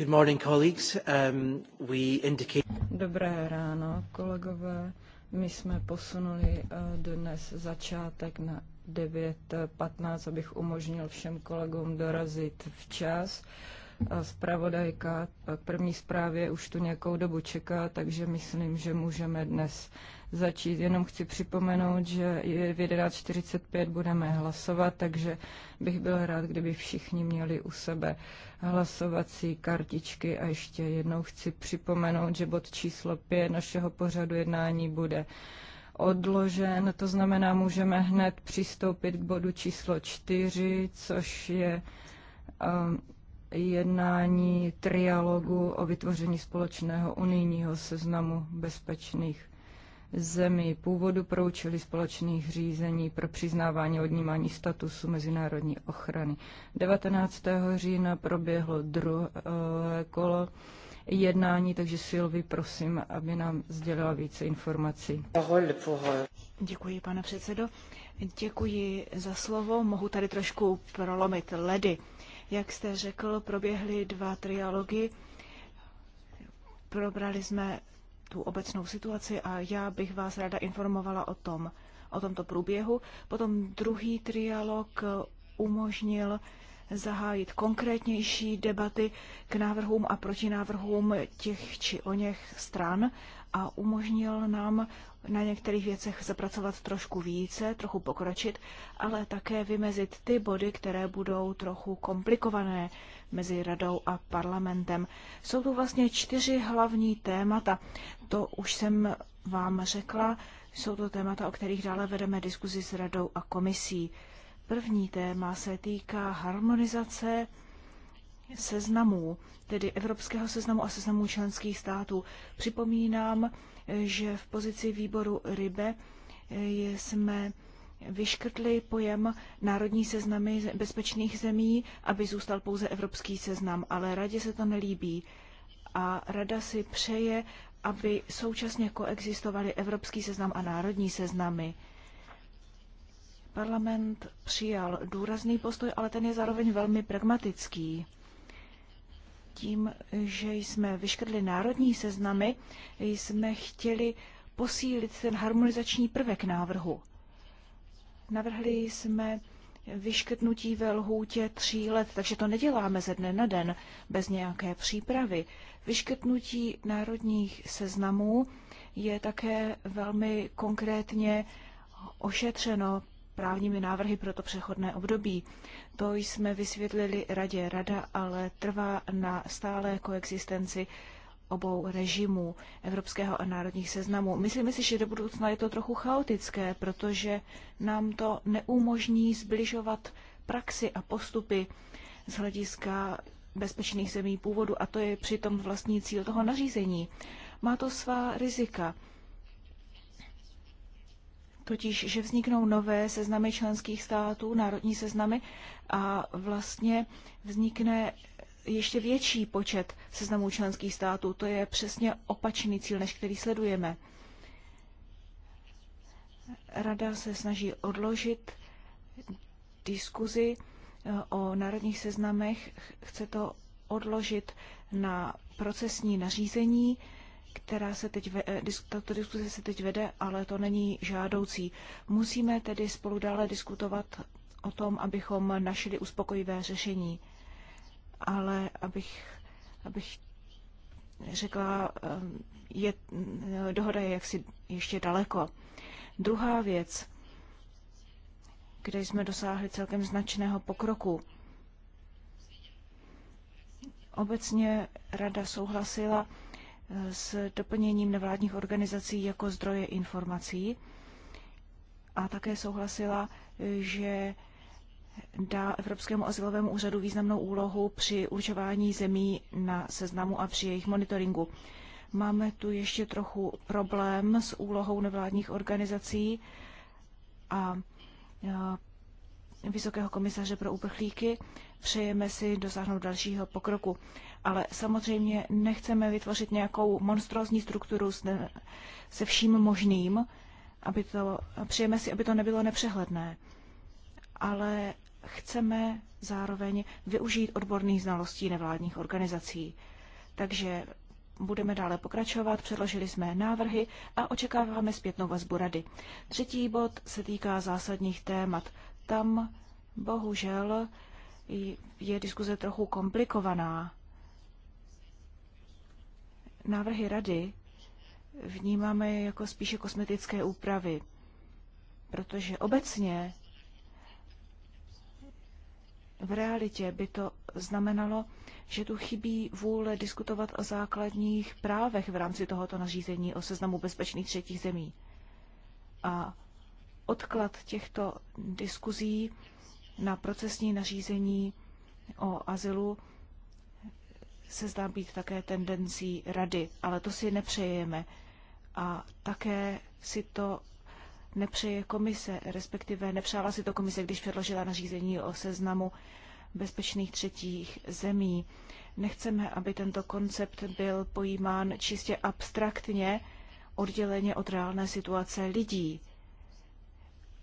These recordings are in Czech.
Um, Dobré ráno, kolegové. My jsme posunuli eh, dnes začátek na 9.15, abych umožnil všem kolegům dorazit včas zpravodajka k první zprávě už tu nějakou dobu čeká, takže myslím, že můžeme dnes začít. Jenom chci připomenout, že v 11.45 budeme hlasovat, takže bych byl rád, kdyby všichni měli u sebe hlasovací kartičky a ještě jednou chci připomenout, že bod číslo 5 našeho pořadu jednání bude odložen, to znamená, můžeme hned přistoupit k bodu číslo 4, což je um, jednání trialogu o vytvoření společného unijního seznamu bezpečných zemí původu pro účely společných řízení pro přiznávání odnímání statusu mezinárodní ochrany. 19. října proběhlo druhé kolo jednání, takže Silvi, prosím, aby nám sdělila více informací. Děkuji, pane předsedo. Děkuji za slovo. Mohu tady trošku prolomit ledy. Jak jste řekl, proběhly dva trialogy. Probrali jsme tu obecnou situaci a já bych vás ráda informovala o tom, o tomto průběhu. Potom druhý trialog umožnil zahájit konkrétnější debaty k návrhům a protinávrhům těch či o něch stran a umožnil nám na některých věcech zapracovat trošku více, trochu pokročit, ale také vymezit ty body, které budou trochu komplikované mezi radou a parlamentem. Jsou tu vlastně čtyři hlavní témata. To už jsem vám řekla. Jsou to témata, o kterých dále vedeme diskuzi s radou a komisí. První téma se týká harmonizace seznamů, tedy evropského seznamu a seznamu členských států. Připomínám, že v pozici výboru RIBE eh, jsme vyškrtli pojem národní seznamy bezpečných zemí, aby zůstal pouze evropský seznam, ale radě se to nelíbí. A rada si přeje, aby současně koexistovaly evropský seznam a národní seznamy. Parlament přijal důrazný postoj, ale ten je zároveň velmi pragmatický tím, že jsme vyškrtli národní seznamy, jsme chtěli posílit ten harmonizační prvek návrhu. Navrhli jsme vyškrtnutí ve lhůtě tří let, takže to neděláme ze dne na den bez nějaké přípravy. Vyškrtnutí národních seznamů je také velmi konkrétně ošetřeno právními návrhy pro to přechodné období. To jsme vysvětlili radě. Rada ale trvá na stálé koexistenci obou režimů evropského a národních seznamů. Myslíme si, že do budoucna je to trochu chaotické, protože nám to neumožní zbližovat praxi a postupy z hlediska bezpečných zemí původu a to je přitom vlastní cíl toho nařízení. Má to svá rizika totiž, že vzniknou nové seznamy členských států, národní seznamy a vlastně vznikne ještě větší počet seznamů členských států. To je přesně opačný cíl, než který sledujeme. Rada se snaží odložit diskuzi eh, o národních seznamech, chce to odložit na procesní nařízení, která se teď, eh, tato diskuse se teď vede, ale to není žádoucí. Musíme tedy spolu dále diskutovat o tom, abychom našli uspokojivé řešení. Ale abych, abych řekla, eh, je, eh, dohoda je jaksi ještě daleko. Druhá věc, kde jsme dosáhli celkem značného pokroku. Obecně rada souhlasila s doplněním nevládních organizací jako zdroje informací a také souhlasila, že dá Evropskému asilovému úřadu významnou úlohu při určování zemí na seznamu a při jejich monitoringu. Máme tu ještě trochu problém s úlohou nevládních organizací a vysokého komisaře pro uprchlíky. Přejeme si dosáhnout dalšího pokroku. Ale samozřejmě nechceme vytvořit nějakou monstrózní strukturu se vším možným. Aby to, přejeme si, aby to nebylo nepřehledné. Ale chceme zároveň využít odborných znalostí nevládních organizací. Takže budeme dále pokračovat, předložili jsme návrhy a očekáváme zpětnou vazbu rady. Třetí bod se týká zásadních témat tam bohužel je diskuze trochu komplikovaná. Návrhy rady vnímáme jako spíše kosmetické úpravy, protože obecně v realitě by to znamenalo, že tu chybí vůle diskutovat o základních právech v rámci tohoto nařízení o seznamu bezpečných třetích zemí. A odklad těchto diskuzí na procesní nařízení o azylu se zdá být také tendencí rady, ale to si nepřejeme. A také si to nepřeje komise, respektive nepřála si to komise, když předložila nařízení o seznamu bezpečných třetích zemí. Nechceme, aby tento koncept byl pojímán čistě abstraktně, odděleně od reálné situace lidí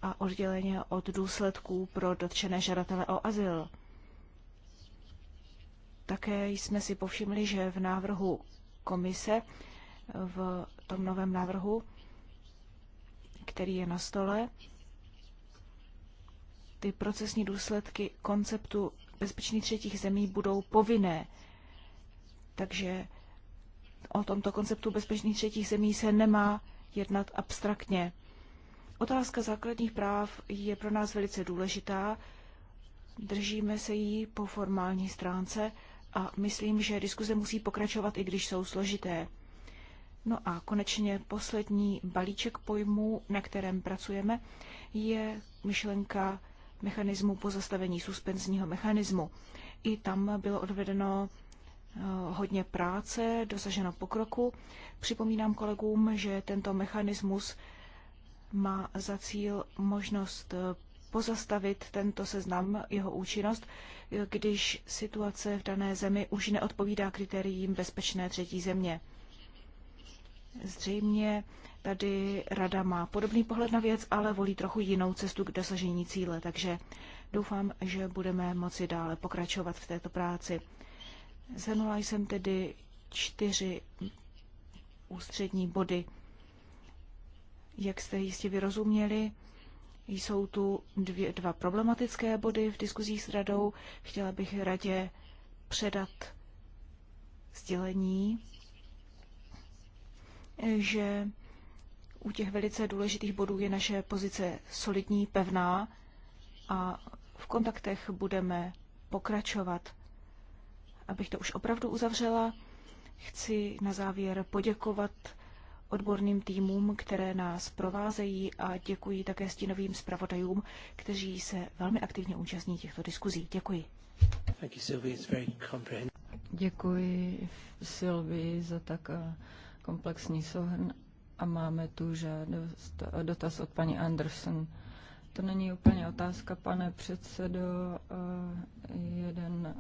a odděleně od důsledků pro dotčené žadatele o azyl. Také jsme si povšimli, že v návrhu komise, v tom novém návrhu, který je na stole, ty procesní důsledky konceptu bezpečných třetích zemí budou povinné. Takže o tomto konceptu bezpečných třetích zemí se nemá jednat abstraktně. Otázka základních práv je pro nás velice důležitá. Držíme se jí po formální stránce a myslím, že diskuze musí pokračovat, i když jsou složité. No a konečně poslední balíček pojmů, na kterém pracujeme, je myšlenka mechanismu pozastavení suspenzního mechanismu. I tam bylo odvedeno eh, hodně práce, dosaženo pokroku. Připomínám kolegům, že tento mechanismus má za cíl možnost eh, pozastavit tento seznam, jeho účinnost, eh, když situace v dané zemi už neodpovídá kritériím bezpečné třetí země. Zřejmě tady rada má podobný pohled na věc, ale volí trochu jinou cestu k dosažení cíle, takže doufám, že budeme moci dále pokračovat v této práci. Zhrnula jsem tedy čtyři ústřední body jak jste jistě vyrozuměli, jsou tu dvě, dva problematické body v diskuzích s radou. Chtěla bych radě předat sdělení, že u těch velice důležitých bodů je naše pozice solidní, pevná a v kontaktech budeme pokračovat. Abych to už opravdu uzavřela, chci na závěr poděkovat odborným týmům, které nás provázejí a děkuji také stínovým zpravodajům, kteří se velmi aktivně účastní těchto diskuzí. Děkuji. Děkuji Silvi za tak eh, komplexní souhrn a máme tu žádost, eh, dotaz od paní Anderson. To není úplně otázka, pane předsedo. Eh, jeden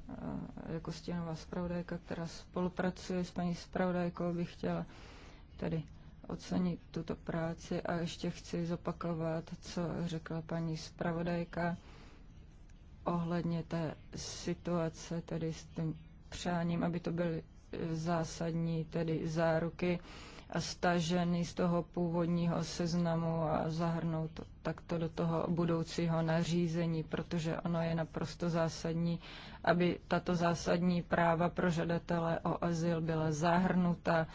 jako stěnová zpravodajka, která spolupracuje s paní zpravodajkou, bych chtěla tady ocenit tuto práci a ještě chci zopakovat, co řekla paní zpravodajka ohledně té situace, tedy s tím přáním, aby to byly zásadní tedy záruky a staženy z toho původního seznamu a zahrnout to takto do toho budoucího nařízení, protože ono je naprosto zásadní, aby tato zásadní práva pro žadatele o azyl byla zahrnuta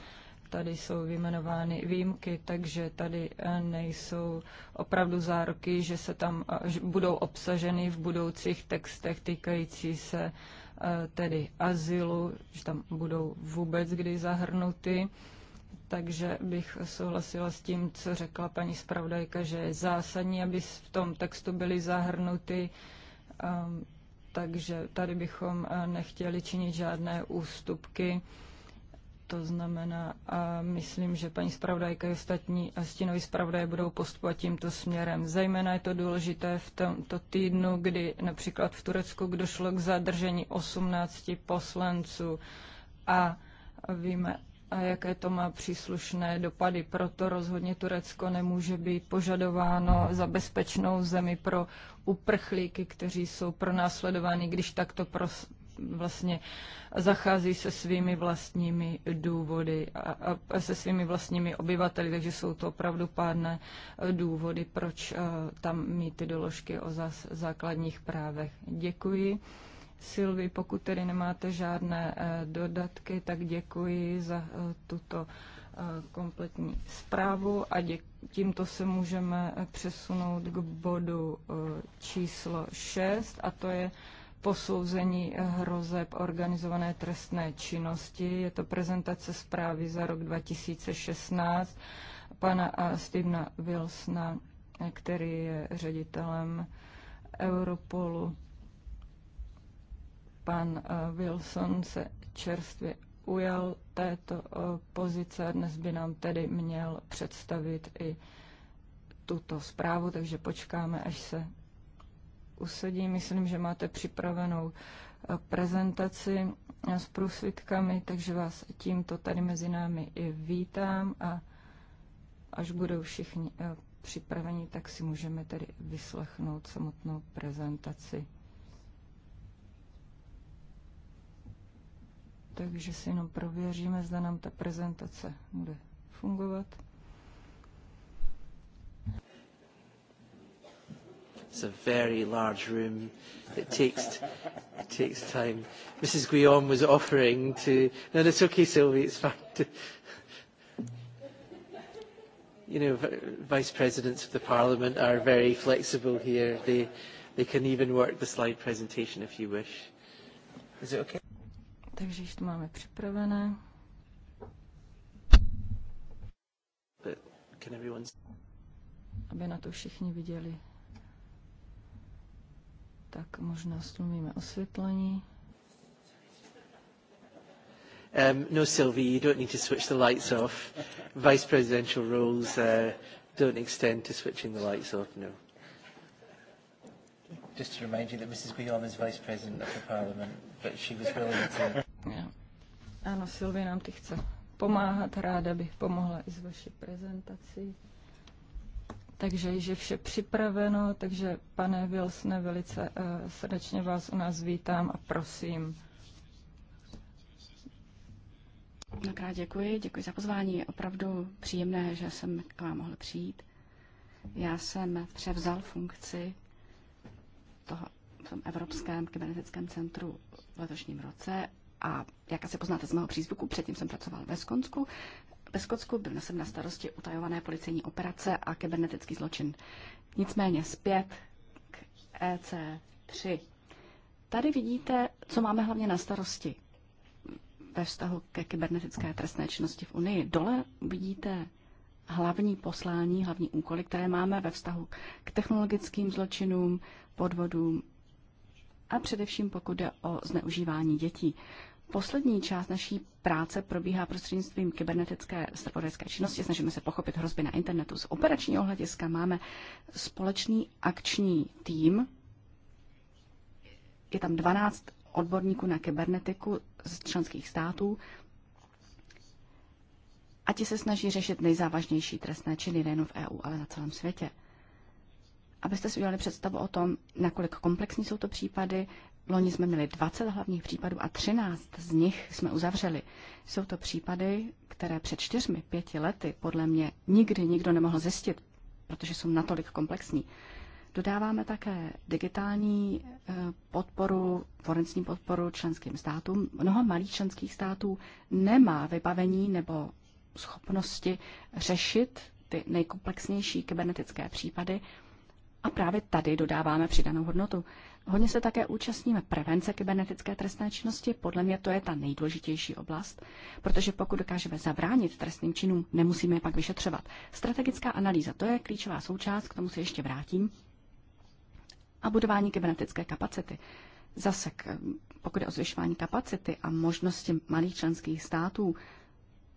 tady jsou vyjmenovány výjimky, takže tady eh, nejsou opravdu zároky, že se tam eh, že budou obsaženy v budoucích textech týkající se eh, tedy azylu, že tam budou vůbec kdy zahrnuty. Takže bych souhlasila s tím, co řekla paní zpravodajka, že je zásadní, aby v tom textu byly zahrnuty ehm, takže tady bychom nechtěli činit žádné ústupky to znamená, a myslím, že paní zpravodajka i ostatní a stínoví zpravodaje budou postupovat tímto směrem. Zejména je to důležité v tomto týdnu, kdy například v Turecku došlo k zadržení 18 poslanců a víme, a jaké to má příslušné dopady. Proto rozhodně Turecko nemůže být požadováno za bezpečnou zemi pro uprchlíky, kteří jsou pronásledováni, když takto vlastně zachází se svými vlastními důvody a, a se svými vlastními obyvateli, takže jsou to opravdu pádné eh, důvody, proč eh, tam mít ty doložky o zás, základních právech. Děkuji. Silvi, pokud tedy nemáte žádné eh, dodatky, tak děkuji za tuto kompletní zprávu a děk, tímto se můžeme přesunout k bodu číslo 6 a to je posouzení hrozeb organizované trestné činnosti. Je to prezentace zprávy za rok 2016 pana Stevena Wilsona, který je ředitelem Europolu. Pan eh, Wilson se čerstvě ujal této eh, pozice a dnes by nám tedy měl představit i tuto zprávu, takže počkáme, až se usedí. Myslím, že máte připravenou eh, prezentaci eh, s průsvitkami, takže vás tímto tady mezi námi i vítám a až budou všichni eh, připraveni, tak si můžeme tedy vyslechnout samotnou prezentaci. Takže si jenom prověříme, zda nám ta prezentace bude fungovat. It's a very large room. It takes it takes time. Mrs. Guillaume was offering to. No, it's okay, Sylvie. It's fine. To, you know, v- vice presidents of the parliament are very flexible here. They they can even work the slide presentation if you wish. Is it okay? Takže již to máme připravené. But can everyone... Aby na to všichni viděli. Tak možná stlumíme osvětlení. Um, no, Sylvie, you don't need to switch the lights off. Vice presidential roles uh, don't extend to switching the lights off, no. Just to remind you that Mrs. Guillaume is vice president of the parliament, but she was willing to... Yeah. Ano, Sylvie nám ty chce pomáhat, ráda bych pomohla i s vaší prezentací takže již je vše připraveno, takže pane Vilsne, velice eh, srdečně vás u nás vítám a prosím. Mnohokrát děkuji, děkuji za pozvání. Je opravdu příjemné, že jsem k vám mohl přijít. Já jsem převzal funkci toho, v tom Evropském kybernetickém centru v letošním roce a jak asi poznáte z mého přízvuku, předtím jsem pracoval ve Skonsku ve Skotsku byl jsem na starosti utajované policejní operace a kybernetický zločin. Nicméně zpět k EC3. Tady vidíte, co máme hlavně na starosti ve vztahu ke kybernetické trestné činnosti v Unii. Dole vidíte hlavní poslání, hlavní úkoly, které máme ve vztahu k technologickým zločinům, podvodům a především pokud jde o zneužívání dětí. Poslední část naší práce probíhá prostřednictvím kybernetické strategické činnosti. Snažíme se pochopit hrozby na internetu. Z operačního hlediska máme společný akční tým. Je tam 12 odborníků na kybernetiku z členských států a ti se snaží řešit nejzávažnější trestné činy nejen v EU, ale na celém světě. Abyste si udělali představu o tom, nakolik komplexní jsou to případy, Loni jsme měli 20 hlavních případů a 13 z nich jsme uzavřeli. Jsou to případy, které před čtyřmi, pěti lety podle mě nikdy nikdo nemohl zjistit, protože jsou natolik komplexní. Dodáváme také digitální eh, podporu, forenzní podporu členským státům. Mnoho malých členských států nemá vybavení nebo schopnosti řešit ty nejkomplexnější kybernetické případy a právě tady dodáváme přidanou hodnotu. Hodně se také účastníme prevence kybernetické trestné činnosti. Podle mě to je ta nejdůležitější oblast, protože pokud dokážeme zabránit trestným činům, nemusíme je pak vyšetřovat. Strategická analýza, to je klíčová součást, k tomu se ještě vrátím. A budování kybernetické kapacity. Zase, pokud je o zvyšování kapacity a možnosti malých členských států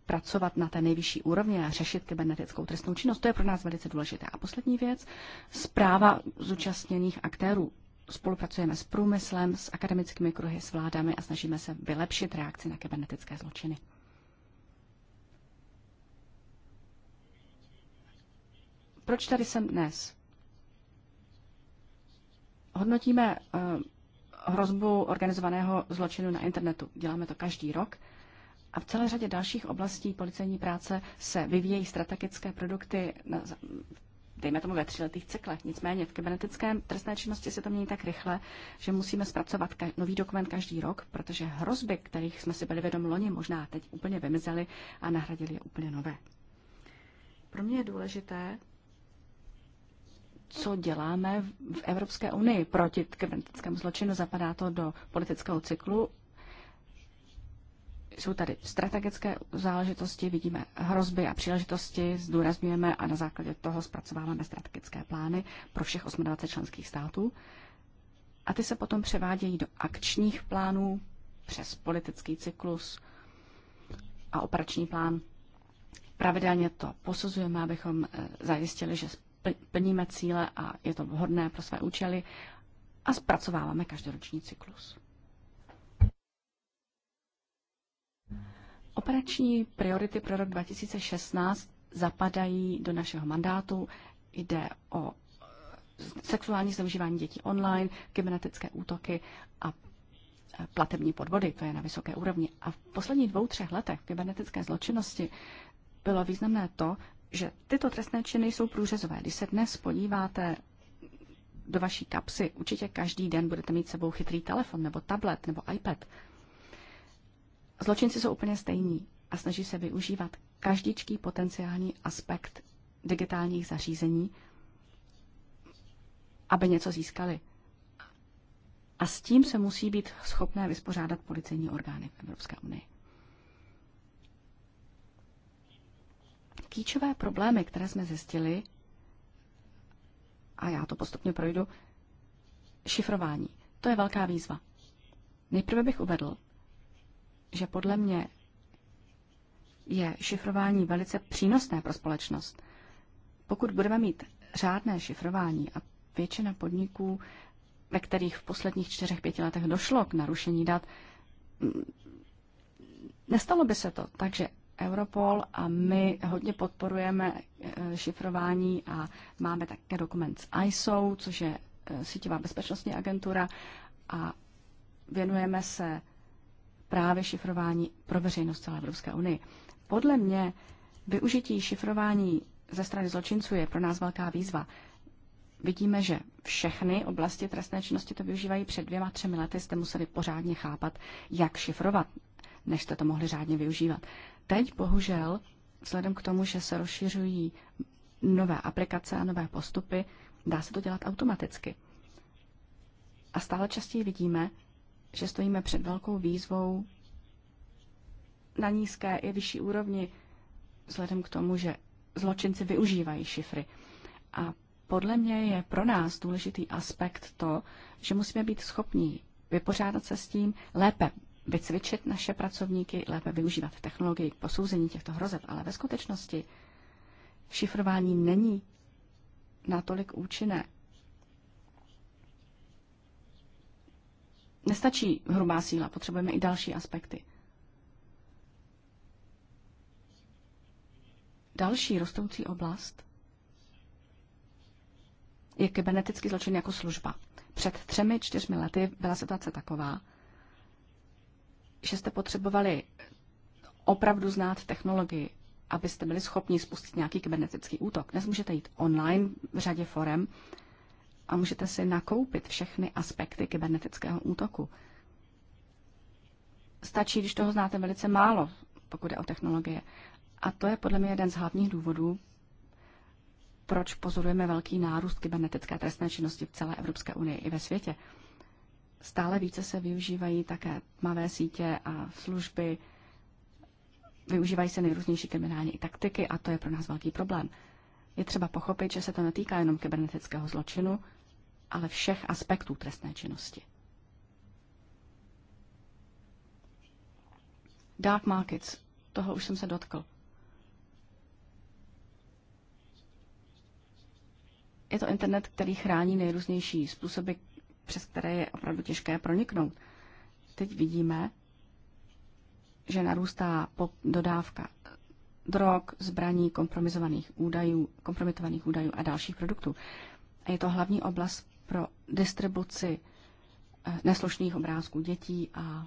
pracovat na té nejvyšší úrovni a řešit kybernetickou trestnou činnost. To je pro nás velice důležité. A poslední věc, zpráva zúčastněných aktérů spolupracujeme s průmyslem, s akademickými kruhy, s vládami a snažíme se vylepšit reakci na kybernetické zločiny. Proč tady jsem dnes? Hodnotíme eh, hrozbu organizovaného zločinu na internetu. Děláme to každý rok. A v celé řadě dalších oblastí policejní práce se vyvíjejí strategické produkty na, dejme tomu ve tříletých cyklech. Nicméně v kybernetické trestné činnosti se to mění tak rychle, že musíme zpracovat nový dokument každý rok, protože hrozby, kterých jsme si byli vědom loni, možná teď úplně vymizely a nahradili je úplně nové. Pro mě je důležité, co děláme v Evropské unii proti kybernetickému zločinu. Zapadá to do politického cyklu jsou tady strategické záležitosti, vidíme hrozby a příležitosti, zdůrazňujeme a na základě toho zpracováváme strategické plány pro všech 28 členských států. A ty se potom převádějí do akčních plánů přes politický cyklus a operační plán. Pravidelně to posuzujeme, abychom eh, zajistili, že plníme cíle a je to vhodné pro své účely a zpracováváme každoroční cyklus. Operační priority pro rok 2016 zapadají do našeho mandátu. Jde o eh, sexuální zneužívání dětí online, kybernetické útoky a eh, platební podvody, to je na vysoké úrovni. A v posledních dvou, třech letech kybernetické zločinnosti bylo významné to, že tyto trestné činy jsou průřezové. Když se dnes podíváte do vaší kapsy, určitě každý den budete mít sebou chytrý telefon nebo tablet nebo iPad. Zločinci jsou úplně stejní a snaží se využívat každičký potenciální aspekt digitálních zařízení, aby něco získali. A s tím se musí být schopné vyspořádat policejní orgány v Evropské unii. Klíčové problémy, které jsme zjistili, a já to postupně projdu, šifrování. To je velká výzva. Nejprve bych uvedl, že podle mě je šifrování velice přínosné pro společnost. Pokud budeme mít řádné šifrování a většina podniků, ve kterých v posledních čtyřech, pěti letech došlo k narušení dat, mm, nestalo by se to. Takže Europol a my hodně podporujeme eh, šifrování a máme také dokument s ISO, což je eh, síťová bezpečnostní agentura a věnujeme se právě šifrování pro veřejnost celé Evropské unie. Podle mě využití šifrování ze strany zločinců je pro nás velká výzva. Vidíme, že všechny oblasti trestné činnosti to využívají. Před dvěma, třemi lety jste museli pořádně chápat, jak šifrovat, než jste to mohli řádně využívat. Teď bohužel, vzhledem k tomu, že se rozšiřují nové aplikace a nové postupy, dá se to dělat automaticky. A stále častěji vidíme, že stojíme před velkou výzvou na nízké i vyšší úrovni, vzhledem k tomu, že zločinci využívají šifry. A podle mě je pro nás důležitý aspekt to, že musíme být schopní vypořádat se s tím, lépe vycvičit naše pracovníky, lépe využívat technologii k posouzení těchto hrozeb, ale ve skutečnosti šifrování není natolik účinné, nestačí hrubá síla, potřebujeme i další aspekty. Další rostoucí oblast je kybernetický zločin jako služba. Před třemi, čtyřmi lety byla situace taková, že jste potřebovali opravdu znát technologii, abyste byli schopni spustit nějaký kybernetický útok. Dnes můžete jít online v řadě forem a můžete si nakoupit všechny aspekty kybernetického útoku. Stačí, když toho znáte velice málo, pokud je o technologie. A to je podle mě jeden z hlavních důvodů, proč pozorujeme velký nárůst kybernetické trestné činnosti v celé Evropské unii i ve světě. Stále více se využívají také tmavé sítě a služby, využívají se nejrůznější kriminální taktiky a to je pro nás velký problém. Je třeba pochopit, že se to netýká jenom kybernetického zločinu, ale všech aspektů trestné činnosti. Dark markets, toho už jsem se dotkl. Je to internet, který chrání nejrůznější způsoby, přes které je opravdu těžké proniknout. Teď vidíme, že narůstá dodávka drog, zbraní, kompromitovaných údajů, kompromitovaných údajů a dalších produktů. A je to hlavní oblast pro distribuci eh, neslušných obrázků dětí a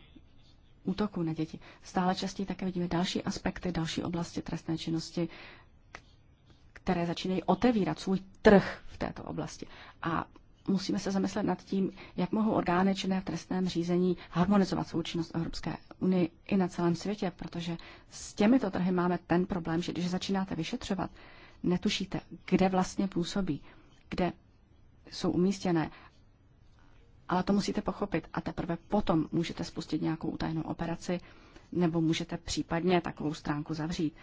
útoků na děti. Stále častěji také vidíme další aspekty, další oblasti trestné činnosti, které začínají otevírat svůj trh v této oblasti. A musíme se zamyslet nad tím, jak mohou orgány činné v trestném řízení harmonizovat svou činnost Evropské unii i na celém světě, protože s těmito trhy máme ten problém, že když začínáte vyšetřovat, netušíte, kde vlastně působí, kde jsou umístěné, ale to musíte pochopit a teprve potom můžete spustit nějakou utajenou operaci nebo můžete případně takovou stránku zavřít.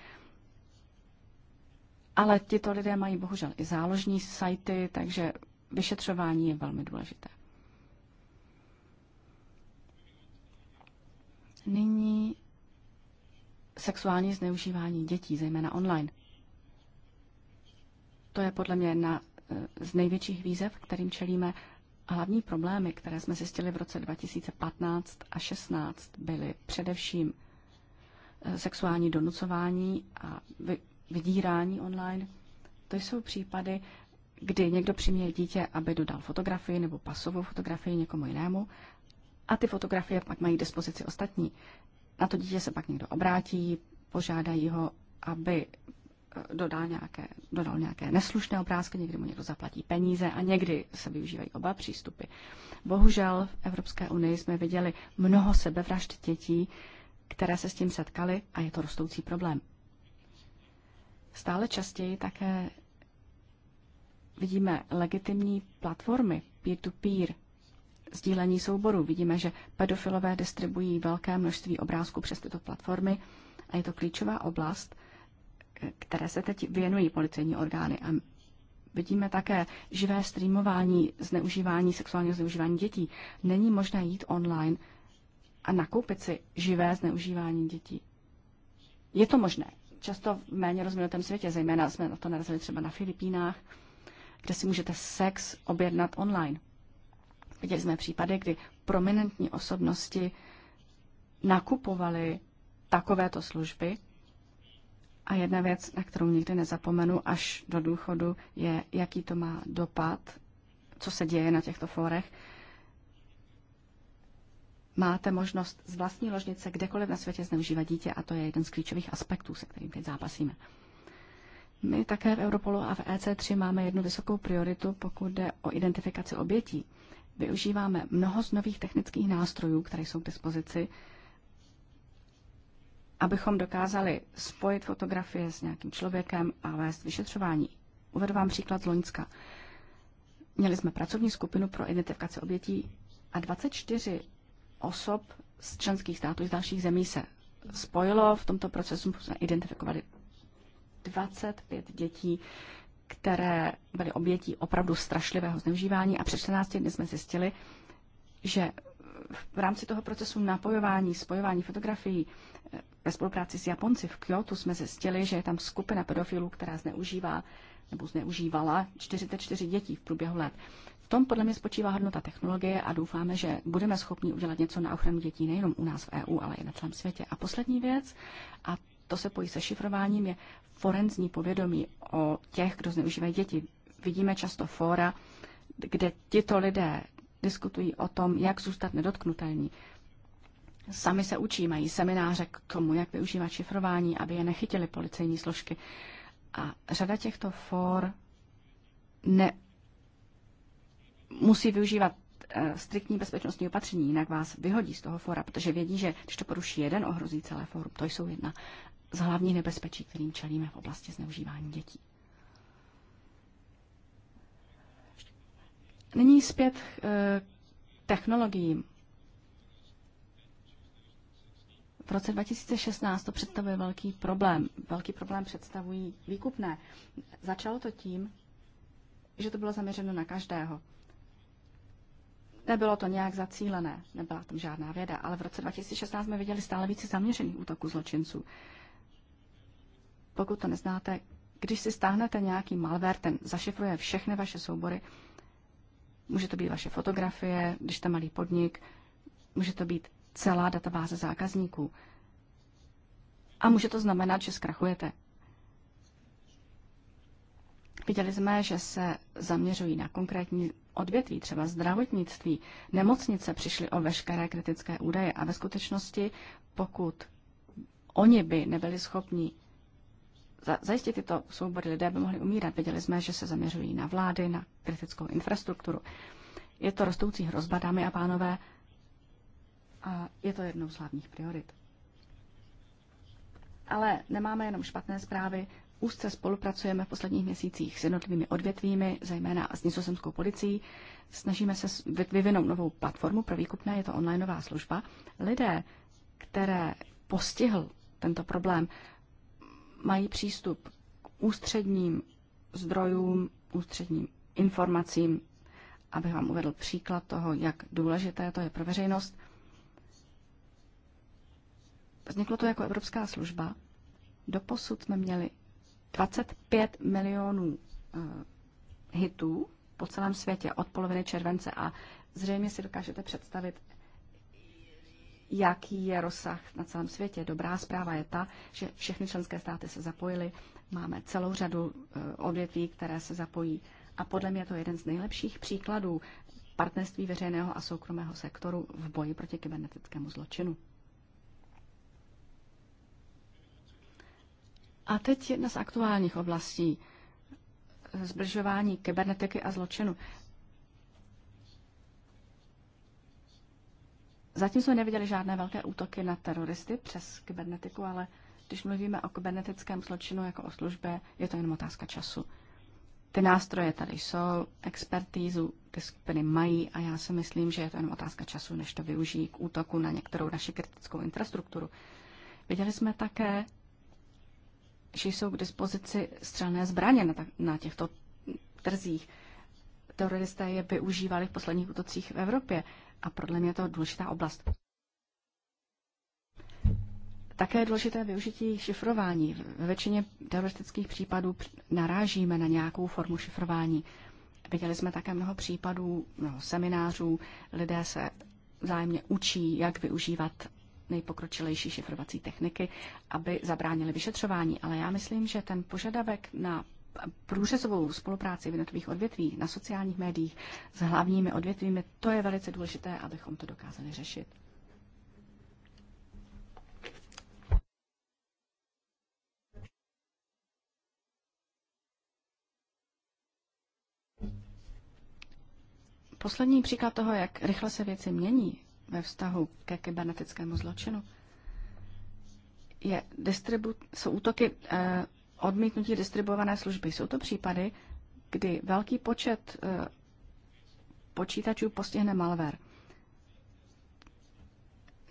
Ale tito lidé mají bohužel i záložní sajty, takže vyšetřování je velmi důležité. Nyní sexuální zneužívání dětí, zejména online. To je podle mě jedna eh, z největších výzev, kterým čelíme. A hlavní problémy, které jsme zjistili v roce 2015 a 16, byly především eh, sexuální donucování a vydírání online. To jsou případy, kdy někdo přiměje dítě, aby dodal fotografii nebo pasovou fotografii někomu jinému a ty fotografie pak mají k dispozici ostatní. Na to dítě se pak někdo obrátí, požádají ho, aby eh, dodal nějaké, dodal nějaké neslušné obrázky, někdy mu někdo zaplatí peníze a někdy se využívají oba přístupy. Bohužel v Evropské unii jsme viděli mnoho sebevražd dětí, které se s tím setkaly a je to rostoucí problém. Stále častěji také Vidíme legitimní platformy peer-to-peer, sdílení souborů. Vidíme, že pedofilové distribuují velké množství obrázků přes tyto platformy a je to klíčová oblast, které se teď věnují policejní orgány. A vidíme také živé streamování, zneužívání, sexuálního zneužívání dětí. Není možné jít online a nakoupit si živé zneužívání dětí. Je to možné. Často v méně rozvinutém světě, zejména jsme na to narazili třeba na Filipínách, kde si můžete sex objednat online. Viděli jsme případy, kdy prominentní osobnosti nakupovali takovéto služby. A jedna věc, na kterou nikdy nezapomenu až do důchodu, je, jaký to má dopad, co se děje na těchto fórech. Máte možnost z vlastní ložnice kdekoliv na světě zneužívat dítě a to je jeden z klíčových aspektů, se kterým teď zápasíme. My také v Europolu a v EC3 máme jednu vysokou prioritu, pokud jde o identifikaci obětí. Využíváme mnoho z nových technických nástrojů, které jsou k dispozici, abychom dokázali spojit fotografie s nějakým člověkem a vést vyšetřování. Uvedu vám příklad z Loňska. Měli jsme pracovní skupinu pro identifikaci obětí a 24 osob z členských států z dalších zemí se spojilo v tomto procesu, jsme identifikovali 25 dětí, které byly obětí opravdu strašlivého zneužívání a před 14 dny jsme zjistili, že v rámci toho procesu napojování, spojování fotografií eh, ve spolupráci s Japonci v Kyoto jsme zjistili, že je tam skupina pedofilů, která zneužívá nebo zneužívala 44 dětí v průběhu let. V tom podle mě spočívá hodnota technologie a doufáme, že budeme schopni udělat něco na ochranu dětí nejenom u nás v EU, ale i na celém světě. A poslední věc, a to se pojí se šifrováním, je forenzní povědomí o těch, kdo zneužívají děti. Vidíme často fóra, kde tito lidé diskutují o tom, jak zůstat nedotknutelní. Sami se učí, mají semináře k tomu, jak využívat šifrování, aby je nechytili policejní složky. A řada těchto for ne, musí využívat eh, striktní bezpečnostní opatření, jinak vás vyhodí z toho fora, protože vědí, že když to poruší jeden, ohrozí celé fórum. To jsou jedna z hlavní nebezpečí, kterým čelíme v oblasti zneužívání dětí. Nyní zpět eh, k technologiím. V roce 2016 to představuje velký problém. Velký problém představují výkupné. Začalo to tím, že to bylo zaměřeno na každého. Nebylo to nějak zacílené, nebyla tam žádná věda, ale v roce 2016 jsme viděli stále více zaměřených útoků zločinců. Pokud to neznáte, když si stáhnete nějaký malware, ten zašifruje všechny vaše soubory. Může to být vaše fotografie, když jste malý podnik, může to být celá databáze zákazníků. A může to znamenat, že zkrachujete. Viděli jsme, že se zaměřují na konkrétní odvětví, třeba zdravotnictví. Nemocnice přišly o veškeré kritické údaje a ve skutečnosti, pokud oni by nebyli schopni za, zajistit tyto soubory lidé by mohli umírat. Věděli jsme, že se zaměřují na vlády, na kritickou infrastrukturu. Je to rostoucí hrozba, dámy a pánové, a je to jednou z hlavních priorit. Ale nemáme jenom špatné zprávy. Úzce spolupracujeme v posledních měsících s jednotlivými odvětvími, zejména s nizozemskou policií. Snažíme se vyvinout novou platformu pro výkupné, je to onlineová služba. Lidé, které postihl tento problém, mají přístup k ústředním zdrojům, ústředním informacím, abych vám uvedl příklad toho, jak důležité to je pro veřejnost. Vzniklo to jako evropská služba. Doposud jsme měli 25 milionů eh, hitů po celém světě od poloviny července a zřejmě si dokážete představit, jaký je rozsah na celém světě. Dobrá zpráva je ta, že všechny členské státy se zapojily. Máme celou řadu eh, odvětví, které se zapojí. A podle mě to je jeden z nejlepších příkladů partnerství veřejného a soukromého sektoru v boji proti kybernetickému zločinu. A teď jedna z aktuálních oblastí zbližování kybernetiky a zločinu. Zatím jsme neviděli žádné velké útoky na teroristy přes kybernetiku, ale když mluvíme o kybernetickém zločinu jako o službě, je to jen otázka času. Ty nástroje tady jsou, expertízu ty skupiny mají a já si myslím, že je to jen otázka času, než to využijí k útoku na některou naši kritickou infrastrukturu. Viděli jsme také, že jsou k dispozici střelné zbraně na, na těchto trzích. Teroristé je využívali v posledních útocích v Evropě a podle mě je to důležitá oblast. Také je důležité využití šifrování. Ve většině teroristických případů narážíme na nějakou formu šifrování. Viděli jsme také mnoho případů, mnoho seminářů, lidé se vzájemně učí, jak využívat nejpokročilejší šifrovací techniky, aby zabránili vyšetřování. Ale já myslím, že ten požadavek na průřezovou spolupráci v jednotlivých odvětvích na sociálních médiích s hlavními odvětvími, to je velice důležité, abychom to dokázali řešit. Poslední příklad toho, jak rychle se věci mění ve vztahu ke kybernetickému zločinu, je distribu- jsou útoky eh, odmítnutí distribuované služby. Jsou to případy, kdy velký počet eh, počítačů postihne malware.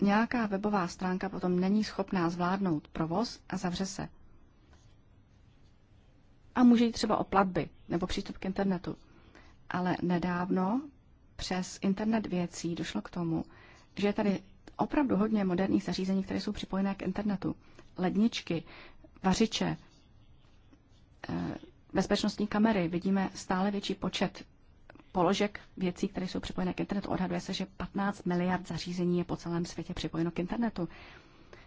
Nějaká webová stránka potom není schopná zvládnout provoz a zavře se. A může jít třeba o platby nebo přístup k internetu. Ale nedávno přes internet věcí došlo k tomu, že je tady opravdu hodně moderních zařízení, které jsou připojené k internetu. Ledničky, vařiče, Eh, bezpečnostní kamery. Vidíme stále větší počet položek věcí, které jsou připojené k internetu. Odhaduje se, že 15 miliard zařízení je po celém světě připojeno k internetu.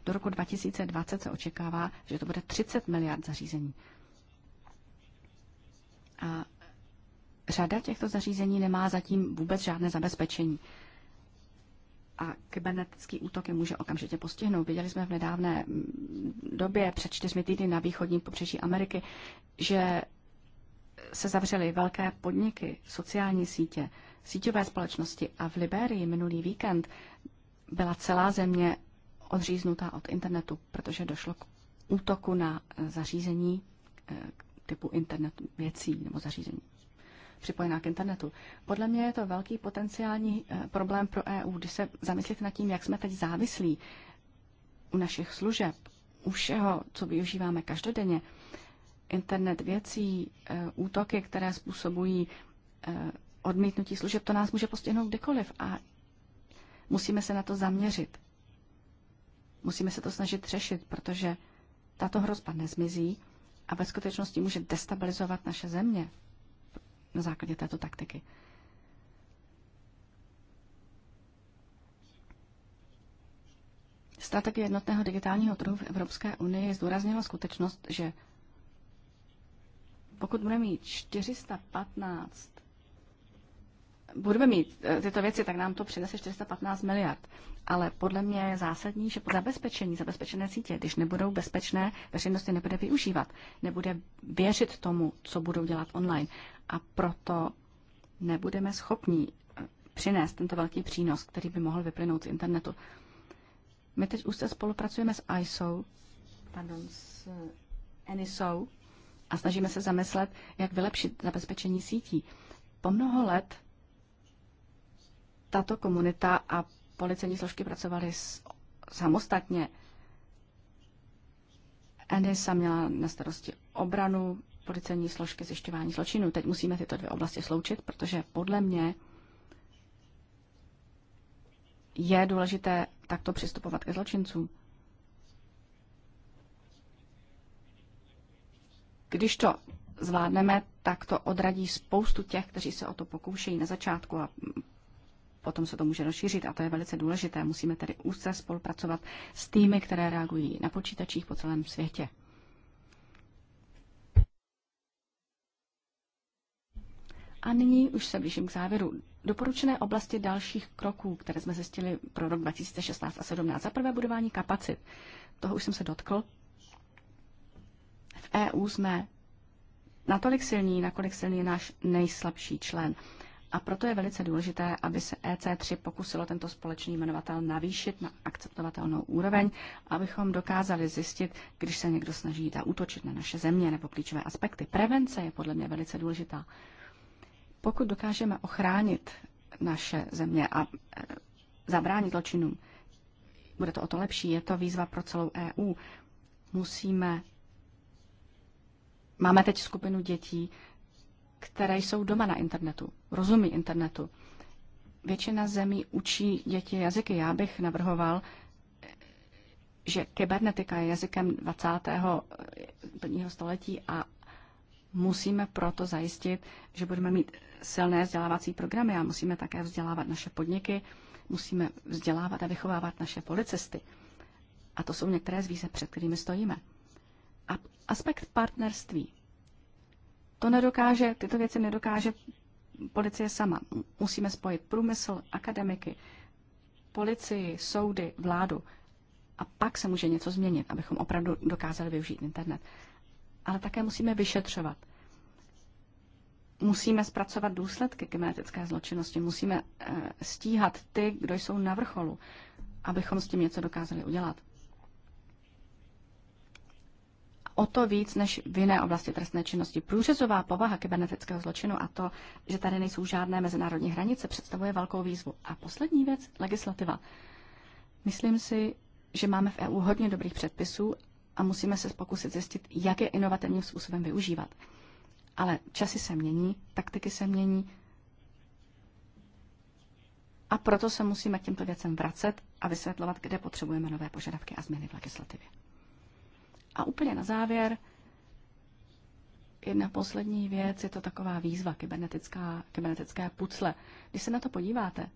Do roku 2020 se očekává, že to bude 30 miliard zařízení. A řada těchto zařízení nemá zatím vůbec žádné zabezpečení a kybernetický útok je může okamžitě postihnout. Viděli jsme v nedávné mm, době, před čtyřmi týdny na východním pobřeží Ameriky, že se zavřely velké podniky, sociální sítě, síťové společnosti a v Liberii minulý víkend byla celá země odříznutá od internetu, protože došlo k útoku na zařízení eh, typu internet věcí nebo zařízení připojená k internetu. Podle mě je to velký potenciální eh, problém pro EU, když se zamyslíte nad tím, jak jsme teď závislí u našich služeb, u všeho, co využíváme každodenně. Internet věcí, eh, útoky, které způsobují eh, odmítnutí služeb, to nás může postihnout kdekoliv a musíme se na to zaměřit. Musíme se to snažit řešit, protože tato hrozba nezmizí a ve skutečnosti může destabilizovat naše země na základě této taktiky. Strategie jednotného digitálního trhu v Evropské unii zdůraznila skutečnost, že pokud budeme mít 415 budeme mít e, tyto věci, tak nám to přinese 415 miliard. Ale podle mě je zásadní, že po zabezpečení, zabezpečené sítě, když nebudou bezpečné, veřejnosti nebude využívat, nebude věřit tomu, co budou dělat online. A proto nebudeme schopni e, přinést tento velký přínos, který by mohl vyplynout z internetu. My teď se spolupracujeme s ISO, pardon, s e, NISO a snažíme se zamyslet, jak vylepšit zabezpečení sítí. Po mnoho let tato komunita a policejní složky pracovaly samostatně. NSA měla na starosti obranu, policejní složky zjišťování zločinů. Teď musíme tyto dvě oblasti sloučit, protože podle mě je důležité takto přistupovat ke zločincům. Když to zvládneme, tak to odradí spoustu těch, kteří se o to pokoušejí na začátku a potom se to může rozšířit a to je velice důležité. Musíme tedy úzce spolupracovat s týmy, které reagují na počítačích po celém světě. A nyní už se blížím k závěru. Doporučené oblasti dalších kroků, které jsme zjistili pro rok 2016 a 2017. Za prvé budování kapacit. Toho už jsem se dotkl. V EU jsme natolik silní, nakolik silný je náš nejslabší člen. A proto je velice důležité, aby se EC3 pokusilo tento společný jmenovatel navýšit na akceptovatelnou úroveň, abychom dokázali zjistit, když se někdo snaží útočit na naše země nebo klíčové aspekty. Prevence je podle mě velice důležitá. Pokud dokážeme ochránit naše země a e, zabránit zločinům, bude to o to lepší. Je to výzva pro celou EU. Musíme Máme teď skupinu dětí, které jsou doma na internetu, rozumí internetu. Většina zemí učí děti jazyky. Já bych navrhoval, že kybernetika je jazykem 20. 21. Eh, století a musíme proto zajistit, že budeme mít silné vzdělávací programy a musíme také vzdělávat naše podniky, musíme vzdělávat a vychovávat naše policisty. A to jsou některé z výzev, před kterými stojíme. A aspekt partnerství. To nedokáže, tyto věci nedokáže policie sama. Musíme spojit průmysl, akademiky, policii, soudy, vládu. A pak se může něco změnit, abychom opravdu dokázali využít internet. Ale také musíme vyšetřovat. Musíme zpracovat důsledky kybernetické zločinnosti, musíme eh, stíhat ty, kdo jsou na vrcholu, abychom s tím něco dokázali udělat o to víc než v jiné oblasti trestné činnosti. Průřezová povaha kybernetického zločinu a to, že tady nejsou žádné mezinárodní hranice, představuje velkou výzvu. A poslední věc, legislativa. Myslím si, že máme v EU hodně dobrých předpisů a musíme se pokusit zjistit, jak je inovativním způsobem využívat. Ale časy se mění, taktiky se mění a proto se musíme k těmto věcem vracet a vysvětlovat, kde potřebujeme nové požadavky a změny v legislativě. A úplně na závěr, jedna poslední věc, je to taková výzva, kybernetická, kybernetické pucle. Když se na to podíváte,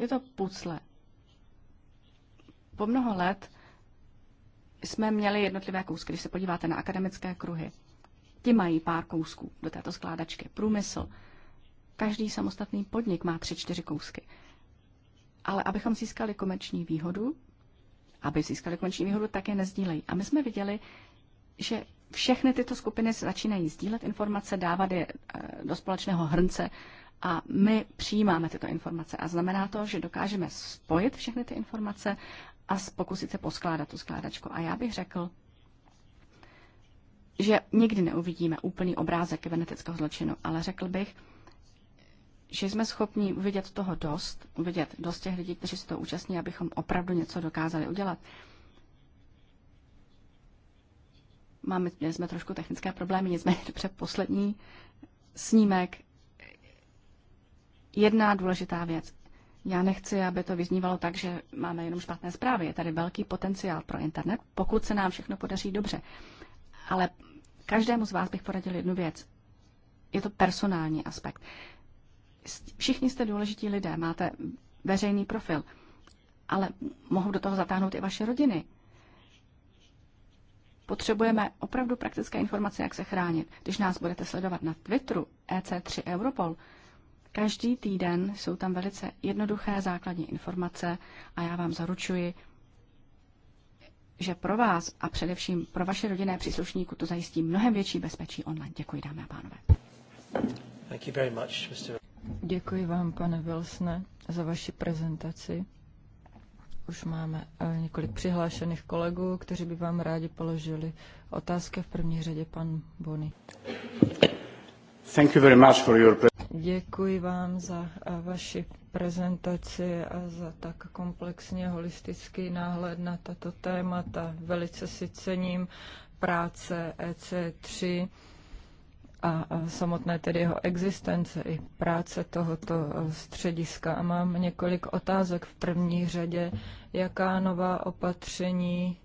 je to pucle. Po mnoho let jsme měli jednotlivé kousky, když se podíváte na akademické kruhy. Ti mají pár kousků do této skládačky. Průmysl. Každý samostatný podnik má tři, čtyři kousky. Ale abychom získali komerční výhodu, aby získali komerční výhodu, tak je nezdílejí. A my jsme viděli, že všechny tyto skupiny začínají sdílet informace, dávat je eh, do společného hrnce a my přijímáme tyto informace. A znamená to, že dokážeme spojit všechny ty informace a pokusit se poskládat tu skládačku. A já bych řekl, že nikdy neuvidíme úplný obrázek kybernetického zločinu, ale řekl bych, že jsme schopni uvidět toho dost, uvidět dost těch lidí, kteří se to účastní, abychom opravdu něco dokázali udělat. Máme, měli jsme trošku technické problémy, nicméně dobře poslední snímek. Jedna důležitá věc. Já nechci, aby to vyznívalo tak, že máme jenom špatné zprávy. Je tady velký potenciál pro internet, pokud se nám všechno podaří dobře. Ale každému z vás bych poradil jednu věc. Je to personální aspekt všichni jste důležití lidé, máte veřejný profil, ale mohou do toho zatáhnout i vaše rodiny. Potřebujeme opravdu praktické informace, jak se chránit. Když nás budete sledovat na Twitteru EC3 Europol, každý týden jsou tam velice jednoduché základní informace a já vám zaručuji, že pro vás a především pro vaše rodinné příslušníku to zajistí mnohem větší bezpečí online. Děkuji, dámy a pánové. Thank you very much, Mr. Děkuji vám, pane Wilsone, za vaši prezentaci. Už máme eh, několik přihlášených kolegů, kteří by vám rádi položili otázky. V první řadě pan Bony. Děkuji vám za eh, vaši prezentaci a za tak komplexně holistický náhled na tato témata. Velice si cením práce EC3 a samotné tedy jeho existence i práce tohoto e, střediska. A mám několik otázek v první řadě. Jaká nová opatření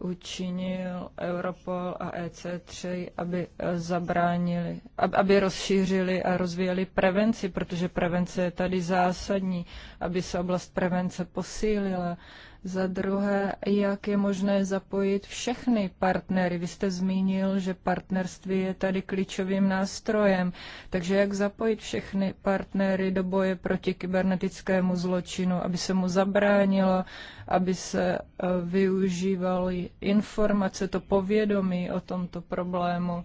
učinil Europol a EC3, aby e, zabránili, aby rozšířili a rozvíjeli prevenci, protože prevence je tady zásadní, aby se oblast prevence posílila za druhé, jak je možné zapojit všechny partnery? Vy jste zmínil, že partnerství je tady klíčovým nástrojem. Takže jak zapojit všechny partnery do boje proti kybernetickému zločinu, aby se mu zabránilo, aby se eh, využívaly informace, to povědomí o tomto problému?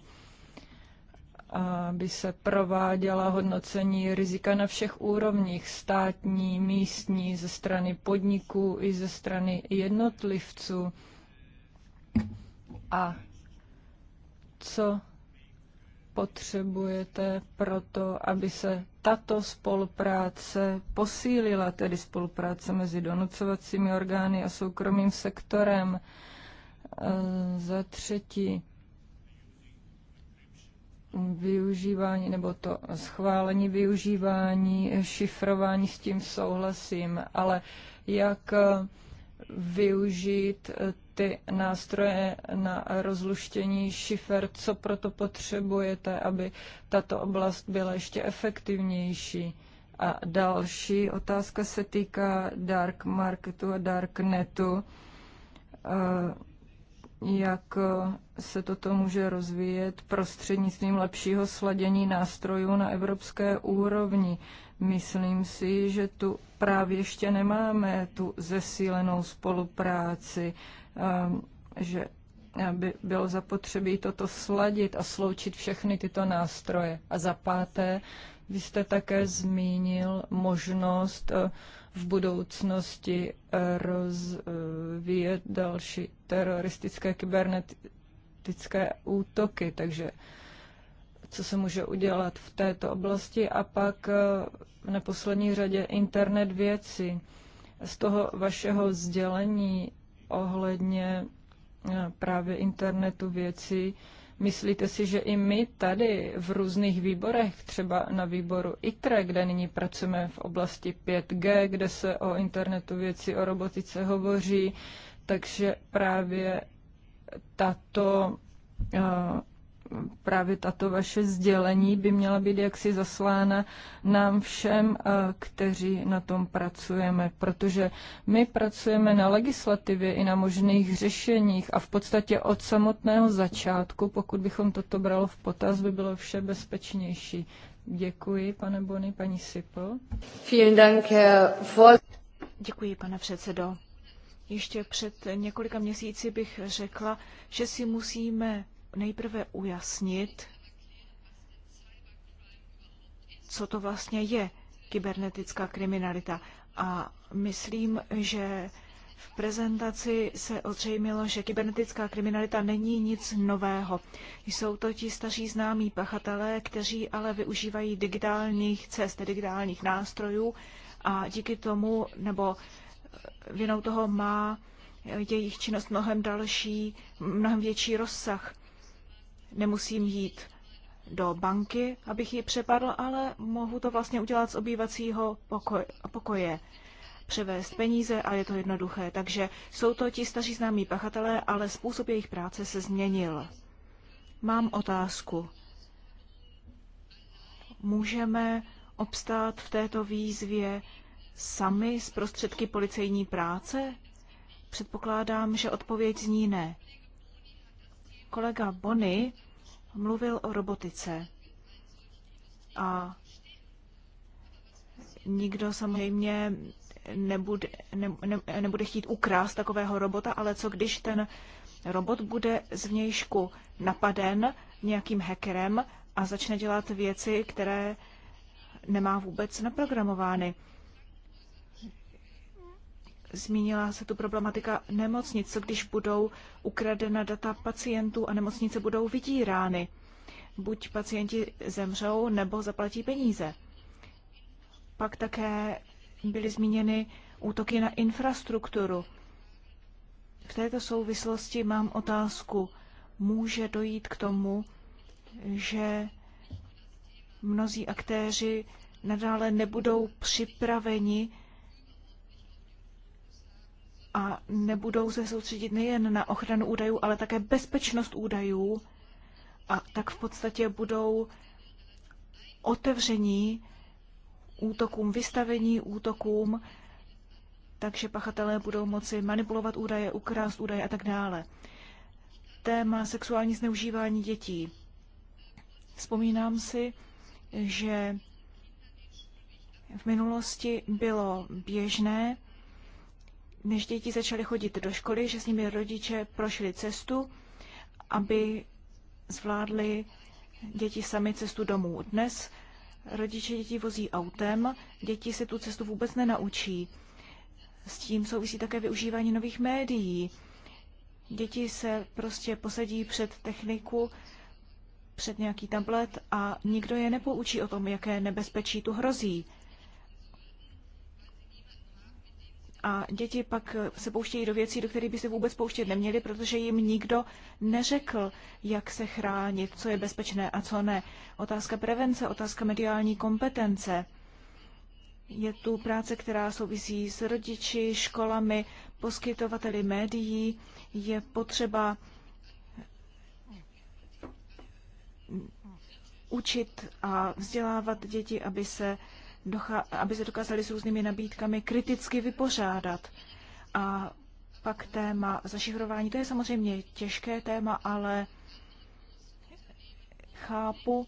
aby se prováděla hodnocení rizika na všech úrovních, státní, místní, ze strany podniků i ze strany jednotlivců. A co potřebujete pro to, aby se tato spolupráce posílila, tedy spolupráce mezi donucovacími orgány a soukromým sektorem. E, za třetí, využívání nebo to schválení využívání, šifrování s tím souhlasím, ale jak eh, využít eh, ty nástroje na rozluštění šifer, co proto potřebujete, aby tato oblast byla ještě efektivnější. A další otázka se týká dark marketu a darknetu. netu eh, jak eh, se toto může rozvíjet prostřednictvím lepšího sladění nástrojů na evropské úrovni. Myslím si, že tu právě ještě nemáme tu zesílenou spolupráci, ehm, že eh, by bylo zapotřebí toto sladit a sloučit všechny tyto nástroje. A za páté, vy jste také zmínil možnost eh, v budoucnosti rozvíjet další teroristické kybernetické útoky. Takže co se může udělat v této oblasti a pak eh, v neposlední řadě internet věci. Z toho vašeho sdělení ohledně eh, právě internetu věcí, Myslíte si, že i my tady v různých výborech, třeba na výboru ITRE, kde nyní pracujeme v oblasti 5G, kde se o internetu věci, o robotice hovoří, takže právě tato eh, právě tato vaše sdělení by měla být jaksi zaslána nám všem, eh, kteří na tom pracujeme, protože my pracujeme na legislativě i na možných řešeních a v podstatě od samotného začátku, pokud bychom toto bralo v potaz, by bylo vše bezpečnější. Děkuji, pane Bony, paní Sipl. Eh, Děkuji, pane předsedo. Ještě před několika měsíci bych řekla, že si musíme nejprve ujasnit, co to vlastně je kybernetická kriminalita. A myslím, že v prezentaci se odřejmilo, že kybernetická kriminalita není nic nového. Jsou to ti staří známí pachatelé, kteří ale využívají digitálních cest, digitálních nástrojů a díky tomu nebo eh, vinou toho má eh, jejich činnost mnohem další, mnohem větší rozsah. Nemusím jít do banky, abych ji přepadl, ale mohu to vlastně udělat z obývacího pokoje. pokoje převést peníze a je to jednoduché. Takže jsou to ti staří známí pachatelé, ale způsob jejich práce se změnil. Mám otázku. Můžeme obstát v této výzvě sami z prostředky policejní práce? Předpokládám, že odpověď zní ne. Kolega Bony mluvil o robotice a nikdo samozřejmě nebude, ne, ne, nebude chtít ukrást takového robota, ale co když ten robot bude zvnějšku napaden nějakým hackerem a začne dělat věci, které nemá vůbec naprogramovány. Zmínila se tu problematika nemocnic, co když budou ukradena data pacientů a nemocnice budou vydírány. Buď pacienti zemřou, nebo zaplatí peníze. Pak také byly zmíněny útoky na infrastrukturu. V této souvislosti mám otázku. Může dojít k tomu, že mnozí aktéři nadále nebudou připraveni a nebudou se soustředit nejen na ochranu údajů, ale také bezpečnost údajů a tak v podstatě budou otevření útokům, vystavení útokům, takže pachatelé budou moci manipulovat údaje, ukrást údaje a tak dále. Téma sexuální zneužívání dětí. Vzpomínám si, že v minulosti bylo běžné, než děti začaly chodit do školy, že s nimi rodiče prošli cestu, aby zvládli děti sami cestu domů. Dnes rodiče děti vozí autem, děti se tu cestu vůbec nenaučí. S tím souvisí také využívání nových médií. Děti se prostě posadí před techniku, před nějaký tablet a nikdo je nepoučí o tom, jaké nebezpečí tu hrozí. A děti pak se pouštějí do věcí, do kterých by se vůbec pouštět neměli, protože jim nikdo neřekl, jak se chránit, co je bezpečné a co ne. Otázka prevence, otázka mediální kompetence. Je tu práce, která souvisí s rodiči, školami, poskytovateli médií. Je potřeba učit a vzdělávat děti, aby se aby se dokázali s různými nabídkami kriticky vypořádat. A pak téma zašifrování, to je samozřejmě těžké téma, ale chápu,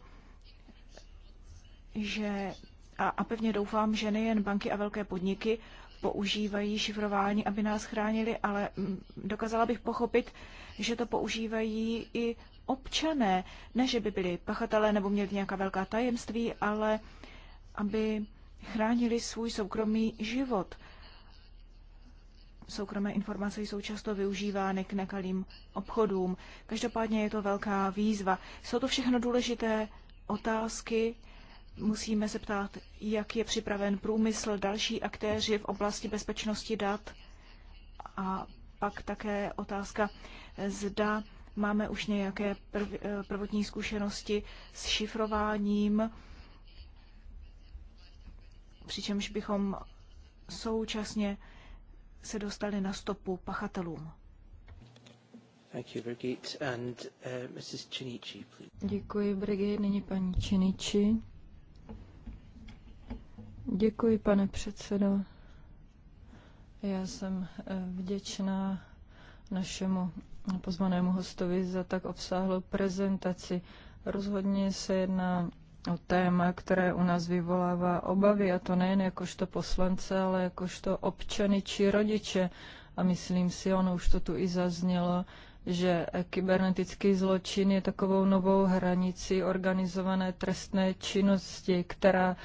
že a, a pevně doufám, že nejen banky a velké podniky používají šifrování, aby nás chránili, ale mm, dokázala bych pochopit, že to používají i občané. Ne, že by byli pachatelé nebo měli nějaká velká tajemství, ale aby chránili svůj soukromý život. Soukromé informace jsou často využívány k nekalým obchodům. Každopádně je to velká výzva. Jsou to všechno důležité otázky. Musíme se ptát, jak je připraven průmysl, další aktéři v oblasti bezpečnosti dat a pak také otázka, zda máme už nějaké prv, eh, prvotní zkušenosti s šifrováním přičemž bychom současně se dostali na stopu pachatelům. Thank you, And, uh, Mrs. Chinichi, Děkuji, Brigitte. Nyní paní Činiči. Děkuji, pane předsedo. Já jsem eh, vděčná našemu pozvanému hostovi za tak obsáhlou prezentaci. Rozhodně se jedná O téma, které u nás vyvolává obavy, a to nejen jakožto poslance, ale jakožto občany či rodiče. A myslím si, ono už to tu i zaznělo, že kybernetický zločin je takovou novou hranici organizované trestné činnosti, která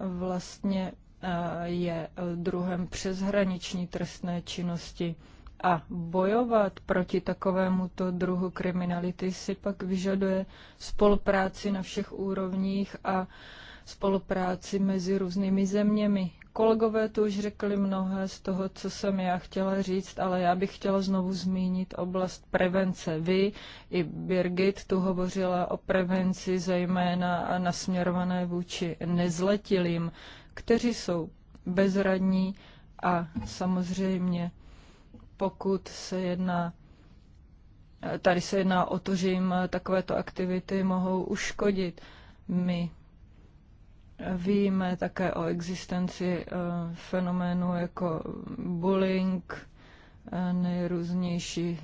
vlastně eh, je eh, druhem přeshraniční trestné činnosti. A bojovat proti takovémuto druhu kriminality si pak vyžaduje spolupráci na všech úrovních a spolupráci mezi různými zeměmi. Kolegové to už řekli mnohé z toho, co jsem já chtěla říct, ale já bych chtěla znovu zmínit oblast prevence. Vy i Birgit tu hovořila o prevenci zejména a nasměrované vůči nezletilým, kteří jsou bezradní a samozřejmě pokud se jedná Tady se jedná o to, že jim takovéto aktivity mohou uškodit. My víme také o existenci eh, fenoménu jako bullying, eh, nejrůznější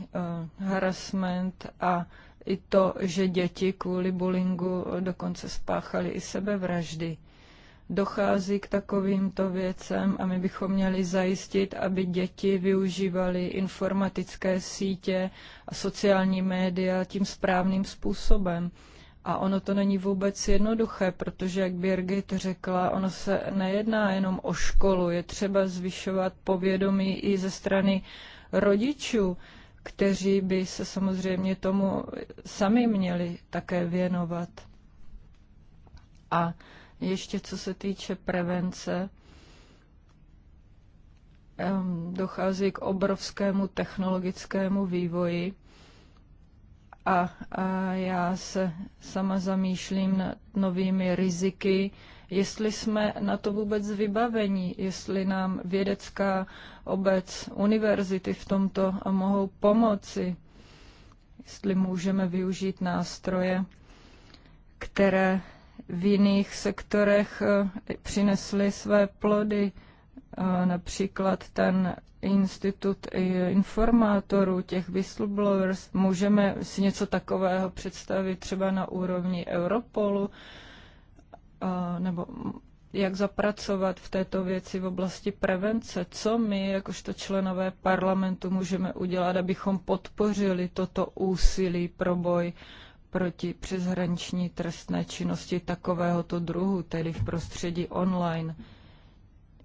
eh, harassment a i to, že děti kvůli bullyingu dokonce spáchaly i sebevraždy dochází k takovýmto věcem a my bychom měli zajistit, aby děti využívaly informatické sítě a sociální média tím správným způsobem. A ono to není vůbec jednoduché, protože, jak Birgit řekla, ono se nejedná jenom o školu, je třeba zvyšovat povědomí i ze strany rodičů, kteří by se samozřejmě tomu sami měli také věnovat. A ještě co se týče prevence, dochází k obrovskému technologickému vývoji a, a já se sama zamýšlím nad novými riziky, jestli jsme na to vůbec vybavení, jestli nám vědecká obec, univerzity v tomto mohou pomoci, jestli můžeme využít nástroje, které v jiných sektorech eh, přinesly své plody. Eh, například ten institut informátorů, těch whistleblowers, můžeme si něco takového představit třeba na úrovni Europolu, eh, nebo jak zapracovat v této věci v oblasti prevence. Co my, jakožto členové parlamentu, můžeme udělat, abychom podpořili toto úsilí pro boj proti přeshraniční trestné činnosti takovéhoto druhu, tedy v prostředí online.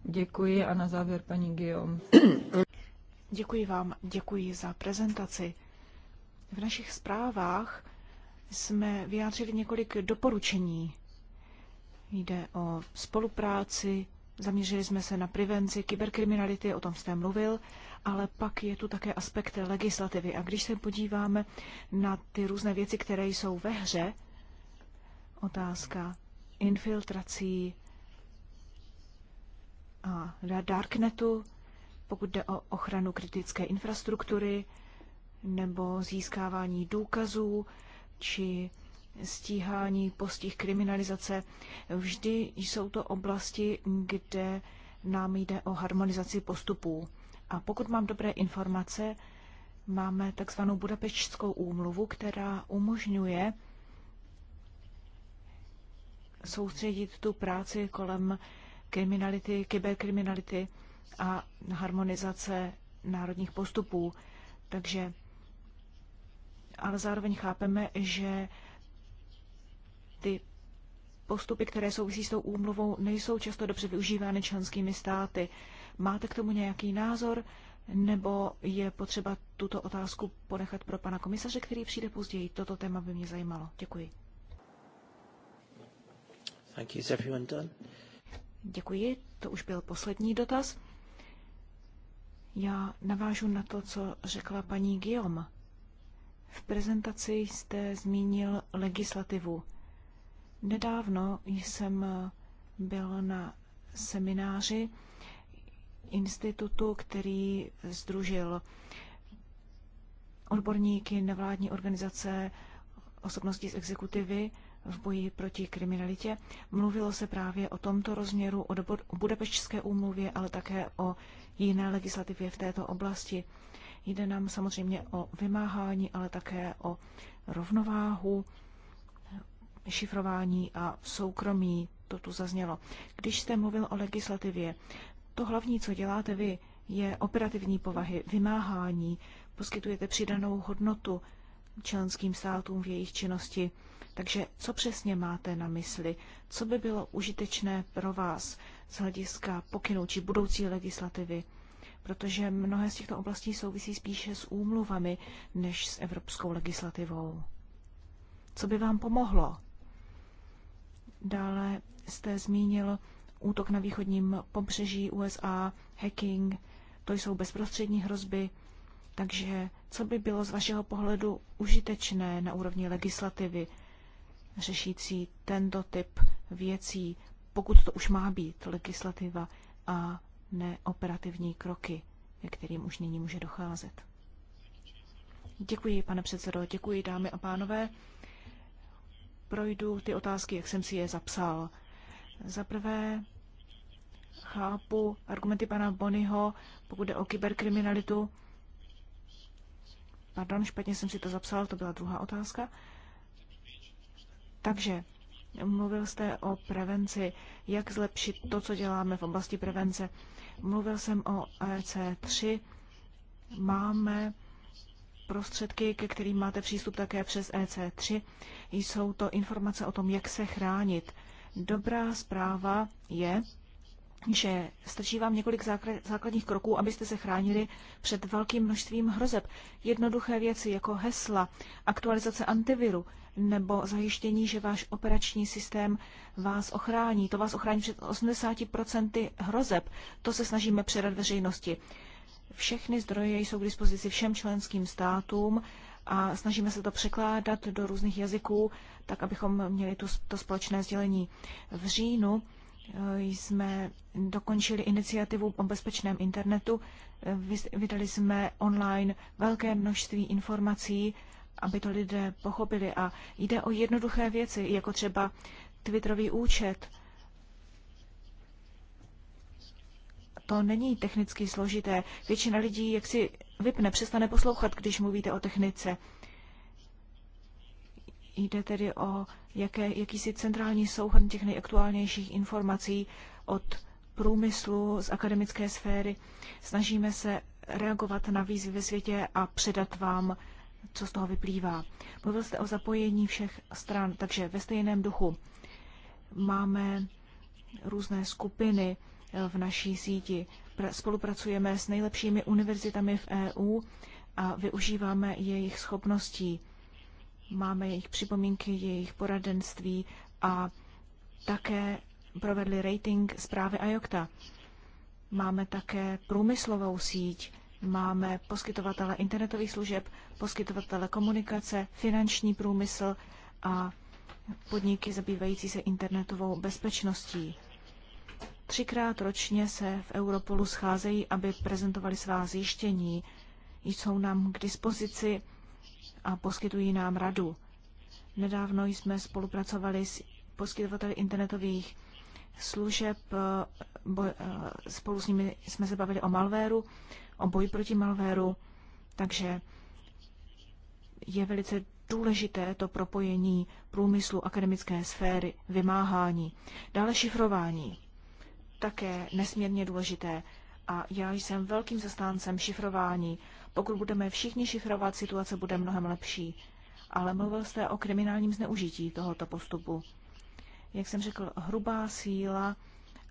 Děkuji a na závěr paní Guillaume. Děkuji vám, děkuji za prezentaci. V našich zprávách jsme vyjádřili několik doporučení. Jde o spolupráci, Zaměřili jsme se na prevenci kyberkriminality, o tom jste mluvil, ale pak je tu také aspekt legislativy. A když se podíváme na ty různé věci, které jsou ve hře, otázka infiltrací a darknetu, pokud jde o ochranu kritické infrastruktury nebo získávání důkazů či stíhání, postih kriminalizace. Vždy jsou to oblasti, kde nám jde o harmonizaci postupů. A pokud mám dobré informace, máme takzvanou Budapeštskou úmluvu, která umožňuje soustředit tu práci kolem kriminality, kyberkriminality a harmonizace národních postupů. Takže ale zároveň chápeme, že ty postupy, které souvisí s tou úmluvou, nejsou často dobře využívány členskými státy. Máte k tomu nějaký názor, nebo je potřeba tuto otázku ponechat pro pana komisaře, který přijde později? Toto téma by mě zajímalo. Děkuji. Thank you. everyone done? Děkuji, to už byl poslední dotaz. Já navážu na to, co řekla paní Guillaume. V prezentaci jste zmínil legislativu. Nedávno jsem byl na semináři institutu, který združil odborníky, nevládní organizace, osobnosti z exekutivy v boji proti kriminalitě. Mluvilo se právě o tomto rozměru, o, dobo- budapešťské úmluvě, ale také o jiné legislativě v této oblasti. Jde nám samozřejmě o vymáhání, ale také o rovnováhu šifrování a soukromí, to tu zaznělo. Když jste mluvil o legislativě, to hlavní, co děláte vy, je operativní povahy, vymáhání, poskytujete přidanou hodnotu členským státům v jejich činnosti. Takže co přesně máte na mysli? Co by bylo užitečné pro vás z hlediska pokynů či budoucí legislativy? Protože mnohé z těchto oblastí souvisí spíše s úmluvami než s evropskou legislativou. Co by vám pomohlo? Dále jste zmínil útok na východním pobřeží USA, hacking, to jsou bezprostřední hrozby. Takže co by bylo z vašeho pohledu užitečné na úrovni legislativy řešící tento typ věcí, pokud to už má být legislativa a ne operativní kroky, ke kterým už nyní může docházet? Děkuji, pane předsedo, děkuji dámy a pánové projdu ty otázky, jak jsem si je zapsal. Za prvé chápu argumenty pana Bonyho, pokud jde o kyberkriminalitu. Pardon, špatně jsem si to zapsal, to byla druhá otázka. Takže Mluvil jste o prevenci, jak zlepšit to, co děláme v oblasti prevence. Mluvil jsem o EC3. Máme prostředky, ke kterým máte přístup také přes EC3, jsou to informace o tom, jak se chránit. Dobrá zpráva je, že stačí vám několik základních kroků, abyste se chránili před velkým množstvím hrozeb. Jednoduché věci jako hesla, aktualizace antiviru nebo zajištění, že váš operační systém vás ochrání. To vás ochrání před 80% hrozeb. To se snažíme předat veřejnosti. Všechny zdroje jsou k dispozici všem členským státům a snažíme se to překládat do různých jazyků, tak abychom měli tu, to společné sdělení. V říjnu eh, jsme dokončili iniciativu o bezpečném internetu. Eh, vydali jsme online velké množství informací, aby to lidé pochopili. A jde o jednoduché věci, jako třeba Twitterový účet, To není technicky složité. Většina lidí jak si vypne, přestane poslouchat, když mluvíte o technice. Jde tedy o jaké, jakýsi centrální souhrn těch nejaktuálnějších informací od průmyslu, z akademické sféry. Snažíme se reagovat na výzvy ve světě a předat vám, co z toho vyplývá. Mluvil jste o zapojení všech stran, takže ve stejném duchu máme různé skupiny, v naší síti. Spolupracujeme s nejlepšími univerzitami v EU a využíváme jejich schopností. Máme jejich připomínky, jejich poradenství a také provedli rating zprávy IOKTA. Máme také průmyslovou síť, máme poskytovatele internetových služeb, poskytovatele komunikace, finanční průmysl a podniky zabývající se internetovou bezpečností. Třikrát ročně se v Europolu scházejí, aby prezentovali svá zjištění. Jsou nám k dispozici a poskytují nám radu. Nedávno jsme spolupracovali s poskytovateli internetových služeb, eh, eh, spolu s nimi jsme se bavili o malvéru, o boji proti malvéru, takže je velice důležité to propojení průmyslu, akademické sféry, vymáhání, dále šifrování také nesmírně důležité. A já jsem velkým zastáncem šifrování. Pokud budeme všichni šifrovat, situace bude mnohem lepší. Ale mluvil jste o kriminálním zneužití tohoto postupu. Jak jsem řekl, hrubá síla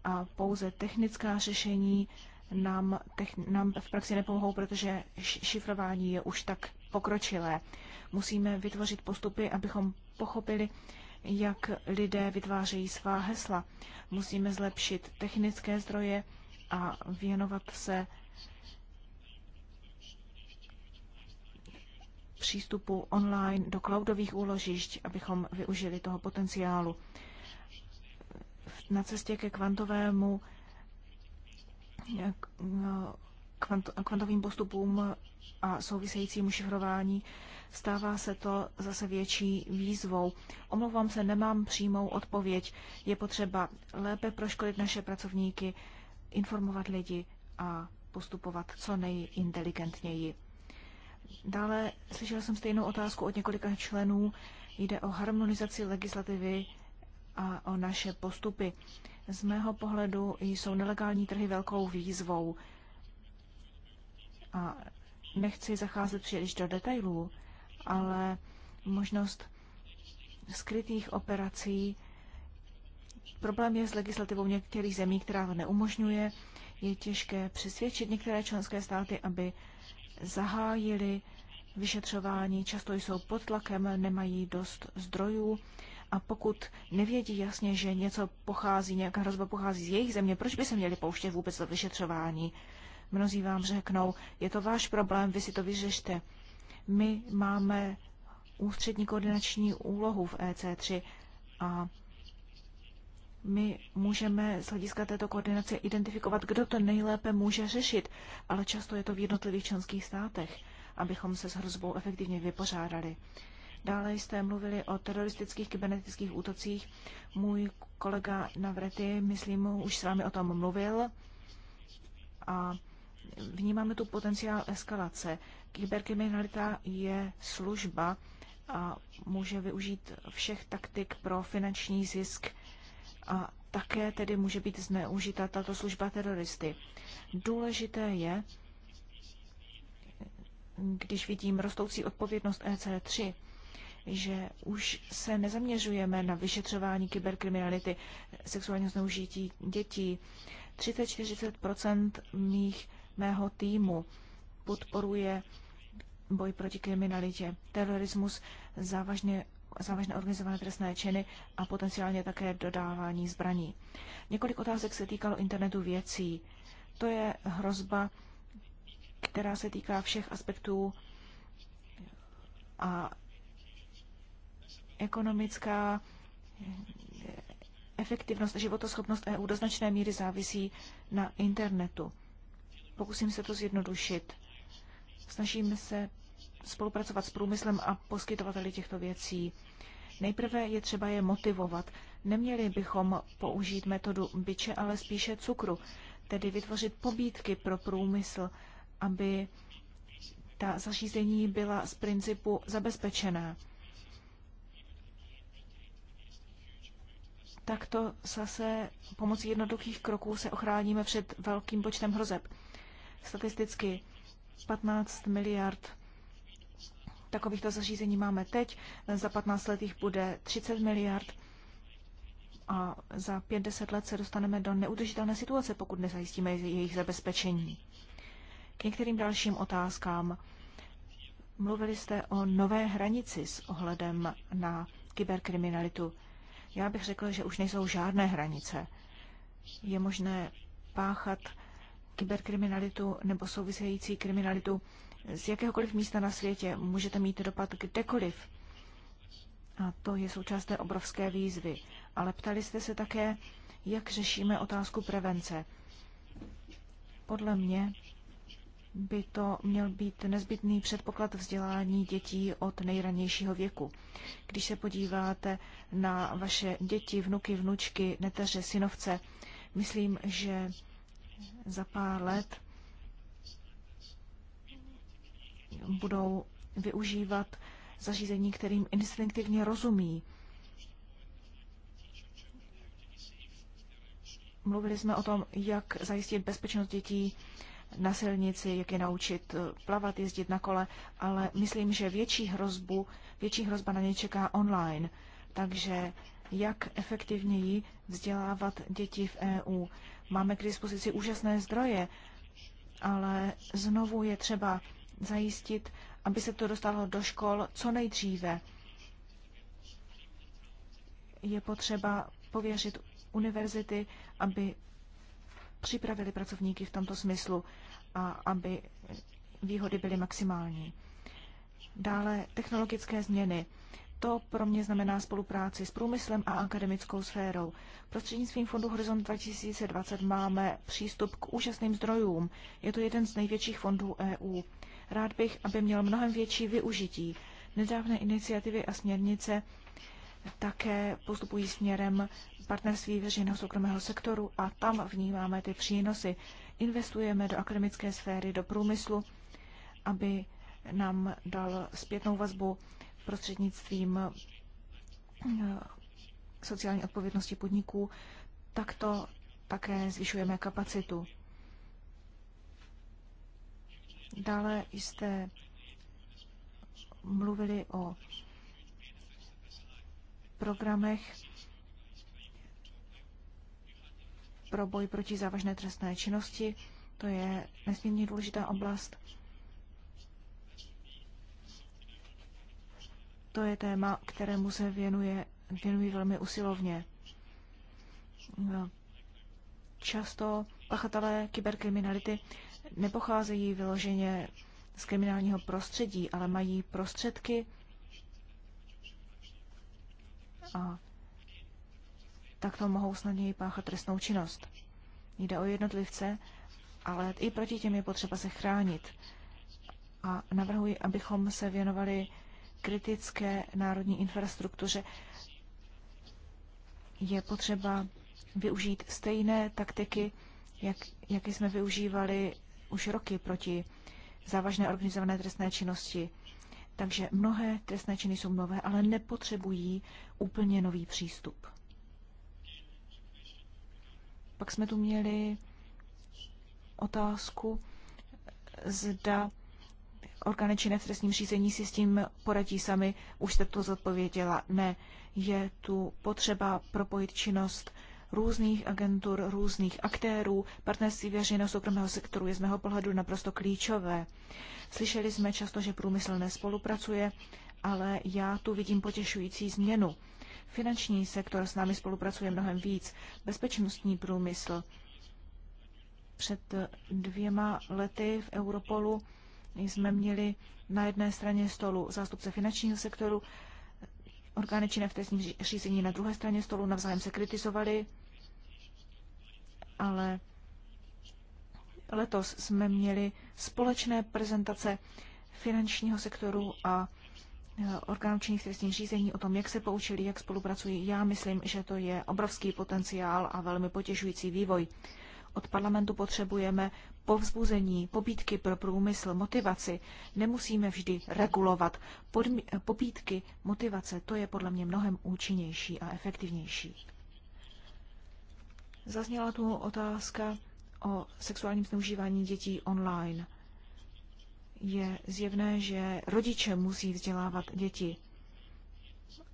a pouze technická řešení nám, techn- nám v praxi nepomohou, protože šifrování je už tak pokročilé. Musíme vytvořit postupy, abychom pochopili, jak lidé vytvářejí svá hesla. Musíme zlepšit technické zdroje a věnovat se přístupu online do cloudových úložišť, abychom využili toho potenciálu. Na cestě ke kvantovému no, kvant, kvantovým postupům a souvisejícímu šifrování stává se to zase větší výzvou. Omlouvám se, nemám přímou odpověď. Je potřeba lépe proškolit naše pracovníky, informovat lidi a postupovat co nejinteligentněji. Dále slyšela jsem stejnou otázku od několika členů. Jde o harmonizaci legislativy a o naše postupy. Z mého pohledu jsou nelegální trhy velkou výzvou. A nechci zacházet příliš do detailů, ale možnost skrytých operací. Problém je s legislativou některých zemí, která neumožňuje. Je těžké přesvědčit některé členské státy, aby zahájili vyšetřování. Často jsou pod tlakem, nemají dost zdrojů. A pokud nevědí jasně, že něco pochází, nějaká hrozba pochází z jejich země, proč by se měli pouštět vůbec do vyšetřování? Mnozí vám řeknou, je to váš problém, vy si to vyřešte. My máme ústřední koordinační úlohu v EC3 a my můžeme z hlediska této koordinace identifikovat, kdo to nejlépe může řešit, ale často je to v jednotlivých členských státech, abychom se s hrozbou efektivně vypořádali. Dále jste mluvili o teroristických kybernetických útocích. Můj kolega Navrety, myslím, už s vámi o tom mluvil. A Vnímáme tu potenciál eskalace. Kyberkriminalita je služba a může využít všech taktik pro finanční zisk a také tedy může být zneužita tato služba teroristy. Důležité je, když vidím rostoucí odpovědnost EC3, že už se nezaměřujeme na vyšetřování kyberkriminality, sexuálního zneužití dětí. 30-40 mých mého týmu. Podporuje boj proti kriminalitě, terorismus, závažně závažné organizované trestné činy a potenciálně také dodávání zbraní. Několik otázek se týkalo internetu věcí. To je hrozba, která se týká všech aspektů a ekonomická efektivnost a životoschopnost EU do značné míry závisí na internetu. Pokusím se to zjednodušit. Snažíme se spolupracovat s průmyslem a poskytovateli těchto věcí. Nejprve je třeba je motivovat. Neměli bychom použít metodu byče, ale spíše cukru, tedy vytvořit pobídky pro průmysl, aby ta zařízení byla z principu zabezpečená. Takto zase pomocí jednoduchých kroků se ochráníme před velkým počtem hrozeb statisticky 15 miliard takovýchto zařízení máme teď, za 15 let jich bude 30 miliard a za 50 let se dostaneme do neudržitelné situace, pokud nezajistíme jejich zabezpečení. K některým dalším otázkám. Mluvili jste o nové hranici s ohledem na kyberkriminalitu. Já bych řekl, že už nejsou žádné hranice. Je možné páchat kyberkriminalitu nebo související kriminalitu z jakéhokoliv místa na světě. Můžete mít dopad kdekoliv. A to je součást té obrovské výzvy. Ale ptali jste se také, jak řešíme otázku prevence. Podle mě by to měl být nezbytný předpoklad vzdělání dětí od nejranějšího věku. Když se podíváte na vaše děti, vnuky, vnučky, neteře, synovce, myslím, že za pár let budou využívat zařízení, kterým instinktivně rozumí. Mluvili jsme o tom, jak zajistit bezpečnost dětí na silnici, jak je naučit eh, plavat, jezdit na kole, ale myslím, že větší hrozbu, větší hrozba na ně čeká online. Takže jak efektivněji vzdělávat děti v EU. Máme k dispozici úžasné zdroje, ale znovu je třeba zajistit, aby se to dostalo do škol co nejdříve. Je potřeba pověřit univerzity, aby připravili pracovníky v tomto smyslu a aby výhody byly maximální. Dále technologické změny to pro mě znamená spolupráci s průmyslem a akademickou sférou. Prostřednictvím Fondu Horizont 2020 máme přístup k úžasným zdrojům. Je to jeden z největších fondů EU. Rád bych, aby měl mnohem větší využití. Nedávné iniciativy a směrnice také postupují směrem partnerství veřejného soukromého sektoru a tam vnímáme ty přínosy. Investujeme do akademické sféry, do průmyslu, aby nám dal zpětnou vazbu prostřednictvím eh, sociální odpovědnosti podniků, takto také zvyšujeme kapacitu. Dále jste mluvili o programech pro boj proti závažné trestné činnosti. To je nesmírně důležitá oblast. To je téma, kterému se věnuje, věnují velmi usilovně. No, často pachatelé kyberkriminality nepocházejí vyloženě z kriminálního prostředí, ale mají prostředky a takto mohou snadněji páchat trestnou činnost. Jde o jednotlivce, ale i proti těm je potřeba se chránit. A navrhuji, abychom se věnovali kritické národní infrastruktuře, je potřeba využít stejné taktiky, jak, jaké jsme využívali už roky proti závažné organizované trestné činnosti. Takže mnohé trestné činy jsou nové, ale nepotřebují úplně nový přístup. Pak jsme tu měli otázku, zda orgány činné v trestním řízení si s tím poradí sami, už jste to zodpověděla. Ne, je tu potřeba propojit činnost různých agentur, různých aktérů. Partnerství veřejného soukromého sektoru je z mého pohledu naprosto klíčové. Slyšeli jsme často, že průmysl nespolupracuje, ale já tu vidím potěšující změnu. Finanční sektor s námi spolupracuje mnohem víc. Bezpečnostní průmysl. Před dvěma lety v Europolu jsme měli na jedné straně stolu zástupce finančního sektoru, orgány činné v trestním řízení na druhé straně stolu, navzájem se kritizovali, ale letos jsme měli společné prezentace finančního sektoru a e, orgánů činných trestních řízení o tom, jak se poučili, jak spolupracují. Já myslím, že to je obrovský potenciál a velmi potěžující vývoj. Od parlamentu potřebujeme povzbuzení, pobídky pro průmysl, motivaci. Nemusíme vždy regulovat. Podmi- pobídky, motivace, to je podle mě mnohem účinnější a efektivnější. Zazněla tu otázka o sexuálním zneužívání dětí online. Je zjevné, že rodiče musí vzdělávat děti,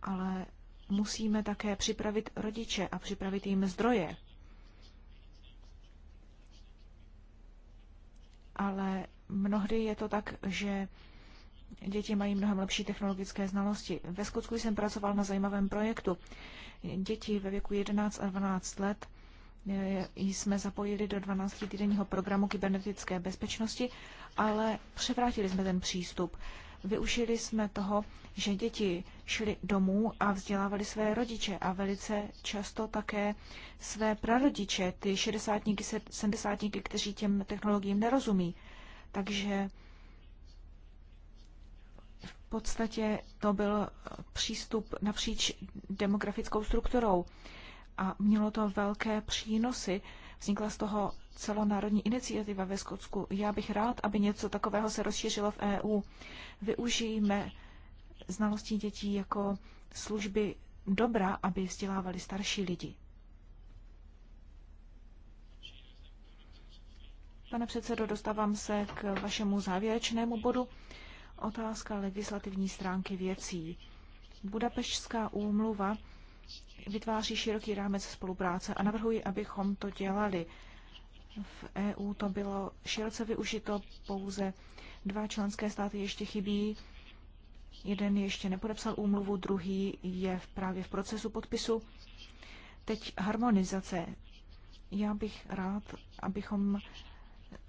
ale musíme také připravit rodiče a připravit jim zdroje ale mnohdy je to tak, že děti mají mnohem lepší technologické znalosti. Ve Skotsku jsem pracoval na zajímavém projektu. Děti ve věku 11 a 12 let e, jsme zapojili do 12-týdenního programu kybernetické bezpečnosti, ale převrátili jsme ten přístup. Využili jsme toho, že děti šly domů a vzdělávali své rodiče a velice často také své prarodiče, ty 60 70 kteří těm technologiím nerozumí. Takže v podstatě to byl přístup napříč demografickou strukturou a mělo to velké přínosy Vznikla z toho celonárodní iniciativa ve Skotsku. Já bych rád, aby něco takového se rozšířilo v EU. Využijme znalostí dětí jako služby dobra, aby vzdělávali starší lidi. Pane předsedo, dostávám se k vašemu závěrečnému bodu. Otázka legislativní stránky věcí. Budapeštská úmluva vytváří široký rámec spolupráce a navrhuji, abychom to dělali. V EU to bylo široce využito, pouze dva členské státy ještě chybí. Jeden ještě nepodepsal úmluvu, druhý je právě v procesu podpisu. Teď harmonizace. Já bych rád, abychom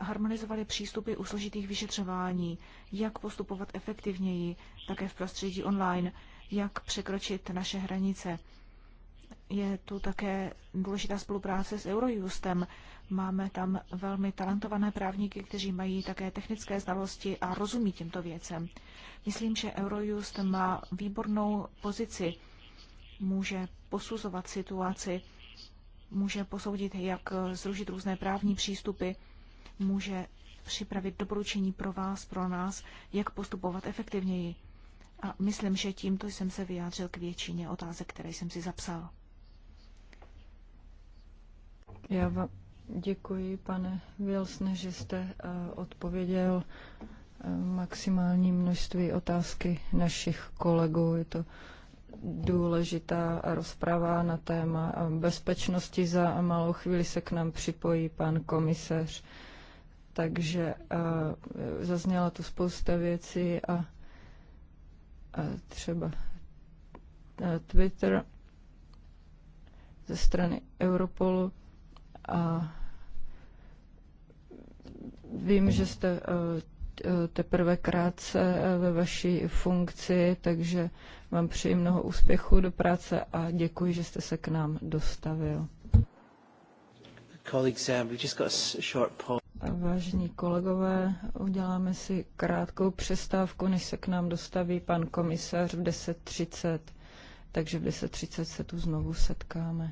harmonizovali přístupy u složitých vyšetřování, jak postupovat efektivněji, také v prostředí online, jak překročit naše hranice je tu také důležitá spolupráce s Eurojustem. Máme tam velmi talentované právníky, kteří mají také technické znalosti a rozumí těmto věcem. Myslím, že Eurojust má výbornou pozici. Může posuzovat situaci, může posoudit, jak zrušit různé právní přístupy, může připravit doporučení pro vás, pro nás, jak postupovat efektivněji. A myslím, že tímto jsem se vyjádřil k většině otázek, které jsem si zapsal. Já vám děkuji, pane Wilson, že jste eh, odpověděl eh, maximální množství otázky našich kolegů. Je to důležitá rozprava na téma bezpečnosti. Za malou chvíli se k nám připojí pan komisař. Takže eh, zazněla tu spousta věcí a, a třeba Twitter ze strany Europolu a vím, že jste eh, eh, teprve krátce eh, ve vaší funkci, takže vám přeji mnoho úspěchů do práce a děkuji, že jste se k nám dostavil. Vážení kolegové, uděláme si krátkou přestávku, než se k nám dostaví pan komisař v 10.30, takže v 10.30 se tu znovu setkáme.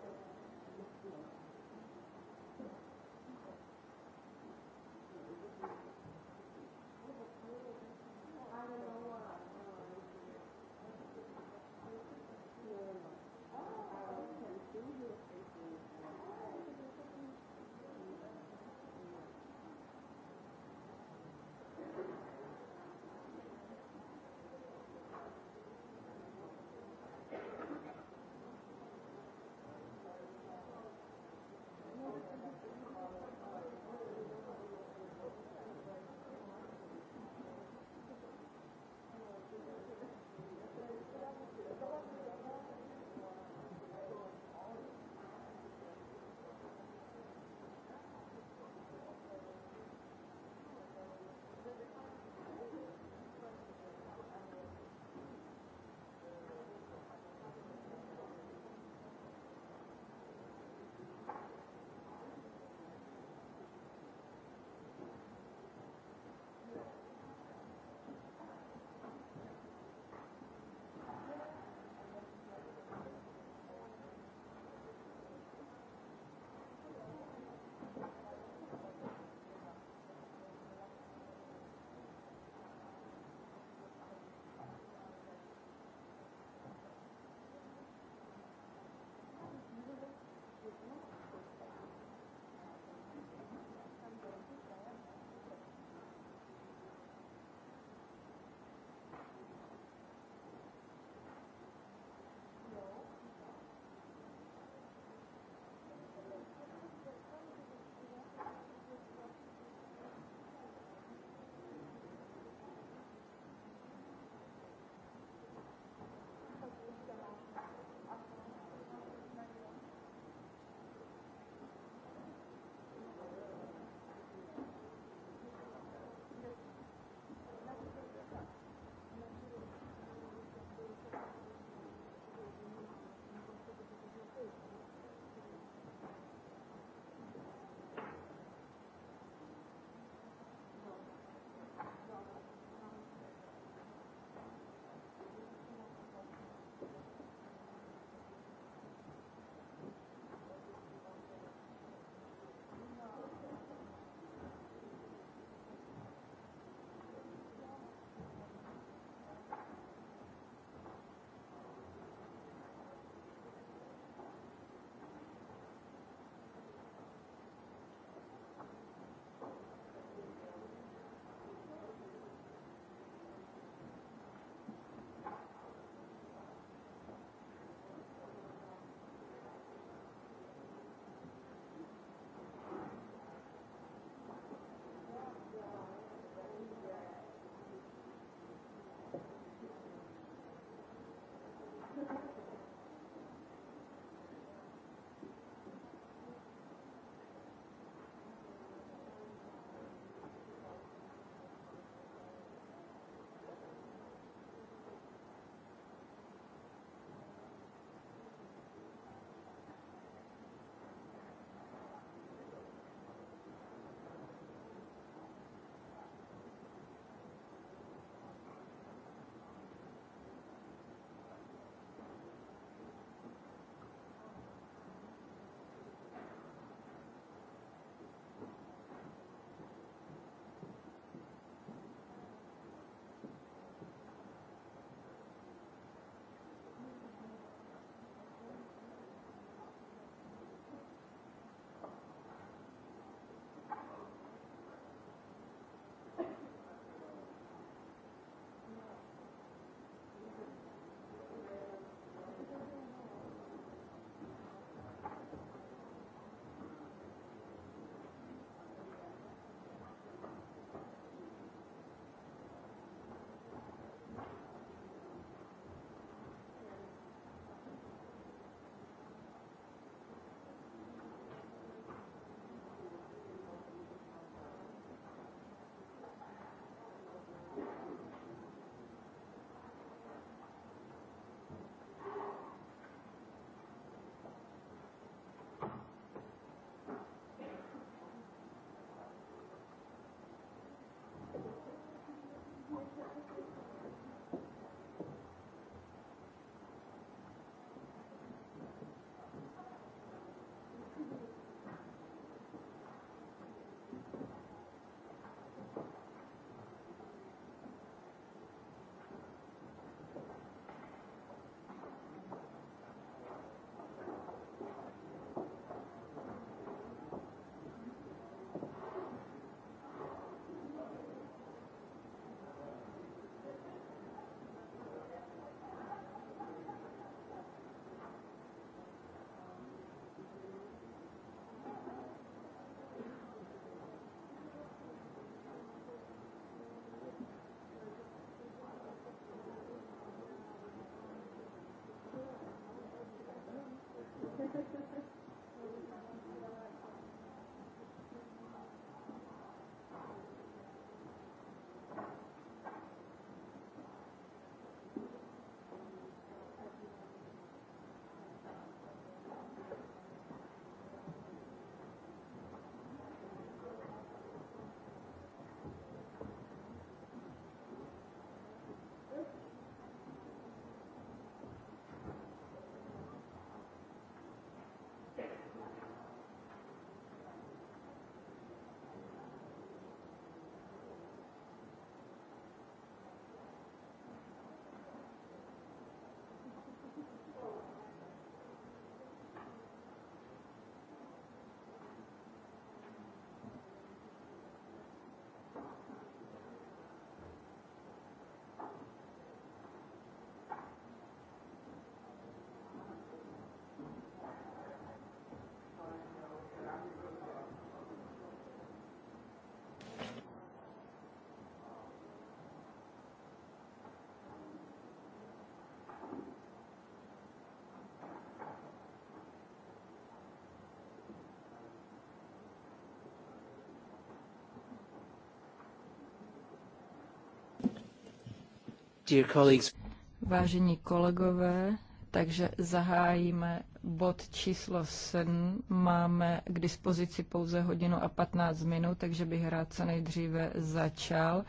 Dear colleagues. Vážení kolegové, takže zahájíme bod číslo 7. Máme k dispozici pouze hodinu a 15 minut, takže bych rád co nejdříve začal.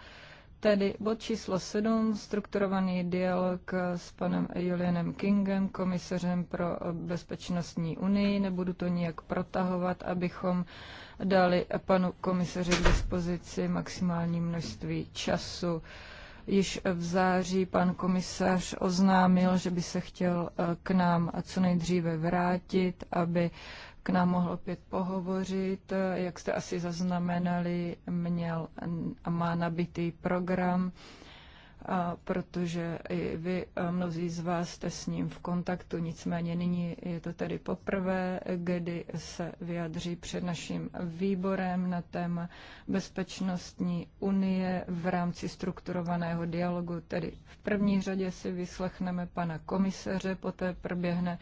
Tedy bod číslo 7, strukturovaný dialog s panem Julianem Kingem, komisařem pro bezpečnostní unii. Nebudu to nijak protahovat, abychom dali panu komisaři k dispozici maximální množství času. Již v září pan komisař oznámil, že by se chtěl eh, k nám a co nejdříve vrátit, aby k nám mohl opět pohovořit. Eh, jak jste asi zaznamenali, měl a má nabitý program protože i vy, mnozí z vás jste s ním v kontaktu, nicméně nyní je to tedy poprvé, kdy se vyjadří před naším výborem na téma bezpečnostní unie v rámci strukturovaného dialogu. Tedy v první řadě si vyslechneme pana komisaře, poté proběhne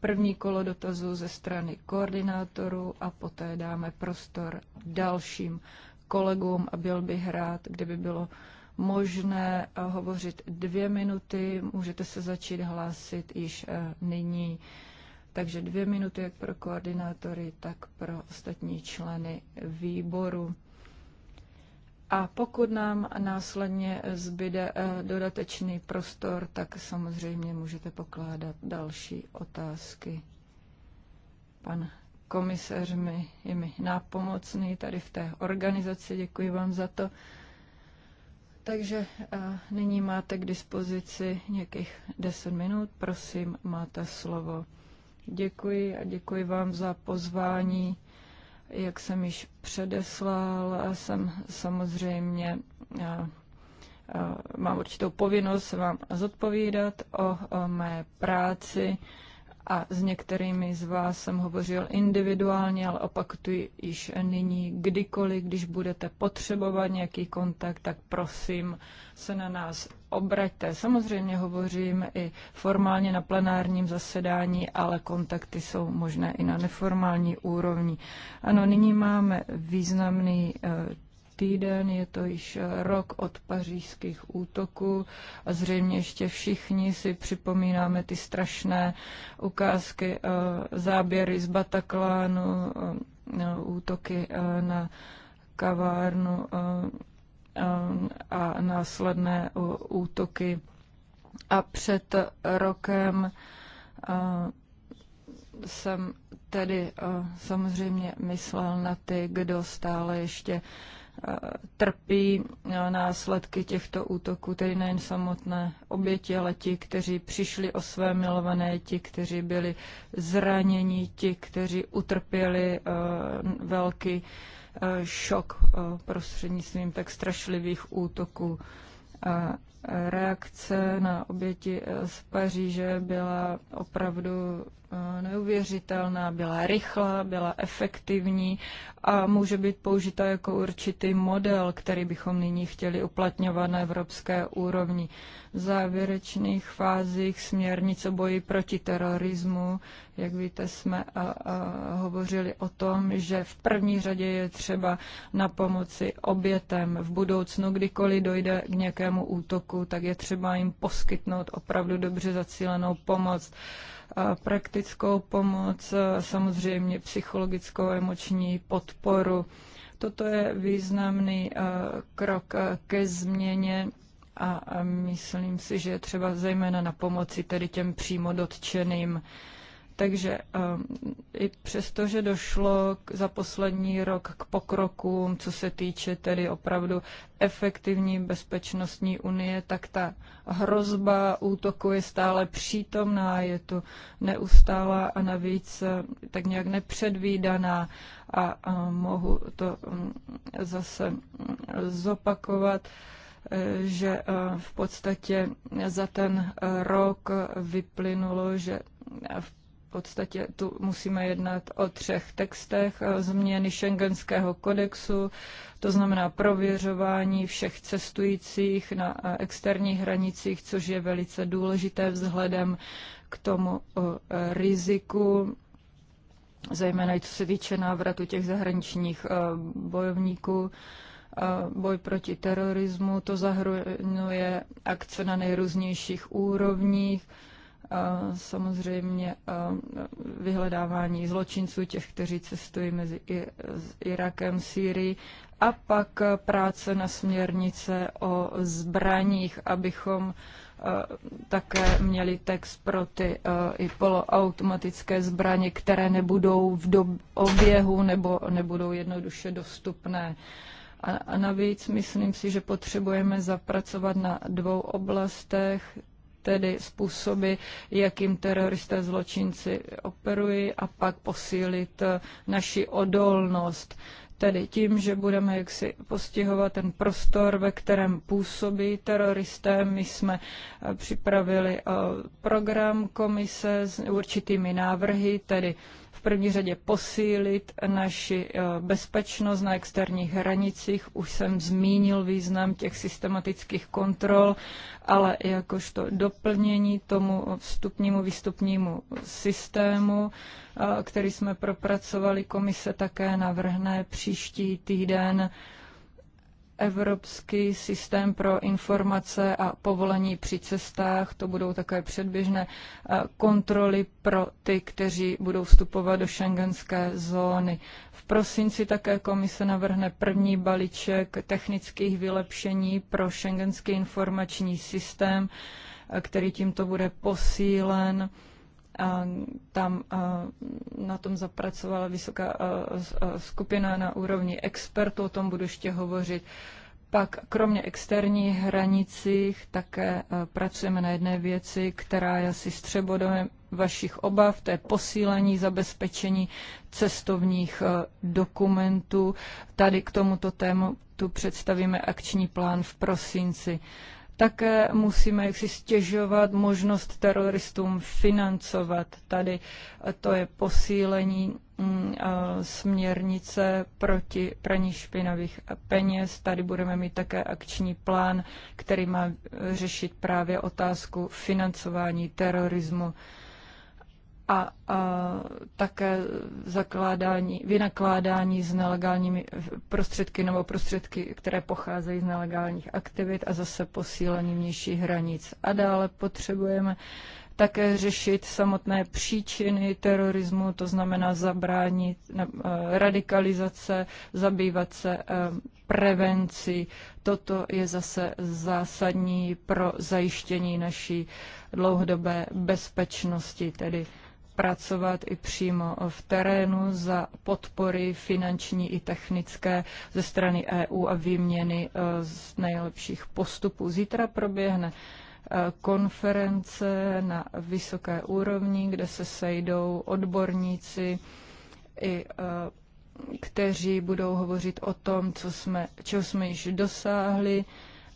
první kolo dotazů ze strany koordinátorů a poté dáme prostor dalším kolegům a byl bych rád, kdyby bylo možné eh, hovořit dvě minuty, můžete se začít hlásit již eh, nyní. Takže dvě minuty jak pro koordinátory, tak pro ostatní členy výboru. A pokud nám následně zbyde eh, dodatečný prostor, tak samozřejmě můžete pokládat další otázky. Pan komisař mi, je mi nápomocný tady v té organizaci, děkuji vám za to. Takže eh, nyní máte k dispozici nějakých 10 minut. Prosím, máte slovo. Děkuji a děkuji vám za pozvání. Jak jsem již předeslal, a eh, jsem samozřejmě a, eh, a, mám určitou povinnost vám zodpovídat o, o mé práci a s některými z vás jsem hovořil individuálně, ale opakuji již nyní, kdykoliv, když budete potřebovat nějaký kontakt, tak prosím se na nás obraťte. Samozřejmě hovořím i formálně na plenárním zasedání, ale kontakty jsou možné i na neformální úrovni. Ano, nyní máme významný eh, týden, je to již rok od pařížských útoků a zřejmě ještě všichni si připomínáme ty strašné ukázky, eh, záběry z Bataklánu, eh, útoky eh, na kavárnu a následné útoky. A před rokem jsem tedy samozřejmě myslel na ty, kdo stále ještě trpí následky těchto útoků, tedy nejen samotné oběti, ale ti, kteří přišli o své milované, ti, kteří byli zraněni, ti, kteří utrpěli velký šok prostřednictvím tak strašlivých útoků. A reakce na oběti e, z Paříže byla opravdu Eh, neuvěřitelná, byla rychlá, byla efektivní a může být použita jako určitý model, který bychom nyní chtěli uplatňovat na evropské úrovni. V závěrečných fázích směrnice boji proti terorismu, jak víte, jsme a, a hovořili o tom, že v první řadě je třeba na pomoci obětem. V budoucnu, kdykoliv dojde k nějakému útoku, tak je třeba jim poskytnout opravdu dobře zacílenou pomoc. Uh, praktickou pomoc, samozřejmě psychologickou, emoční podporu. Toto je významný krok ke změně a myslím si, že je třeba zejména na pomoci tedy těm přímo dotčeným takže ehm, i přesto, že došlo k, za poslední rok k pokrokům, co se týče tedy opravdu efektivní bezpečnostní unie, tak ta hrozba útoku je stále přítomná, je tu neustála a navíc eh, tak nějak nepředvídaná. A, a mohu to mm, zase mm, zopakovat eh, že eh, v podstatě za ten rok vyplynulo, že v podstatě tu musíme jednat o třech textech eh, změny šengenského kodexu, to znamená prověřování všech cestujících na eh, externích hranicích, což je velice důležité vzhledem k tomu eh, riziku, zejména i co se týče návratu těch zahraničních bojovníků boj proti terorismu, to zahrnuje akce na nejrůznějších úrovních, samozřejmě vyhledávání zločinců, těch, kteří cestují mezi Irakem, Sýrií, a pak práce na směrnice o zbraních, abychom také měli text pro ty i poloautomatické zbraně, které nebudou v dob- oběhu nebo nebudou jednoduše dostupné. A, a navíc myslím si, že potřebujeme zapracovat na dvou oblastech, tedy způsoby, jakým teroristé zločinci operují a pak posílit eh, naši odolnost. Tedy tím, že budeme jaksi postihovat ten prostor, ve kterém působí teroristé. My jsme eh, připravili eh, program komise s určitými návrhy, tedy první řadě posílit naši eh, bezpečnost na externích hranicích. Už jsem zmínil význam těch systematických kontrol, ale jakožto doplnění tomu vstupnímu výstupnímu systému, eh, který jsme propracovali, komise také navrhne příští týden evropský systém pro informace a povolení při cestách. To budou také předběžné eh, kontroly pro ty, kteří budou vstupovat do šengenské zóny. V prosinci také komise navrhne první balíček technických vylepšení pro šengenský informační systém, eh, který tímto bude posílen tam na tom zapracovala vysoká skupina na úrovni expertů, o tom budu ještě hovořit. Pak kromě externích hranicích také pracujeme na jedné věci, která je asi střebodem vašich obav, to je posílení zabezpečení cestovních dokumentů. Tady k tomuto tématu představíme akční plán v prosinci. Také musíme jaksi stěžovat možnost teroristům financovat. Tady to je posílení mm, směrnice proti praní špinavých peněz. Tady budeme mít také akční plán, který má řešit právě otázku financování terorismu a, a také zakládání, vynakládání s nelegálními prostředky nebo prostředky, které pocházejí z nelegálních aktivit a zase posílení vnějších hranic. A dále potřebujeme také řešit samotné příčiny terorismu, to znamená zabránit eh, radikalizace, zabývat se eh, prevenci. Toto je zase zásadní pro zajištění naší dlouhodobé bezpečnosti, tedy pracovat i přímo v terénu za podpory finanční i technické ze strany EU a výměny e, z nejlepších postupů. Zítra proběhne e, konference na vysoké úrovni, kde se sejdou odborníci i e, kteří budou hovořit o tom, co jsme, čeho jsme již dosáhli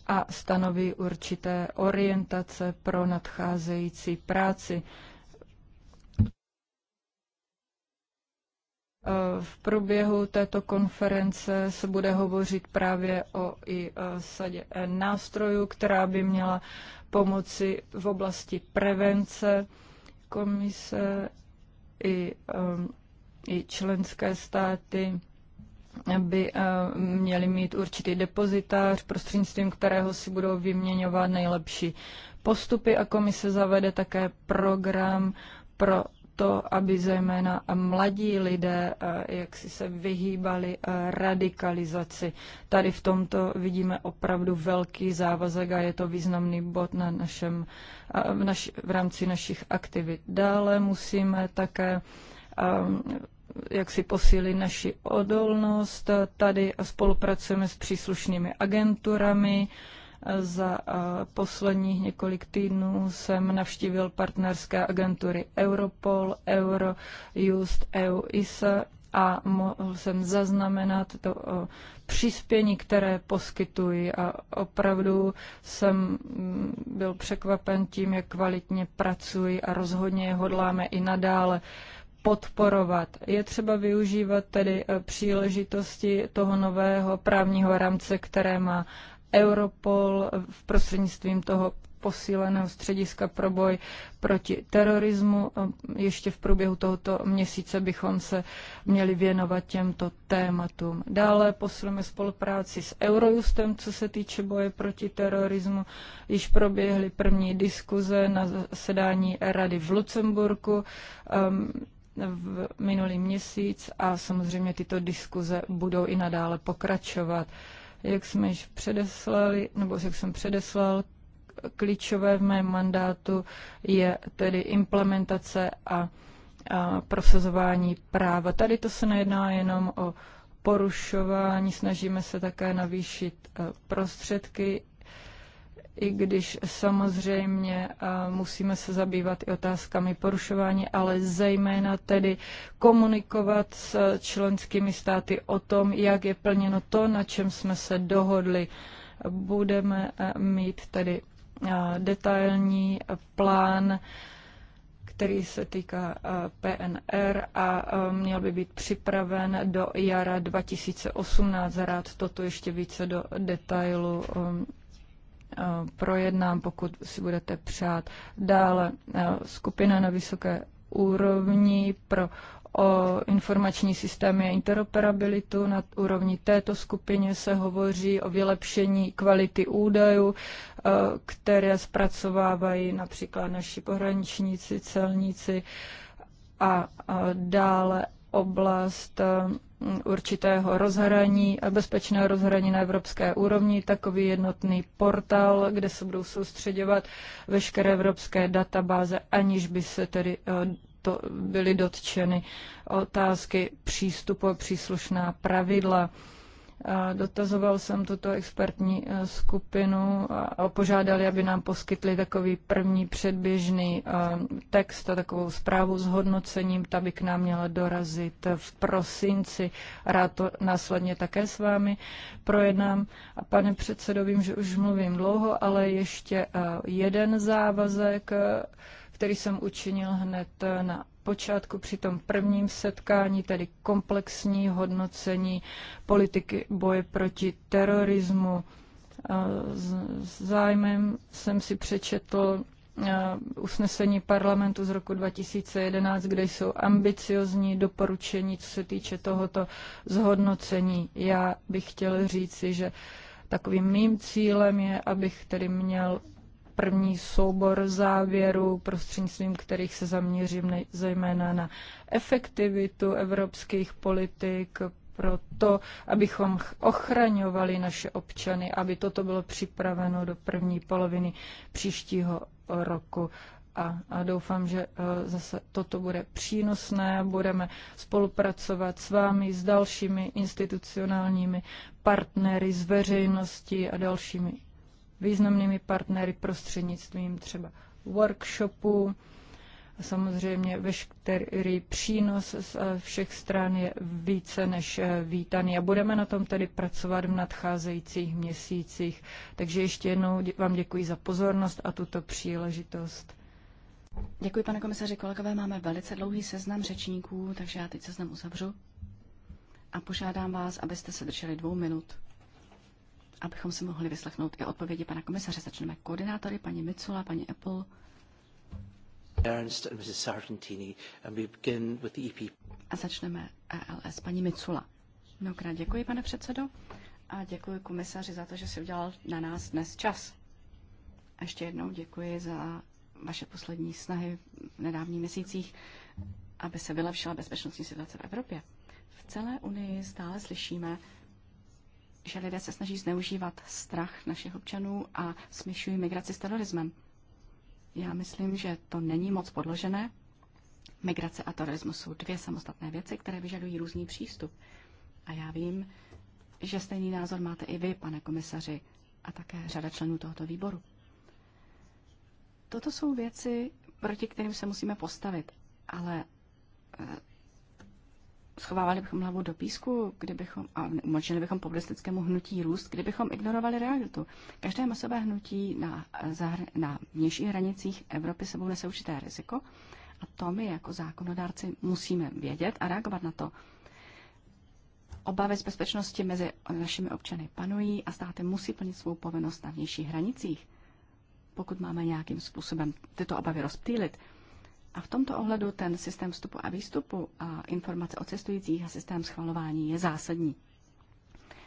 a stanoví určité orientace pro nadcházející práci. Eh, v průběhu této konference se bude hovořit právě o i eh, sadě eh, nástrojů, která by měla pomoci v oblasti prevence komise i, i členské státy by měli mít určitý depozitář, prostřednictvím kterého si budou vyměňovat nejlepší postupy a komise zavede také program pro to, aby zejména mladí lidé eh, jak si se vyhýbali eh, radikalizaci. Tady v tomto vidíme opravdu velký závazek a je to významný bod na našem, eh, v, naš, v rámci našich aktivit. Dále musíme také jak si posílit naši odolnost. Tady spolupracujeme s příslušnými agenturami, za eh, posledních několik týdnů jsem navštívil partnerské agentury Europol, Eurojust, EUISA e a mohl jsem zaznamenat to eh, přispění, které poskytují a opravdu jsem mm, byl překvapen tím, jak kvalitně pracují a rozhodně je hodláme i nadále podporovat. Je třeba využívat tedy eh, příležitosti toho nového právního rámce, které má Europol v prostřednictvím toho posíleného střediska pro boj proti terorismu. Ještě v průběhu tohoto měsíce bychom se měli věnovat těmto tématům. Dále posilujeme spolupráci s Eurojustem, co se týče boje proti terorismu. Již proběhly první diskuze na zasedání Rady v Lucemburku um, v minulý měsíc a samozřejmě tyto diskuze budou i nadále pokračovat. Jak jsme již předeslali, nebo jak jsem předeslal, klíčové v mém mandátu je tedy implementace a, a prosazování práva. Tady to se nejedná jenom o porušování, snažíme se také navýšit e, prostředky i když samozřejmě musíme se zabývat i otázkami porušování, ale zejména tedy komunikovat s členskými státy o tom, jak je plněno to, na čem jsme se dohodli. Budeme mít tedy detailní plán, který se týká PNR a měl by být připraven do jara 2018. Rád toto ještě více do detailu um, Eh, projednám, pokud si budete přát. Dále eh, skupina na vysoké úrovni pro o informační systémy a interoperabilitu. Na úrovni této skupině se hovoří o vylepšení kvality údajů, eh, které zpracovávají například naši pohraničníci, celníci a dále oblast eh, určitého rozhraní, bezpečného rozhraní na evropské úrovni, takový jednotný portál, kde se budou soustředovat veškeré evropské databáze, aniž by se tedy eh, to byly dotčeny otázky přístupu a příslušná pravidla. Dotazoval jsem tuto expertní e, skupinu a požádali, aby nám poskytli takový první předběžný e, text a takovou zprávu s hodnocením. Ta by k nám měla dorazit v prosinci. Rád to následně také s vámi projednám. A pane předsedo, vím, že už mluvím dlouho, ale ještě e, jeden závazek který jsem učinil hned na počátku při tom prvním setkání, tedy komplexní hodnocení politiky boje proti terorismu. S zájmem jsem si přečetl usnesení parlamentu z roku 2011, kde jsou ambiciozní doporučení, co se týče tohoto zhodnocení. Já bych chtěl říci, že takovým mým cílem je, abych tedy měl první soubor závěrů, prostřednictvím kterých se zaměřím zejména na efektivitu evropských politik, pro to, abychom ochraňovali naše občany, aby toto bylo připraveno do první poloviny příštího roku. A, a doufám, že eh, zase toto bude přínosné. Budeme spolupracovat s vámi, s dalšími institucionálními partnery, s veřejností a dalšími významnými partnery prostřednictvím třeba workshopu. A samozřejmě veškerý přínos z eh, všech stran je více než eh, vítaný a budeme na tom tedy pracovat v nadcházejících měsících. Takže ještě jednou vám děkuji za pozornost a tuto příležitost. Děkuji, pane komisaři. Kolegové, máme velice dlouhý seznam řečníků, takže já teď seznam uzavřu a požádám vás, abyste se drželi dvou minut abychom si mohli vyslechnout i odpovědi pana komisaře. Začneme koordinátory, paní Micula, paní Apple. Ernst and Mrs. Sargentini, and we begin with the EP. A začneme ALS. E paní Micula. Mnohokrát děkuji, pane předsedo, a děkuji komisaři za to, že si udělal na nás dnes čas. A ještě jednou děkuji za vaše poslední snahy v nedávných měsících, aby se vylepšila bezpečnostní situace v Evropě. V celé Unii stále slyšíme, že lidé se snaží zneužívat strach našich občanů a smyšují migraci s terorismem. Já myslím, že to není moc podložené. Migrace a terorismus jsou dvě samostatné věci, které vyžadují různý přístup. A já vím, že stejný názor máte i vy, pane komisaři, a také řada členů tohoto výboru. Toto jsou věci, proti kterým se musíme postavit, ale eh, schovávali bychom hlavu do písku, kdybychom, a umočili bychom populistickému hnutí růst, kdybychom ignorovali realitu. Každé masové hnutí na, zahr- na vnějších hranicích Evropy sebou nese určité riziko a to my jako zákonodárci musíme vědět a reagovat na to. Obavy z bezpečnosti mezi našimi občany panují a státy musí plnit svou povinnost na vnějších hranicích. Pokud máme nějakým způsobem tyto obavy rozptýlit, a v tomto ohledu ten systém vstupu a výstupu a informace o cestujících a systém schvalování je zásadní.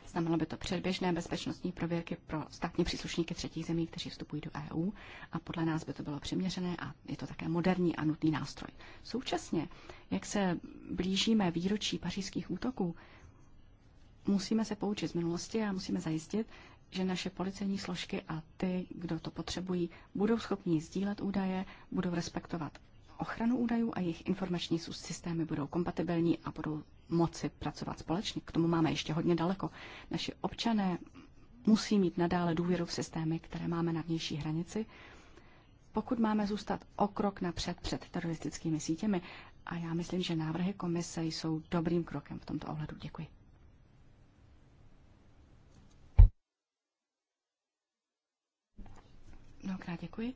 Znamenalo by to předběžné bezpečnostní prověrky pro státní příslušníky třetích zemí, kteří vstupují do EU a podle nás by to bylo přiměřené a je to také moderní a nutný nástroj. Současně, jak se blížíme výročí pařížských útoků, musíme se poučit z minulosti a musíme zajistit, že naše policejní složky a ty, kdo to potřebují, budou schopni sdílet údaje, budou respektovat ochranu údajů a jejich informační systémy budou kompatibilní a budou moci pracovat společně. K tomu máme ještě hodně daleko. Naši občané musí mít nadále důvěru v systémy, které máme na vnější hranici, pokud máme zůstat o krok napřed před teroristickými sítěmi. A já myslím, že návrhy komise jsou dobrým krokem v tomto ohledu. Děkuji. Mnohokrát děkuji.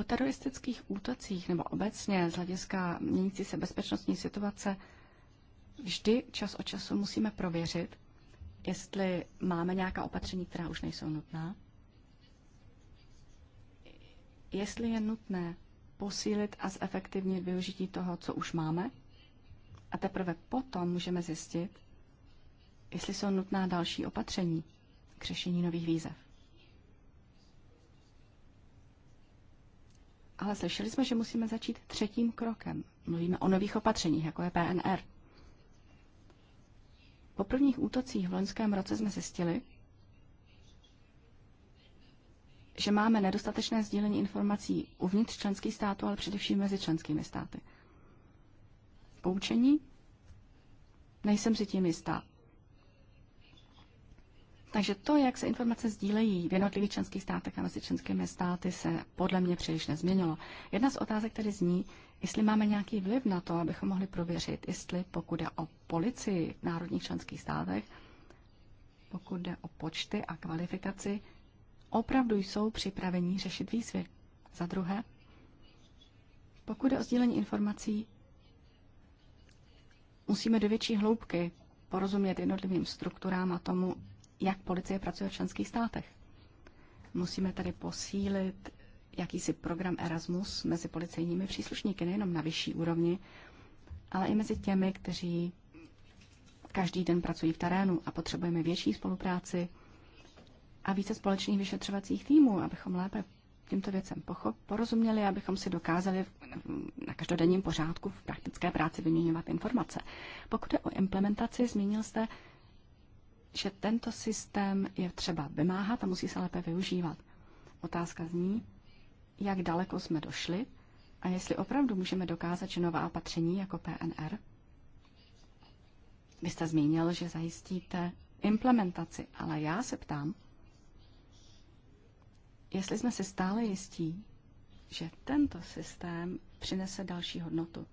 Po teroristických útocích nebo obecně z hlediska měnící se bezpečnostní situace vždy čas od času musíme prověřit, jestli máme nějaká opatření, která už nejsou nutná, jestli je nutné posílit a zefektivnit využití toho, co už máme, a teprve potom můžeme zjistit, jestli jsou nutná další opatření k řešení nových výzev. Ale slyšeli jsme, že musíme začít třetím krokem. Mluvíme o nových opatřeních, jako je PNR. Po prvních útocích v loňském roce jsme zjistili, že máme nedostatečné sdílení informací uvnitř členských států, ale především mezi členskými státy. Poučení? Nejsem si tím jistá. Takže to, jak se informace sdílejí v jednotlivých členských státech a mezi členskými státy, se podle mě příliš nezměnilo. Jedna z otázek tedy zní, jestli máme nějaký vliv na to, abychom mohli prověřit, jestli pokud jde o policii v národních členských státech, pokud jde o počty a kvalifikaci, opravdu jsou připraveni řešit výzvy. Za druhé, pokud jde o sdílení informací, musíme do větší hloubky porozumět jednotlivým strukturám a tomu, jak policie pracuje v členských státech. Musíme tady posílit jakýsi program Erasmus mezi policejními příslušníky, nejenom na vyšší úrovni, ale i mezi těmi, kteří každý den pracují v terénu a potřebujeme větší spolupráci a více společných vyšetřovacích týmů, abychom lépe tímto věcem pochop, porozuměli, abychom si dokázali na každodenním pořádku v praktické práci vyměňovat informace. Pokud je o implementaci, zmínil jste, že tento systém je třeba vymáhat a musí se lépe využívat. Otázka zní, jak daleko jsme došli a jestli opravdu můžeme dokázat, že nová opatření jako PNR, vy jste zmínil, že zajistíte implementaci, ale já se ptám, jestli jsme si stále jistí, že tento systém přinese další hodnotu.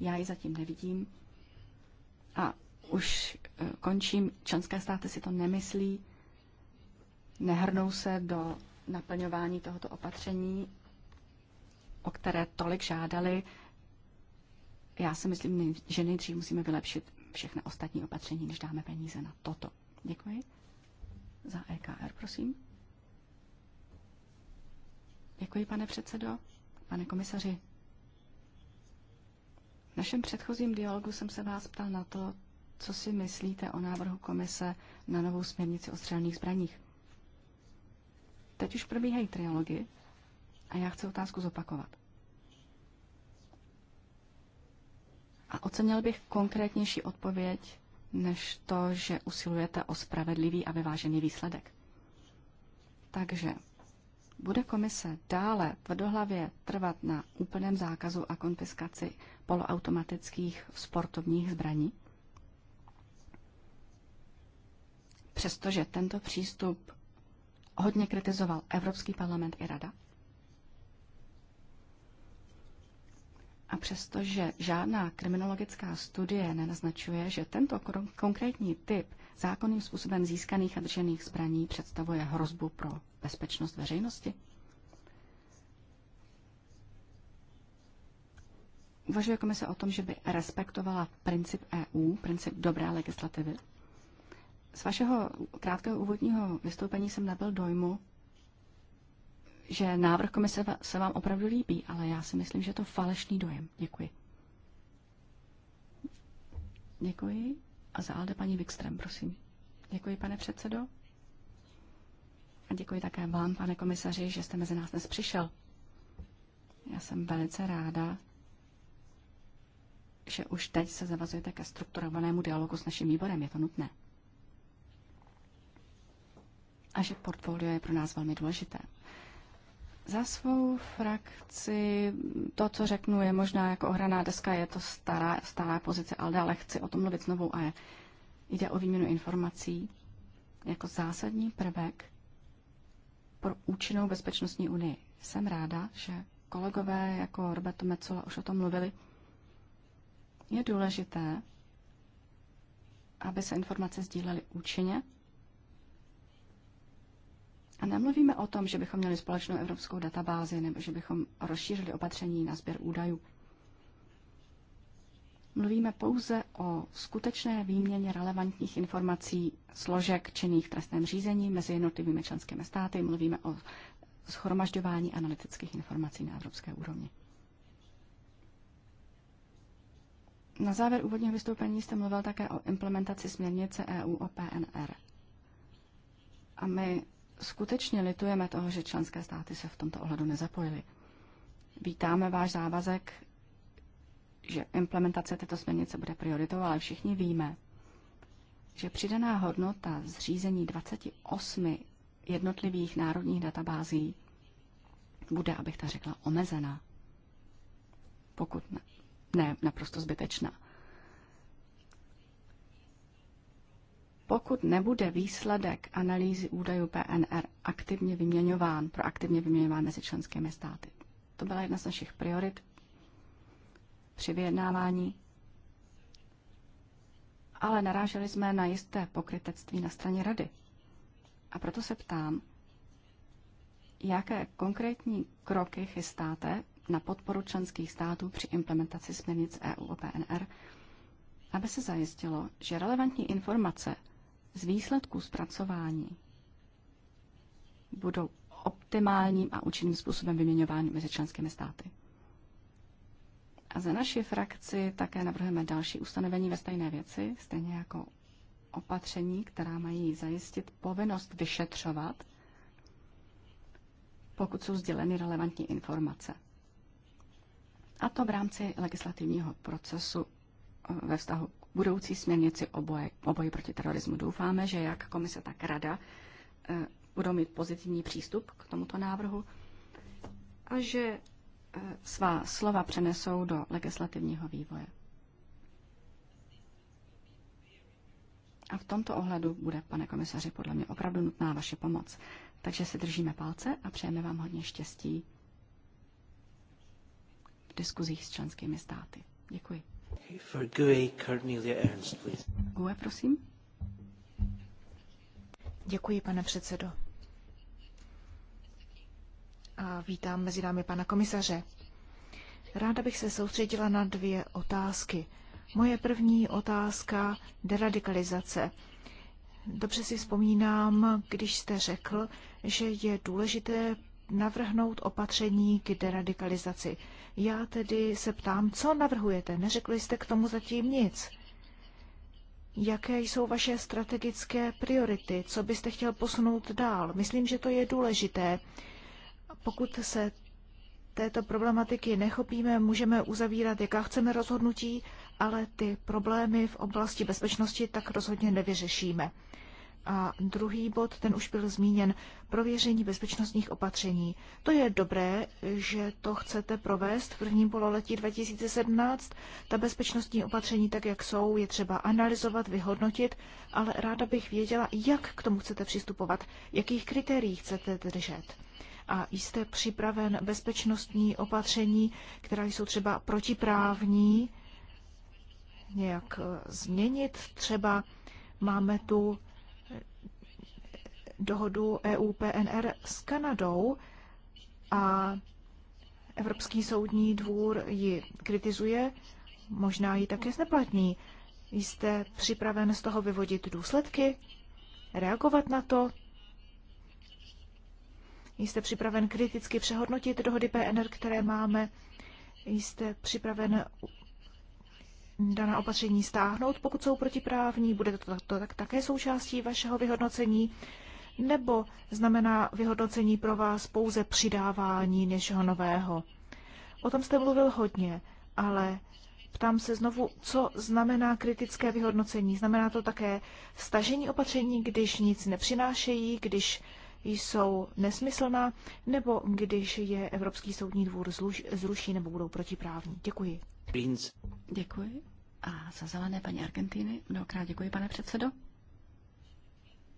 Já ji zatím nevidím a už eh, končím, členské státy si to nemyslí, nehrnou se do naplňování tohoto opatření, o které tolik žádali. Já si myslím, že nejdřív musíme vylepšit všechny ostatní opatření, než dáme peníze na toto. Děkuji. Za EKR, prosím. Děkuji, pane předsedo. Pane komisaři, v našem předchozím dialogu jsem se vás ptal na to, co si myslíte o návrhu komise na novou směrnici o střelných zbraních? Teď už probíhají trialogy a já chci otázku zopakovat. A ocenil bych konkrétnější odpověď než to, že usilujete o spravedlivý a vyvážený výsledek. Takže bude komise dále tvrdohlavě trvat na úplném zákazu a konfiskaci poloautomatických sportovních zbraní? přestože tento přístup hodně kritizoval Evropský parlament i Rada. A přestože žádná kriminologická studie nenaznačuje, že tento konkrétní typ zákonným způsobem získaných a držených zbraní představuje hrozbu pro bezpečnost veřejnosti, uvažuje komise o tom, že by respektovala princip EU, princip dobré legislativy, z vašeho krátkého úvodního vystoupení jsem nabil dojmu, že návrh komise se vám opravdu líbí, ale já si myslím, že je to falešný dojem. Děkuji. Děkuji. A za Alde paní Wikström, prosím. Děkuji, pane předsedo. A děkuji také vám, pane komisaři, že jste mezi nás dnes přišel. Já jsem velice ráda, že už teď se zavazujete ke strukturovanému dialogu s naším výborem. Je to nutné a že portfolio je pro nás velmi důležité. Za svou frakci to, co řeknu, je možná jako ohraná deska, je to stará, stará pozice ALDE, ale chci o tom mluvit znovu a jde o výměnu informací jako zásadní prvek pro účinnou bezpečnostní unii. Jsem ráda, že kolegové jako Roberto Mecola už o tom mluvili. Je důležité, aby se informace sdílely účinně a nemluvíme o tom, že bychom měli společnou evropskou databázi nebo že bychom rozšířili opatření na sběr údajů. Mluvíme pouze o skutečné výměně relevantních informací složek činných v trestném řízení mezi jednotlivými členskými státy. Mluvíme o schromažďování analytických informací na evropské úrovni. Na závěr úvodního vystoupení jste mluvil také o implementaci směrnice EU o PNR. A my skutečně litujeme toho, že členské státy se v tomto ohledu nezapojily. Vítáme váš závazek, že implementace této směrnice bude prioritou, ale všichni víme, že přidaná hodnota zřízení 28 jednotlivých národních databází bude, abych ta řekla, omezená, pokud ne, ne naprosto zbytečná. pokud nebude výsledek analýzy údajů PNR aktivně vyměňován, proaktivně vyměňován mezi členskými státy. To byla jedna z našich priorit při vyjednávání, ale naráželi jsme na jisté pokrytectví na straně rady. A proto se ptám, jaké konkrétní kroky chystáte na podporu členských států při implementaci směrnic EU o PNR, aby se zajistilo, že relevantní informace – z výsledků zpracování budou optimálním a účinným způsobem vyměňovány mezi členskými státy. A za naši frakci také navrhujeme další ustanovení ve stejné věci, stejně jako opatření, která mají zajistit povinnost vyšetřovat, pokud jsou sděleny relevantní informace. A to v rámci legislativního procesu eh, ve vztahu budoucí směrnici o boji proti terorismu. Doufáme, že jak komise, tak rada eh, budou mít pozitivní přístup k tomuto návrhu a že eh, svá slova přenesou do legislativního vývoje. A v tomto ohledu bude, pane komisaři, podle mě opravdu nutná vaše pomoc. Takže si držíme palce a přejeme vám hodně štěstí v diskuzích s členskými státy. Děkuji. For GUE, Cornelia Ernst, please. GUE, prosím. Děkuji, pane předsedo. A vítám mezi námi pana komisaře. Ráda bych se soustředila na dvě otázky. Moje první otázka deradikalizace. Dobře si vzpomínám, když jste řekl, že je důležité navrhnout opatření k deradikalizaci. Já tedy se ptám, co navrhujete? Neřekli jste k tomu zatím nic. Jaké jsou vaše strategické priority? Co byste chtěl posunout dál? Myslím, že to je důležité. Pokud se této problematiky nechopíme, můžeme uzavírat, jaká chceme rozhodnutí, ale ty problémy v oblasti bezpečnosti tak rozhodně nevyřešíme. A druhý bod, ten už byl zmíněn, prověření bezpečnostních opatření. To je dobré, že to chcete provést v prvním pololetí 2017. Ta bezpečnostní opatření, tak jak jsou, je třeba analyzovat, vyhodnotit, ale ráda bych věděla, jak k tomu chcete přistupovat, jakých kritérií chcete držet. A jste připraven bezpečnostní opatření, která jsou třeba protiprávní, nějak eh, změnit třeba máme tu dohodu EU-PNR s Kanadou a Evropský soudní dvůr ji kritizuje, možná ji také zneplatní. Jste připraven z toho vyvodit důsledky, reagovat na to? Jste připraven kriticky přehodnotit dohody PNR, které máme? Jste připraven daná opatření stáhnout, pokud jsou protiprávní? Bude to, to, to tak, také součástí vašeho vyhodnocení? nebo znamená vyhodnocení pro vás pouze přidávání něčeho nového? O tom jste mluvil hodně, ale ptám se znovu, co znamená kritické vyhodnocení? Znamená to také stažení opatření, když nic nepřinášejí, když jsou nesmyslná, nebo když je Evropský soudní dvůr zruší nebo budou protiprávní. Děkuji. Děkuji. A za zelené paní Argentíny, mnohokrát děkuji, pane předsedo.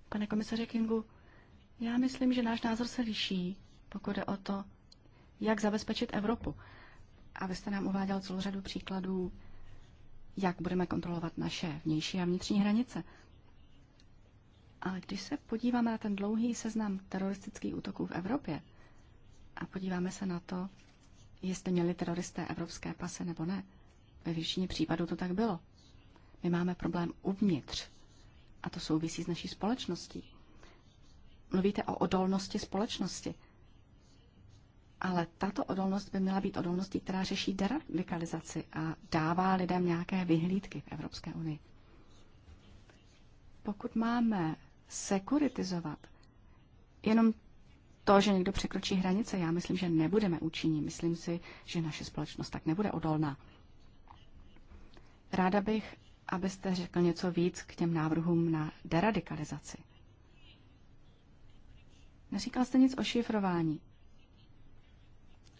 Pane komisaře Kingu, já myslím, že náš názor se liší, pokud je o to, jak zabezpečit Evropu. A vy jste nám uváděl celou řadu příkladů, jak budeme kontrolovat naše vnější a vnitřní hranice. Ale když se podíváme na ten dlouhý seznam teroristických útoků v Evropě a podíváme se na to, jestli měli teroristé evropské pasy nebo ne, ve většině případů to tak bylo. My máme problém uvnitř a to souvisí s naší společností. Mluvíte o odolnosti společnosti. Ale tato odolnost by měla být odolností, která řeší deradikalizaci a dává lidem nějaké vyhlídky v Evropské unii. Pokud máme sekuritizovat jenom to, že někdo překročí hranice, já myslím, že nebudeme účinní. Myslím si, že naše společnost tak nebude odolná. Ráda bych, abyste řekl něco víc k těm návrhům na deradikalizaci. Neříkal jste nic o šifrování,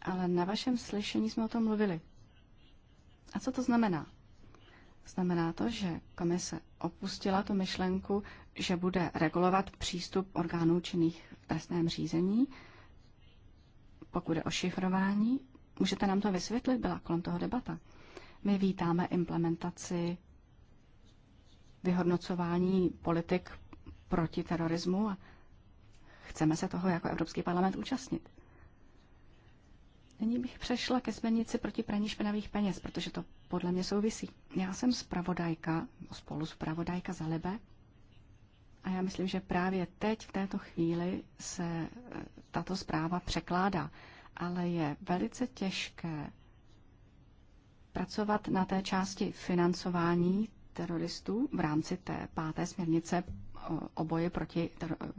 ale na vašem slyšení jsme o tom mluvili. A co to znamená? Znamená to, že komise opustila tu myšlenku, že bude regulovat přístup orgánů činných v trestném řízení, pokud je o šifrování. Můžete nám to vysvětlit? Byla kolem toho debata. My vítáme implementaci vyhodnocování politik proti terorismu a chceme se toho jako Evropský parlament účastnit. Nyní bych přešla ke směrnici proti praní špinavých peněz, protože to podle mě souvisí. Já jsem zpravodajka, spolu zpravodajka za Libe, a já myslím, že právě teď, v této chvíli, se eh, tato zpráva překládá. Ale je velice těžké pracovat na té části financování, teroristů v rámci té páté směrnice o boji proti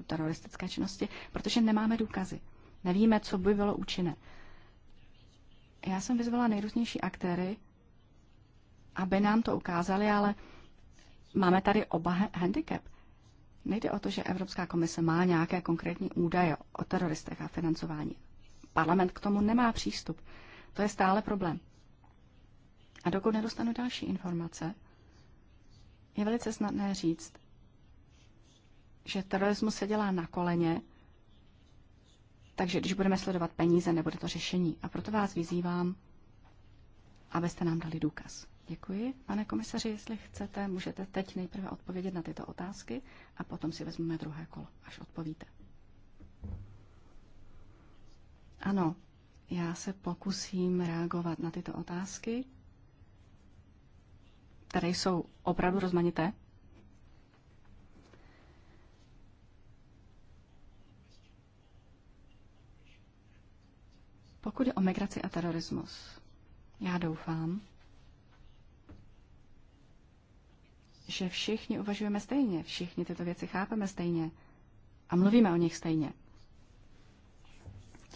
teroristické činnosti, protože nemáme důkazy. Nevíme, co by bylo účinné. Já jsem vyzvala nejrůznější aktéry, aby nám to ukázali, ale máme tady oba handicap. Nejde o to, že Evropská komise má nějaké konkrétní údaje o teroristech a financování. Parlament k tomu nemá přístup. To je stále problém. A dokud nedostanu další informace, je velice snadné říct, že terorismus se dělá na koleně, takže když budeme sledovat peníze, nebude to řešení. A proto vás vyzývám, abyste nám dali důkaz. Děkuji. Pane komisaři, jestli chcete, můžete teď nejprve odpovědět na tyto otázky a potom si vezmeme druhé kolo, až odpovíte. Ano, já se pokusím reagovat na tyto otázky které jsou opravdu rozmanité. Pokud je o migraci a terorismus, já doufám, že všichni uvažujeme stejně, všichni tyto věci chápeme stejně a mluvíme o nich stejně.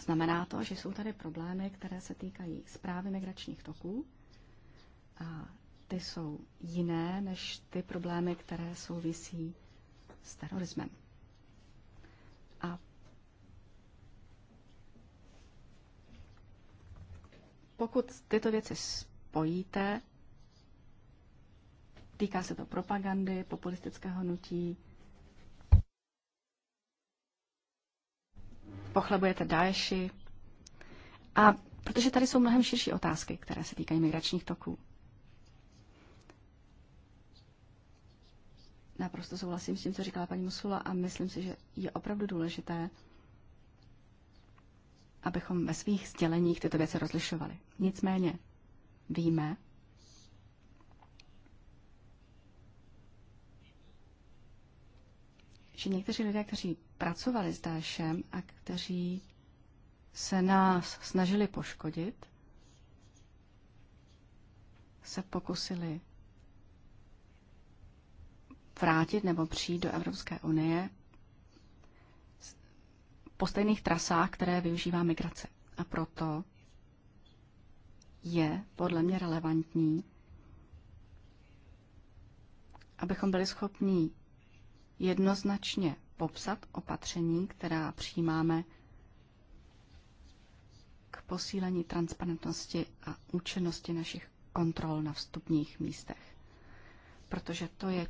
Znamená to, že jsou tady problémy, které se týkají zprávy migračních toků a ty jsou jiné než ty problémy, které souvisí s terorismem. A pokud tyto věci spojíte, týká se to propagandy, populistického nutí, pochlebujete Daeši. A protože tady jsou mnohem širší otázky, které se týkají migračních toků. Naprosto souhlasím s tím, co říkala paní Musula a myslím si, že je opravdu důležité, abychom ve svých sděleních tyto věci rozlišovali. Nicméně víme, že někteří lidé, kteří pracovali s Dášem a kteří se nás snažili poškodit, se pokusili vrátit nebo přijít do Evropské unie po stejných trasách, které využívá migrace. A proto je podle mě relevantní, abychom byli schopni jednoznačně popsat opatření, která přijímáme k posílení transparentnosti a účinnosti našich kontrol na vstupních místech. Protože to je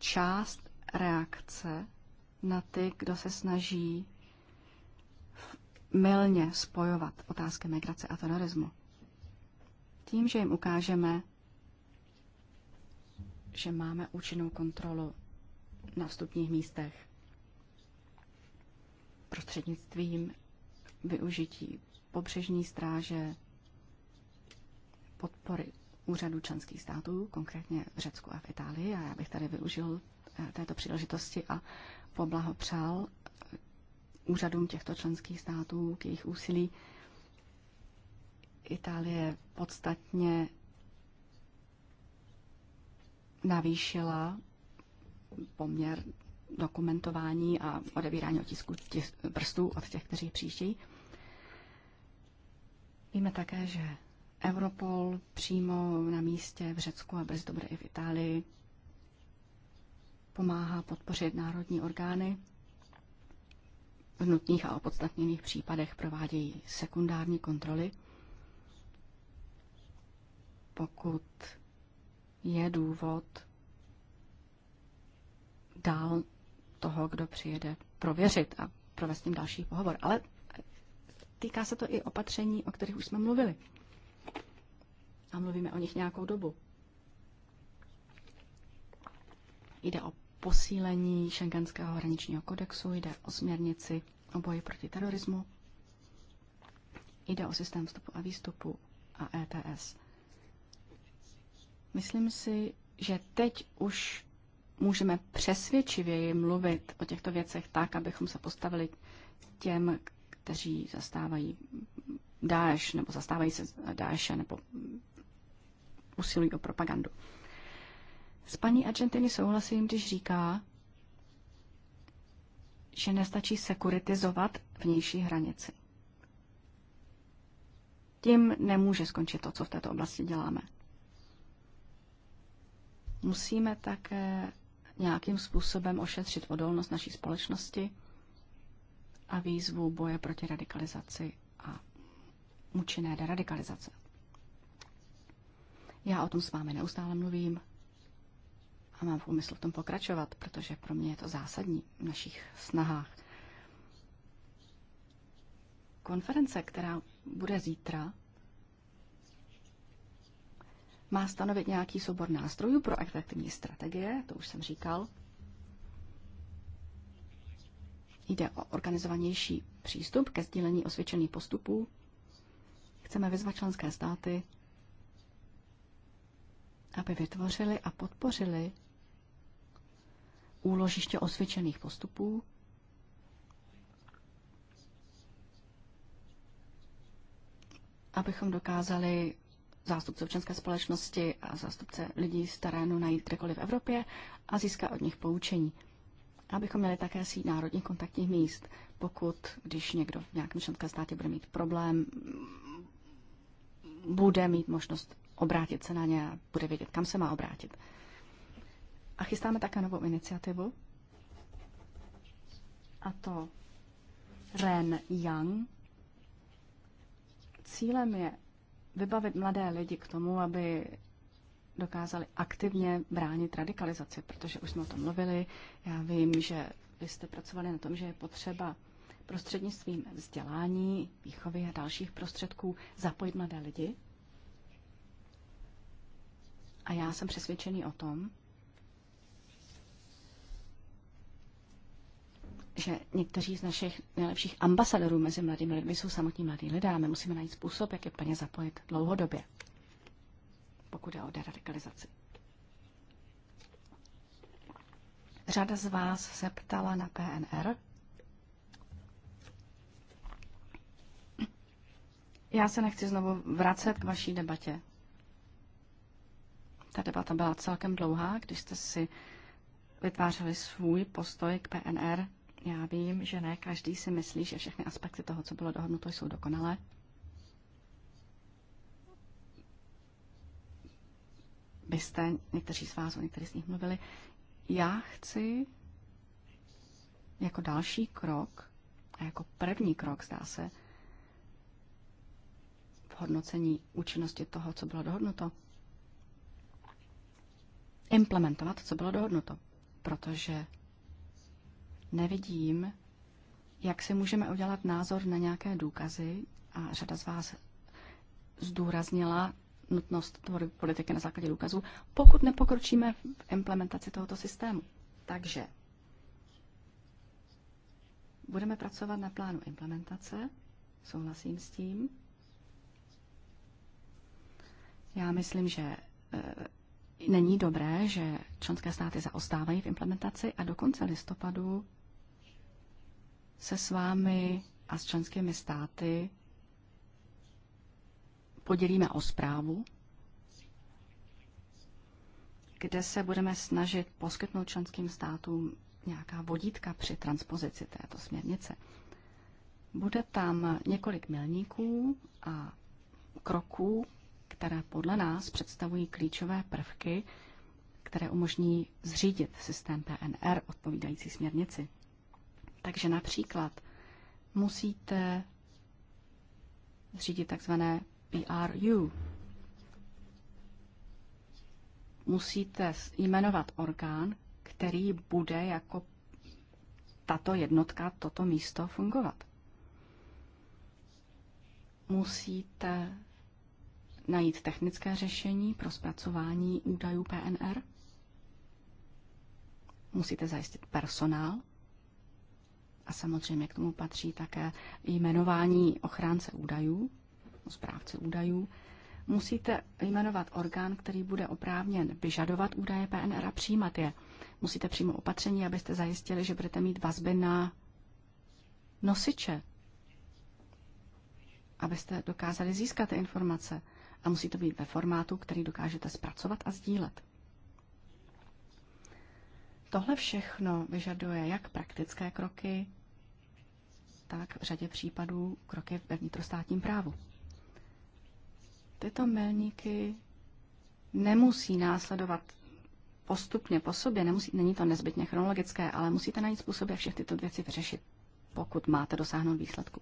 část reakce na ty, kdo se snaží mylně spojovat otázky migrace a terorismu. Tím, že jim ukážeme, že máme účinnou kontrolu na vstupních místech prostřednictvím využití pobřežní stráže, podpory úřadů členských států, konkrétně v Řecku a v Itálii. A já bych tady využil eh, této příležitosti a poblahopřál eh, úřadům těchto členských států k jejich úsilí. Itálie podstatně navýšila poměr dokumentování a odebírání otisku prstů od těch, kteří přijíždějí. Víme také, že Europol přímo na místě v Řecku a bez dobré i v Itálii pomáhá podpořit národní orgány. V nutných a opodstatněných případech provádějí sekundární kontroly. Pokud je důvod dál toho, kdo přijede prověřit a provést s ním další pohovor. Ale týká se to i opatření, o kterých už jsme mluvili a mluvíme o nich nějakou dobu. Jde o posílení šengenského hraničního kodexu, jde o směrnici o boji proti terorismu, jde o systém vstupu a výstupu a ETS. Myslím si, že teď už můžeme přesvědčivěji mluvit o těchto věcech tak, abychom se postavili těm, kteří zastávají Dáš nebo zastávají se Dáše nebo usilují o propagandu. S paní Argentiny souhlasím, když říká, že nestačí sekuritizovat vnější hranici. Tím nemůže skončit to, co v této oblasti děláme. Musíme také nějakým způsobem ošetřit odolnost naší společnosti a výzvu boje proti radikalizaci a účinné deradikalizace. Já o tom s vámi neustále mluvím a mám v úmyslu v tom pokračovat, protože pro mě je to zásadní v našich snahách. Konference, která bude zítra, má stanovit nějaký soubor nástrojů pro efektivní strategie, to už jsem říkal. Jde o organizovanější přístup ke sdílení osvědčených postupů. Chceme vyzvat členské státy, aby vytvořili a podpořili úložiště osvědčených postupů, abychom dokázali zástupce občanské společnosti a zástupce lidí z terénu najít kdekoliv v Evropě a získat od nich poučení. Abychom měli také síť národních kontaktních míst, pokud, když někdo v nějakém členském státě bude mít problém, bude mít možnost obrátit se na ně a bude vědět, kam se má obrátit. A chystáme také novou iniciativu, a to Ren Yang. Cílem je vybavit mladé lidi k tomu, aby dokázali aktivně bránit radikalizaci, protože už jsme o tom mluvili. Já vím, že vy jste pracovali na tom, že je potřeba prostřednictvím vzdělání, výchovy a dalších prostředků zapojit mladé lidi a já jsem přesvědčený o tom, že někteří z našich nejlepších ambasadorů mezi mladými lidmi jsou samotní mladí lidé a my musíme najít způsob, jak je plně zapojit dlouhodobě, pokud je o deradikalizaci. Řada z vás se ptala na PNR. Já se nechci znovu vracet k vaší debatě. Ta debata byla celkem dlouhá, když jste si vytvářeli svůj postoj k PNR. Já vím, že ne každý si myslí, že všechny aspekty toho, co bylo dohodnuto, jsou dokonalé. Byste někteří z vás, o některých z nich mluvili. Já chci jako další krok, a jako první krok, zdá se, v hodnocení účinnosti toho, co bylo dohodnuto, implementovat, co bylo dohodnuto. Protože nevidím, jak si můžeme udělat názor na nějaké důkazy, a řada z vás zdůraznila nutnost tvorby politiky na základě důkazů, pokud nepokročíme v implementaci tohoto systému. Takže budeme pracovat na plánu implementace, souhlasím s tím. Já myslím, že eh, není dobré, že členské státy zaostávají v implementaci a do konce listopadu se s vámi a s členskými státy podělíme o zprávu, kde se budeme snažit poskytnout členským státům nějaká vodítka při transpozici této směrnice. Bude tam několik milníků a kroků, které podle nás představují klíčové prvky, které umožní zřídit systém PNR odpovídající směrnici. Takže například musíte zřídit takzvané PRU. Musíte jmenovat orgán, který bude jako tato jednotka, toto místo fungovat. Musíte najít technické řešení pro zpracování údajů PNR. Musíte zajistit personál. A samozřejmě k tomu patří také jmenování ochránce údajů, zprávce údajů. Musíte jmenovat orgán, který bude oprávněn vyžadovat údaje PNR a přijímat je. Musíte přijmout opatření, abyste zajistili, že budete mít vazby na nosiče, abyste dokázali získat ty informace a musí to být ve formátu, který dokážete zpracovat a sdílet. Tohle všechno vyžaduje jak praktické kroky, tak v řadě případů kroky ve vnitrostátním právu. Tyto milníky nemusí následovat postupně po sobě, nemusí, není to nezbytně chronologické, ale musíte najít způsob, jak všechny tyto věci vyřešit, pokud máte dosáhnout výsledku.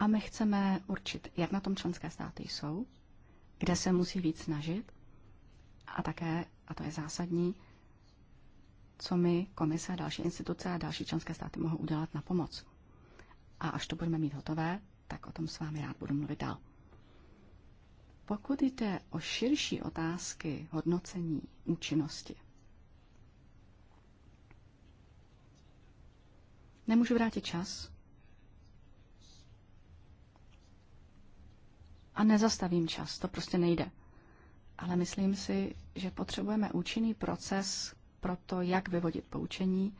A my chceme určit, jak na tom členské státy jsou, kde se musí víc snažit a také, a to je zásadní, co my, komise a další instituce a další členské státy mohou udělat na pomoc. A až to budeme mít hotové, tak o tom s vámi rád budu mluvit dál. Pokud jde o širší otázky hodnocení účinnosti, nemůžu vrátit čas, a nezastavím čas, to prostě nejde. Ale myslím si, že potřebujeme účinný proces pro to, jak vyvodit poučení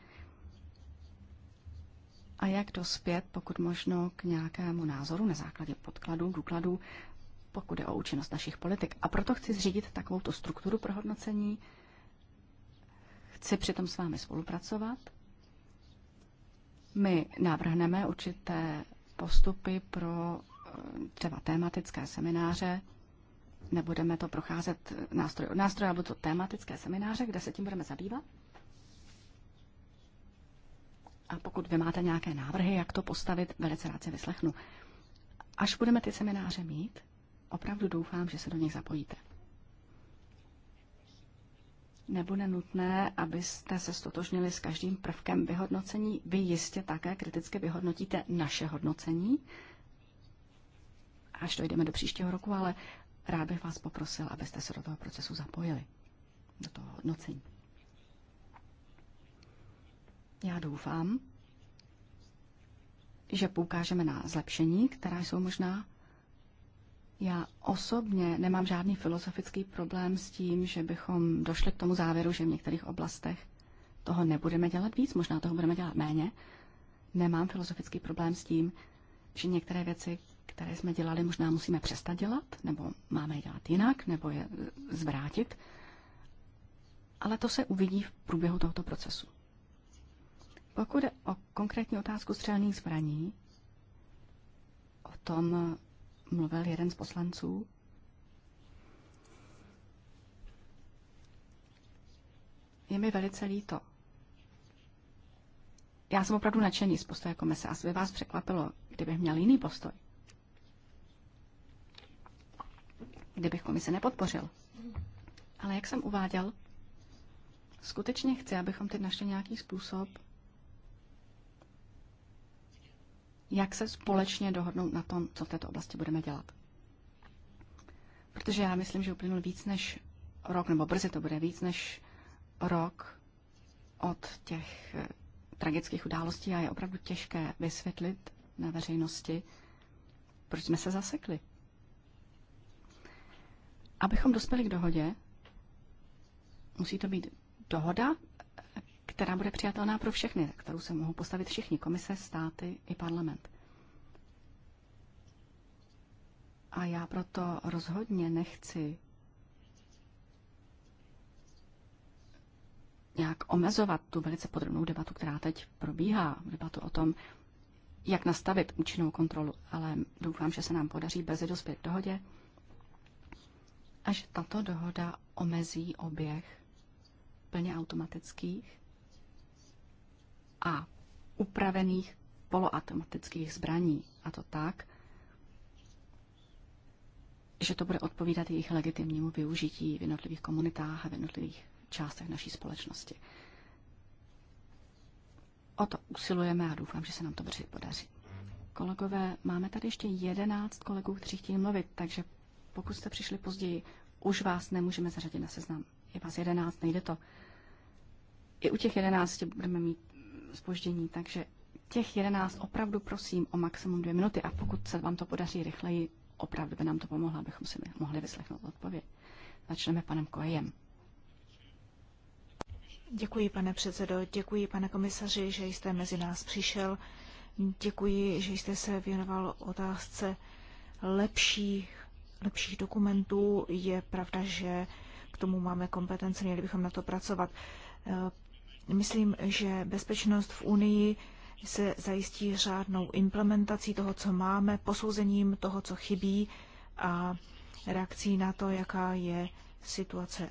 a jak dospět, pokud možno, k nějakému názoru na základě podkladů, důkladů, pokud je o účinnost našich politik. A proto chci zřídit takovou tu strukturu pro hodnocení. Chci přitom s vámi spolupracovat. My navrhneme určité postupy pro třeba tematické semináře, nebudeme to procházet nástroj od nástroje, ale to tematické semináře, kde se tím budeme zabývat. A pokud vy máte nějaké návrhy, jak to postavit, velice rád se vyslechnu. Až budeme ty semináře mít, opravdu doufám, že se do nich zapojíte. Nebude nutné, abyste se stotožnili s každým prvkem vyhodnocení. Vy jistě také kriticky vyhodnotíte naše hodnocení, až dojdeme do příštího roku, ale rád bych vás poprosil, abyste se do toho procesu zapojili, do toho hodnocení. Já doufám, že poukážeme na zlepšení, která jsou možná. Já osobně nemám žádný filozofický problém s tím, že bychom došli k tomu závěru, že v některých oblastech toho nebudeme dělat víc, možná toho budeme dělat méně. Nemám filozofický problém s tím, že některé věci, které jsme dělali, možná musíme přestat dělat, nebo máme je dělat jinak, nebo je eh, zvrátit. Ale to se uvidí v průběhu tohoto procesu. Pokud je o konkrétní otázku střelných zbraní, o tom mluvil jeden z poslanců, je mi velice líto. Já jsem opravdu nadšený z postoje komise. Asi by vás překvapilo, kdybych měl jiný postoj. kdybych komise nepodpořil. Ale jak jsem uváděl, skutečně chci, abychom teď našli nějaký způsob, jak se společně dohodnout na tom, co v této oblasti budeme dělat. Protože já myslím, že uplynul víc než rok, nebo brzy to bude víc než rok od těch eh, tragických událostí a je opravdu těžké vysvětlit na veřejnosti, proč jsme se zasekli. Abychom dospěli k dohodě, musí to být dohoda, která bude přijatelná pro všechny, kterou se mohou postavit všichni, komise, státy i parlament. A já proto rozhodně nechci nějak omezovat tu velice podrobnou debatu, která teď probíhá, debatu o tom, jak nastavit účinnou kontrolu, ale doufám, že se nám podaří brzy dospět k dohodě a že tato dohoda omezí oběh plně automatických a upravených poloautomatických zbraní. A to tak, že to bude odpovídat jejich legitimnímu využití v jednotlivých komunitách a v jednotlivých částech naší společnosti. O to usilujeme a doufám, že se nám to brzy podaří. Kolegové, máme tady ještě jedenáct kolegů, kteří chtějí mluvit, takže pokud jste přišli později, už vás nemůžeme zařadit na seznam. Je vás jedenáct, nejde to. I u těch jedenácti budeme mít spoždění, takže těch jedenáct opravdu prosím o maximum dvě minuty a pokud se vám to podaří rychleji, opravdu by nám to pomohlo, abychom si mohli vyslechnout odpověď. Začneme panem Kojem. Děkuji, pane předsedo, děkuji, pane komisaři, že jste mezi nás přišel. Děkuji, že jste se věnoval otázce lepších lepších dokumentů. Je pravda, že k tomu máme kompetence, měli bychom na to pracovat. Eh, myslím, že bezpečnost v Unii se zajistí řádnou implementací toho, co máme, posouzením toho, co chybí a reakcí na to, jaká je situace.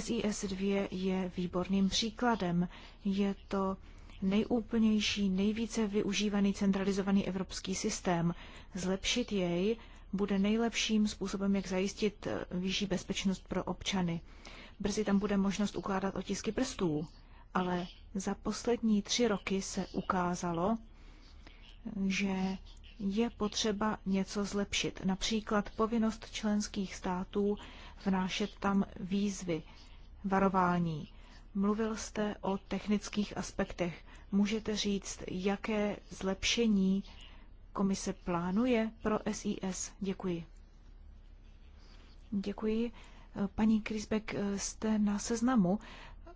SIS 2 je výborným příkladem. Je to nejúplnější, nejvíce využívaný centralizovaný evropský systém. Zlepšit jej bude nejlepším způsobem, jak zajistit eh, vyšší bezpečnost pro občany. Brzy tam bude možnost ukládat otisky prstů, ale za poslední tři roky se ukázalo, že je potřeba něco zlepšit. Například povinnost členských států vnášet tam výzvy, varování. Mluvil jste o technických aspektech. Můžete říct, jaké zlepšení komise plánuje pro SIS? Děkuji. Děkuji. Paní Krisbeck, jste na seznamu.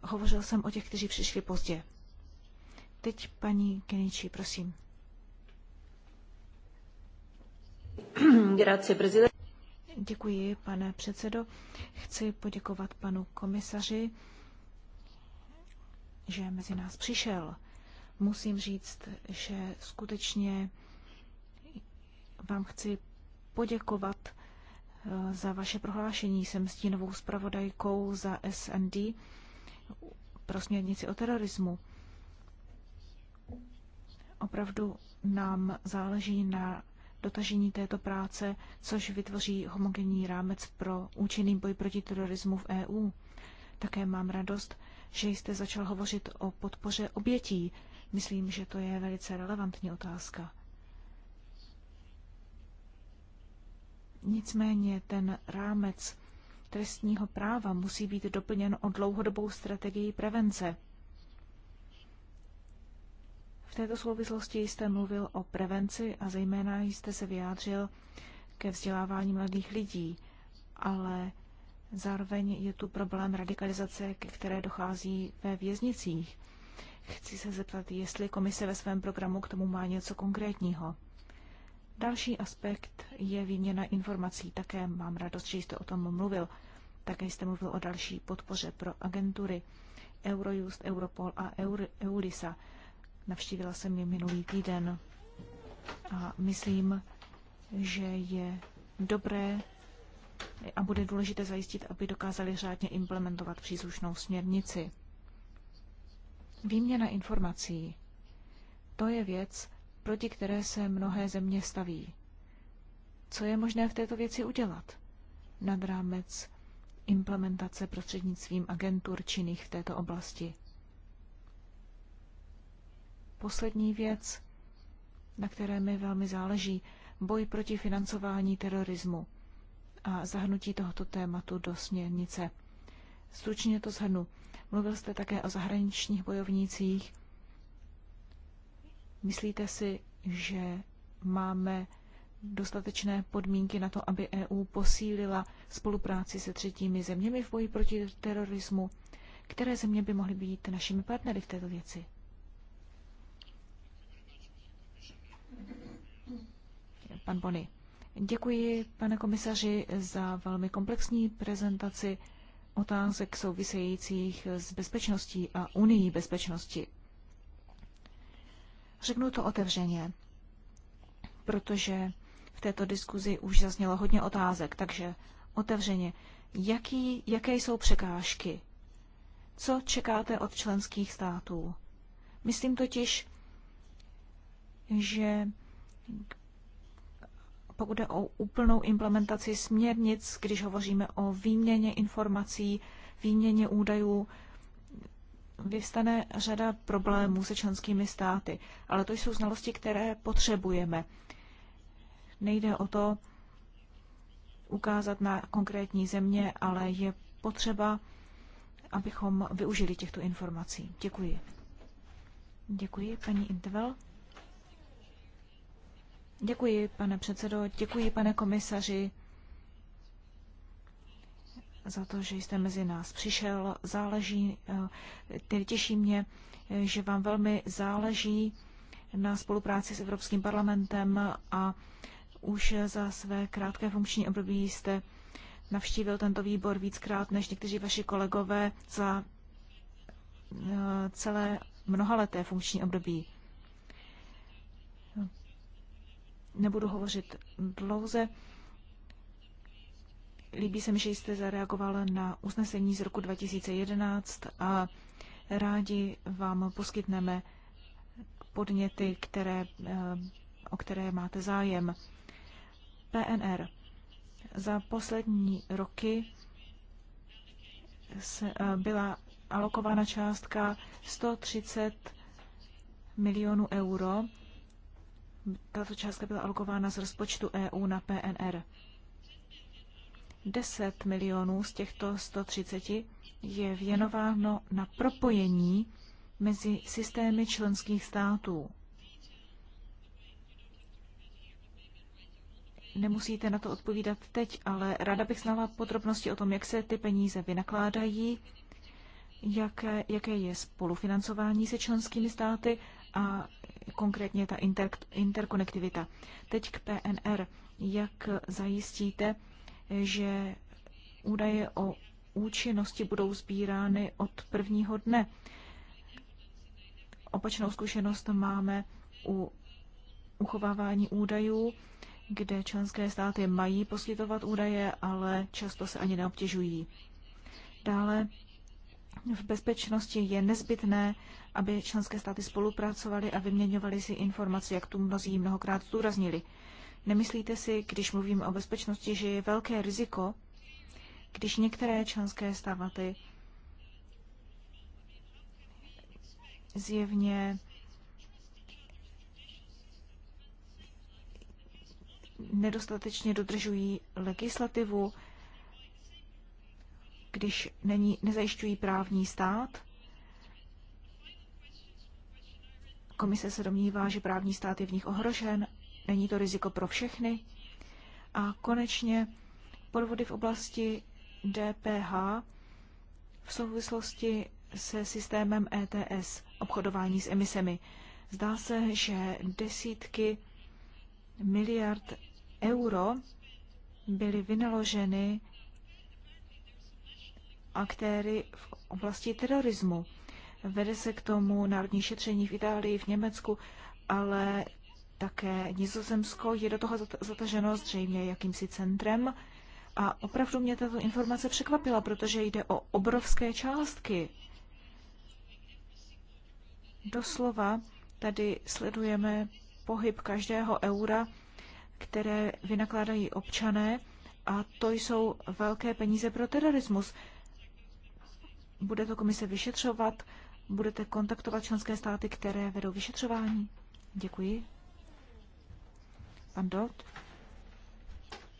Hovořil jsem o těch, kteří přišli pozdě. Teď paní Keniči, prosím. Děkuji, pane předsedo. Chci poděkovat panu komisaři, že mezi nás přišel. Musím říct, že skutečně vám chci poděkovat eh, za vaše prohlášení. Jsem stínovou zpravodajkou za SND pro směrnici o terorismu. Opravdu nám záleží na dotažení této práce, což vytvoří homogenní rámec pro účinný boj proti terorismu v EU. Také mám radost, že jste začal hovořit o podpoře obětí. Myslím, že to je velice relevantní otázka. Nicméně ten rámec trestního práva musí být doplněn o dlouhodobou strategii prevence. V této souvislosti jste mluvil o prevenci a zejména jste se vyjádřil ke vzdělávání mladých lidí, ale zároveň je tu problém radikalizace, ke které dochází ve věznicích. Chci se zeptat, jestli komise ve svém programu k tomu má něco konkrétního. Další aspekt je výměna informací. Také mám radost, že jste o tom mluvil. Také jste mluvil o další podpoře pro agentury Eurojust, Europol a Eur- Eulisa. Navštívila jsem je minulý týden a myslím, že je dobré a bude důležité zajistit, aby dokázali řádně implementovat příslušnou směrnici. Výměna informací. To je věc, proti které se mnohé země staví. Co je možné v této věci udělat? Nad rámec implementace prostřednictvím agentur činných v této oblasti. Poslední věc, na které mi velmi záleží, boj proti financování terorismu a zahrnutí tohoto tématu do směrnice. Stručně to zhrnu. Mluvil jste také o zahraničních bojovnících, Myslíte si, že máme dostatečné podmínky na to, aby EU posílila spolupráci se třetími zeměmi v boji proti terorismu? Které země by mohly být našimi partnery v této věci? Pan Bony. Děkuji, pane komisaři, za velmi komplexní prezentaci otázek souvisejících s bezpečností a unii bezpečnosti. Řeknu to otevřeně, protože v této diskuzi už zaznělo hodně otázek, takže otevřeně, jaký, jaké jsou překážky? Co čekáte od členských států? Myslím totiž, že pokud jde o úplnou implementaci směrnic, když hovoříme o výměně informací, výměně údajů, vyvstane řada problémů se členskými státy, ale to jsou znalosti, které potřebujeme. Nejde o to ukázat na konkrétní země, ale je potřeba, abychom využili těchto informací. Děkuji. Děkuji, paní Intvel. Děkuji, pane předsedo, děkuji, pane komisaři za to, že jste mezi nás přišel. Záleží, eh, těší mě, eh, že vám velmi záleží na spolupráci s Evropským parlamentem a už za své krátké funkční období jste navštívil tento výbor víckrát než někteří vaši kolegové za eh, celé mnohaleté funkční období. Nebudu hovořit dlouze. Líbí se mi, že jste zareagoval na usnesení z roku 2011 a rádi vám poskytneme podněty, které, eh, o které máte zájem. PNR. Za poslední roky eh, byla alokována částka 130 milionů euro. Tato částka byla alokována z rozpočtu EU na PNR. 10 milionů z těchto 130 je věnováno na propojení mezi systémy členských států. Nemusíte na to odpovídat teď, ale ráda bych znala podrobnosti o tom, jak se ty peníze vynakládají, jaké, jaké je spolufinancování se členskými státy a konkrétně ta inter, interkonektivita. Teď k PNR. Jak zajistíte, že údaje o účinnosti budou sbírány od prvního dne. Opačnou zkušenost máme u uchovávání údajů, kde členské státy mají poskytovat údaje, ale často se ani neobtěžují. Dále v bezpečnosti je nezbytné, aby členské státy spolupracovaly a vyměňovaly si informace, jak tu mnozí mnohokrát zdůraznili. Nemyslíte si, když mluvím o bezpečnosti, že je velké riziko, když některé členské státy zjevně nedostatečně dodržují legislativu, když není, nezajišťují právní stát. Komise se domnívá, že právní stát je v nich ohrožen Není to riziko pro všechny? A konečně podvody v oblasti DPH v souvislosti se systémem ETS, obchodování s emisemi. Zdá se, že desítky miliard euro byly vynaloženy aktéry v oblasti terorismu. Vede se k tomu národní šetření v Itálii, v Německu, ale také Nizozemsko je do toho zataženo zřejmě jakýmsi centrem. A opravdu mě tato informace překvapila, protože jde o obrovské částky. Doslova tady sledujeme pohyb každého eura, které vynakládají občané a to jsou velké peníze pro terorismus. Bude to komise vyšetřovat? Budete kontaktovat členské státy, které vedou vyšetřování? Děkuji. Pan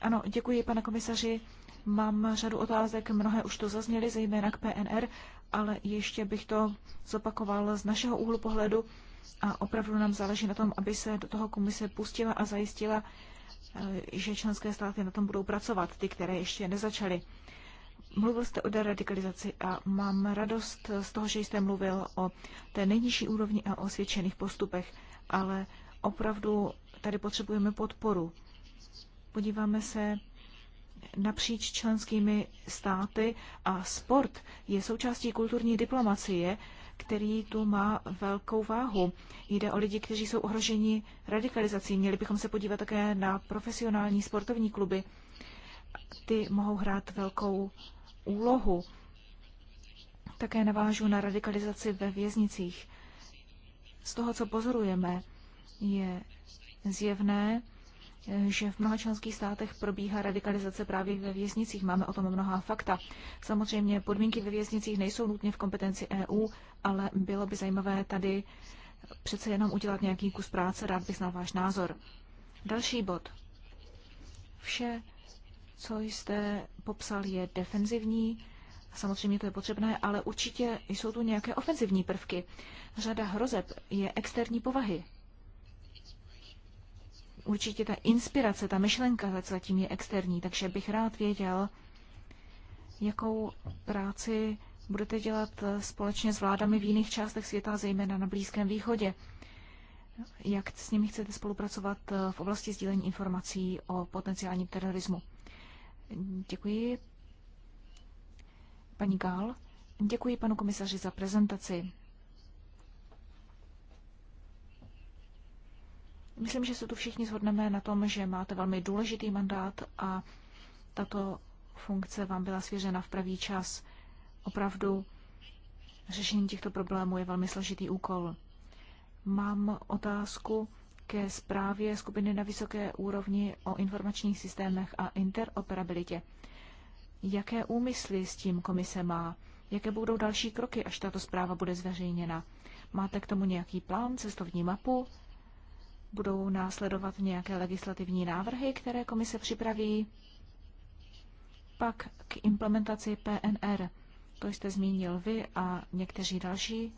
Ano, děkuji, pane komisaři. Mám řadu otázek, mnohé už to zazněly, zejména k PNR, ale ještě bych to zopakoval z našeho úhlu pohledu a opravdu nám záleží na tom, aby se do toho komise pustila a zajistila, eh, že členské státy na tom budou pracovat, ty, které ještě nezačaly. Mluvil jste o deradikalizaci a mám radost z toho, že jste mluvil o té nejnižší úrovni a o osvědčených postupech, ale opravdu tady potřebujeme podporu. Podíváme se napříč členskými státy a sport je součástí kulturní diplomacie, který tu má velkou váhu. Jde o lidi, kteří jsou ohroženi radikalizací. Měli bychom se podívat také na profesionální sportovní kluby. Ty mohou hrát velkou úlohu. Také navážu na radikalizaci ve věznicích. Z toho, co pozorujeme, je zjevné, že v mnoha členských státech probíhá radikalizace právě ve věznicích. Máme o tom mnoha fakta. Samozřejmě podmínky ve věznicích nejsou nutně v kompetenci EU, ale bylo by zajímavé tady přece jenom udělat nějaký kus práce. Rád bych znal váš názor. Další bod. Vše, co jste popsal, je defenzivní. Samozřejmě to je potřebné, ale určitě jsou tu nějaké ofenzivní prvky. Řada hrozeb je externí povahy určitě ta inspirace, ta myšlenka zatím je externí, takže bych rád věděl, jakou práci budete dělat společně s vládami v jiných částech světa, zejména na Blízkém východě. Jak s nimi chcete spolupracovat v oblasti sdílení informací o potenciálním terorismu? Děkuji. Paní Gál, děkuji panu komisaři za prezentaci. Myslím, že se tu všichni shodneme na tom, že máte velmi důležitý mandát a tato funkce vám byla svěřena v pravý čas. Opravdu řešení těchto problémů je velmi složitý úkol. Mám otázku ke zprávě skupiny na vysoké úrovni o informačních systémech a interoperabilitě. Jaké úmysly s tím komise má? Jaké budou další kroky, až tato zpráva bude zveřejněna? Máte k tomu nějaký plán, cestovní mapu? budou následovat nějaké legislativní návrhy, které komise připraví, pak k implementaci PNR. To jste zmínil vy a někteří další.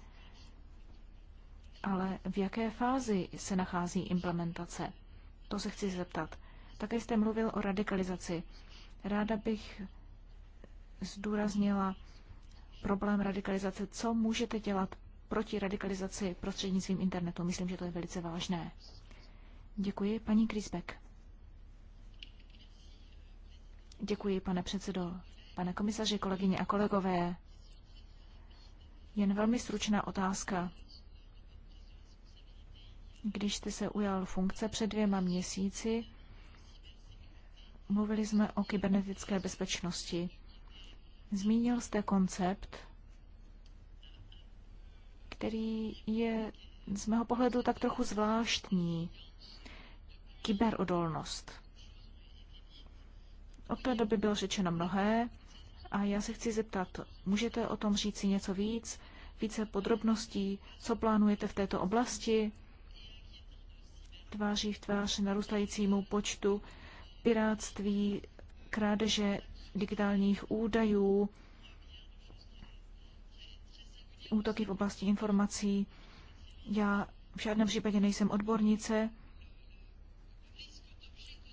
Ale v jaké fázi se nachází implementace? To se chci zeptat. Také jste mluvil o radikalizaci. Ráda bych zdůraznila problém radikalizace. Co můžete dělat proti radikalizaci prostřednictvím internetu? Myslím, že to je velice vážné. Děkuji, paní Krisbeck. Děkuji, pane předsedo. Pane komisaři, kolegyně a kolegové, jen velmi stručná otázka. Když jste se ujal funkce před dvěma měsíci, mluvili jsme o kybernetické bezpečnosti. Zmínil jste koncept, který je z mého pohledu tak trochu zvláštní kyberodolnost. Od té doby bylo řečeno mnohé a já se chci zeptat, můžete o tom říct si něco víc, více podrobností, co plánujete v této oblasti, tváří v tvář narůstajícímu počtu piráctví, krádeže digitálních údajů, útoky v oblasti informací. Já v žádném případě nejsem odbornice,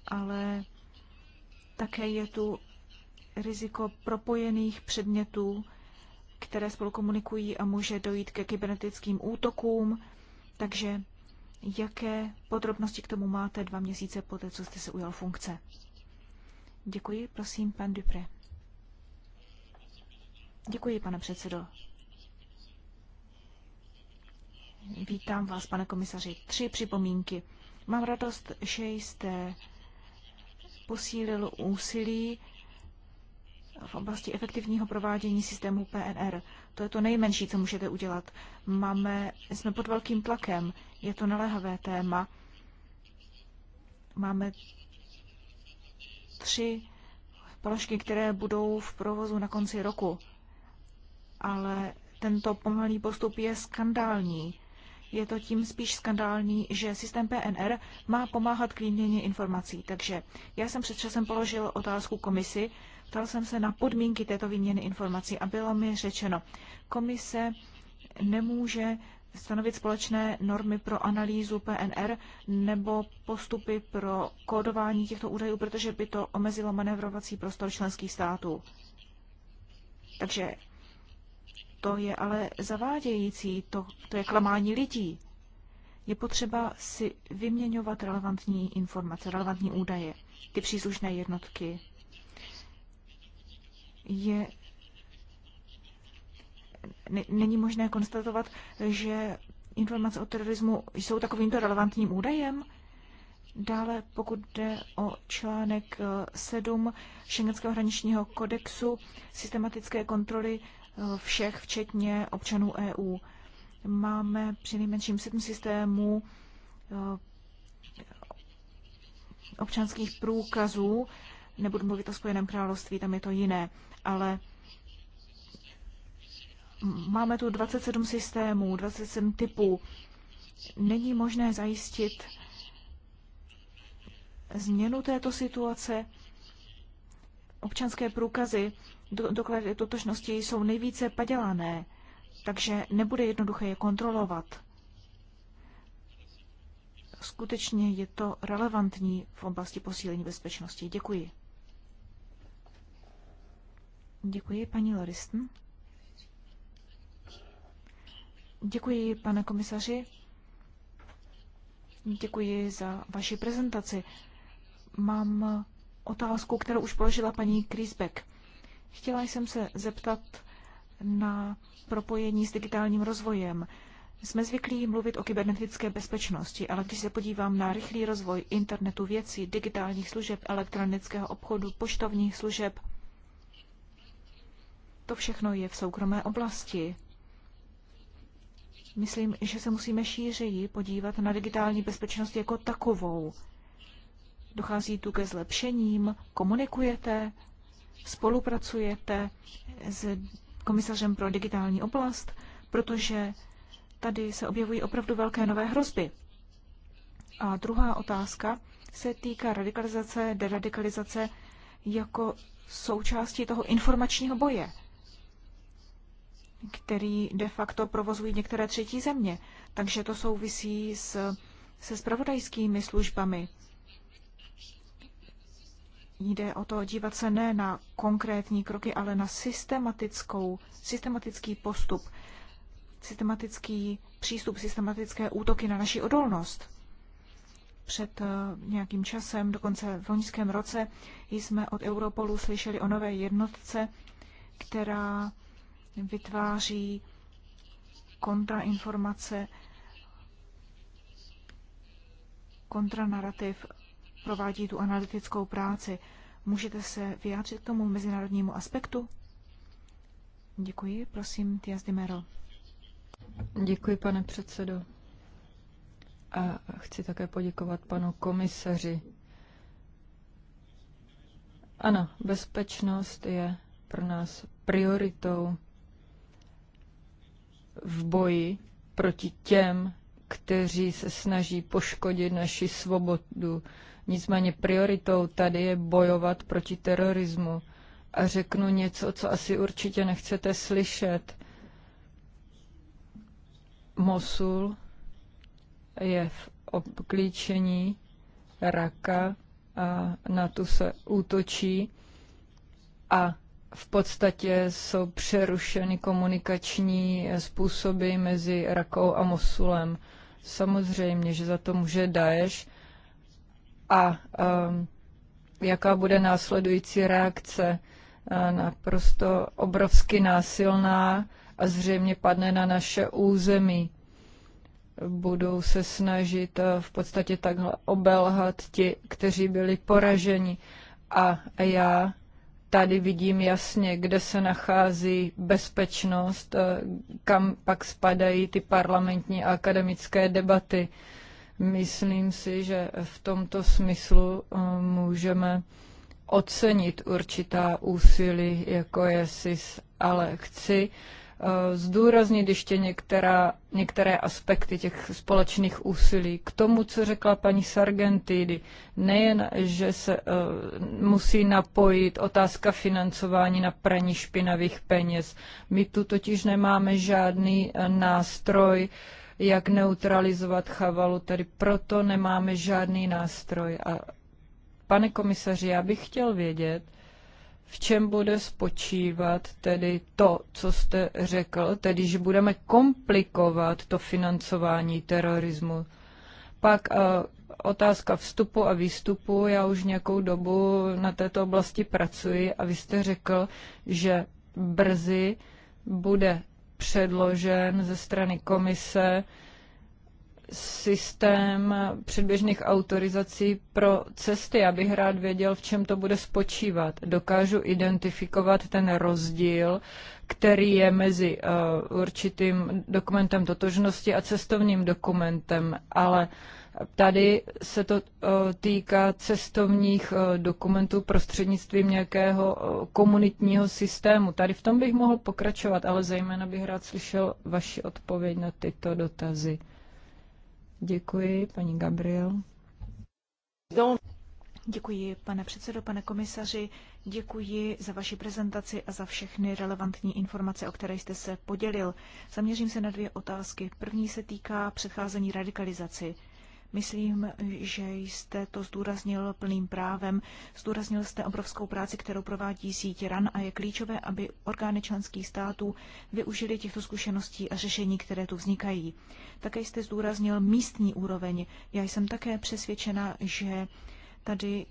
ale také je tu riziko propojených předmětů, které spolu komunikují a může dojít ke kybernetickým útokům. Takže jaké podrobnosti k tomu máte dva měsíce po té, co jste se ujal funkce? Děkuji, prosím, pan Dupré. Děkuji, pane předsedo. Vítám vás, pane komisaři. Tři připomínky. Mám radost, že jste posílil úsilí v oblasti efektivního provádění systému PNR. To je to nejmenší, co můžete udělat. Máme, jsme pod velkým tlakem, je to naléhavé téma. Máme tři položky, které budou v provozu na konci roku. Ale tento pomalý postup je skandální je to tím spíš skandální, že systém PNR má pomáhat k výměně informací. Takže já jsem před časem položil otázku komisi, ptal jsem se na podmínky této výměny informací a bylo mi řečeno, komise nemůže stanovit společné normy pro analýzu PNR nebo postupy pro kódování těchto údajů, protože by to omezilo manévrovací prostor členských států. Takže to je ale zavádějící, to, to je klamání lidí. Je potřeba si vyměňovat relevantní informace, relevantní údaje, ty příslušné jednotky. Je Není možné konstatovat, že informace o terorismu jsou takovýmto relevantním údajem? Dále, pokud jde o článek 7 eh, Schengenského hraničního kodexu, systematické kontroly Eh, všech, včetně občanů EU. Máme nejmenším sedm systémů eh, občanských průkazů, nebudu mluvit o Spojeném království, tam je to jiné, ale máme tu 27 systémů, 27 typů. Není možné zajistit změnu této situace. Občanské průkazy doklady totožnosti jsou nejvíce padělané, takže nebude jednoduché je kontrolovat. Skutečně je to relevantní v oblasti posílení bezpečnosti. Děkuji. Děkuji, paní Loristen. Děkuji, pane komisaři. Děkuji za vaši prezentaci. Mám otázku, kterou už položila paní Krisbeck. Chtěla jsem se zeptat na propojení s digitálním rozvojem. Jsme zvyklí mluvit o kybernetické bezpečnosti, ale když se podívám na rychlý rozvoj internetu věcí, digitálních služeb, elektronického obchodu, poštovních služeb, to všechno je v soukromé oblasti. Myslím, že se musíme šířeji podívat na digitální bezpečnost jako takovou. Dochází tu ke zlepšením, komunikujete spolupracujete s komisařem pro digitální oblast, protože tady se objevují opravdu velké nové hrozby. A druhá otázka se týká radikalizace, deradikalizace jako součástí toho informačního boje, který de facto provozují některé třetí země. Takže to souvisí s, se spravodajskými službami jde o to dívat se ne na konkrétní kroky, ale na systematickou, systematický postup, systematický přístup, systematické útoky na naši odolnost. Před eh, nějakým časem, dokonce v loňském roce, jsme od Europolu slyšeli o nové jednotce, která vytváří kontrainformace, kontranarativ provádí tu analytickou práci. Můžete se vyjádřit k tomu mezinárodnímu aspektu? Děkuji, prosím, Tias Dimero. Děkuji, pane předsedo. A chci také poděkovat panu komisaři. Ano, bezpečnost je pro nás prioritou v boji proti těm, kteří se snaží poškodit naši svobodu, Nicméně prioritou tady je bojovat proti terorismu. A řeknu něco, co asi určitě nechcete slyšet. Mosul je v obklíčení raka a na tu se útočí a v podstatě jsou přerušeny komunikační způsoby mezi Rakou a Mosulem. Samozřejmě, že za to může Daesh, a um, jaká bude následující reakce. Uh, naprosto obrovsky násilná a zřejmě padne na naše území. Budou se snažit uh, v podstatě takhle obelhat ti, kteří byli poraženi. A já tady vidím jasně, kde se nachází bezpečnost, uh, kam pak spadají ty parlamentní a akademické debaty. Myslím si, že v tomto smyslu eh, můžeme ocenit určitá úsilí, jako je SIS, ale chci eh, zdůraznit ještě některá, některé aspekty těch společných úsilí. K tomu, co řekla paní Sargentidy, nejen, že se uh, musí napojit otázka financování na praní špinavých peněz. My tu totiž nemáme žádný uh, nástroj, uh, jak neutralizovat chavalu, tedy proto nemáme žádný nástroj. A pane komisaři, já bych chtěl vědět, v čem bude spočívat tedy to, co jste řekl, tedy že budeme komplikovat to financování terorismu. Pak otázka vstupu a výstupu. Já už nějakou dobu na této oblasti pracuji a vy jste řekl, že brzy bude předložen ze strany komise systém předběžných autorizací pro cesty. Abych rád věděl, v čem to bude spočívat. Dokážu identifikovat ten rozdíl, který je mezi uh, určitým dokumentem totožnosti a cestovním dokumentem, ale Tady se to eh, týká cestovních eh, dokumentů prostřednictvím nějakého eh, komunitního systému. Tady v tom bych mohl pokračovat, ale zejména bych rád slyšel vaši odpověď na tyto dotazy. Děkuji, paní Gabriel. Děkuji, pane předsedo, pane komisaři. Děkuji za vaši prezentaci a za všechny relevantní informace, o které jste se podělil. Zaměřím se na dvě otázky. První se týká předcházení radikalizaci. Myslím, že jste to zdůraznil plným právem. Zdůraznil jste obrovskou práci, kterou provádí síť RAN a je klíčové, aby orgány členských států využili těchto zkušeností a řešení, které tu vznikají. Také jste zdůraznil místní úroveň. Já jsem také přesvědčena, že tady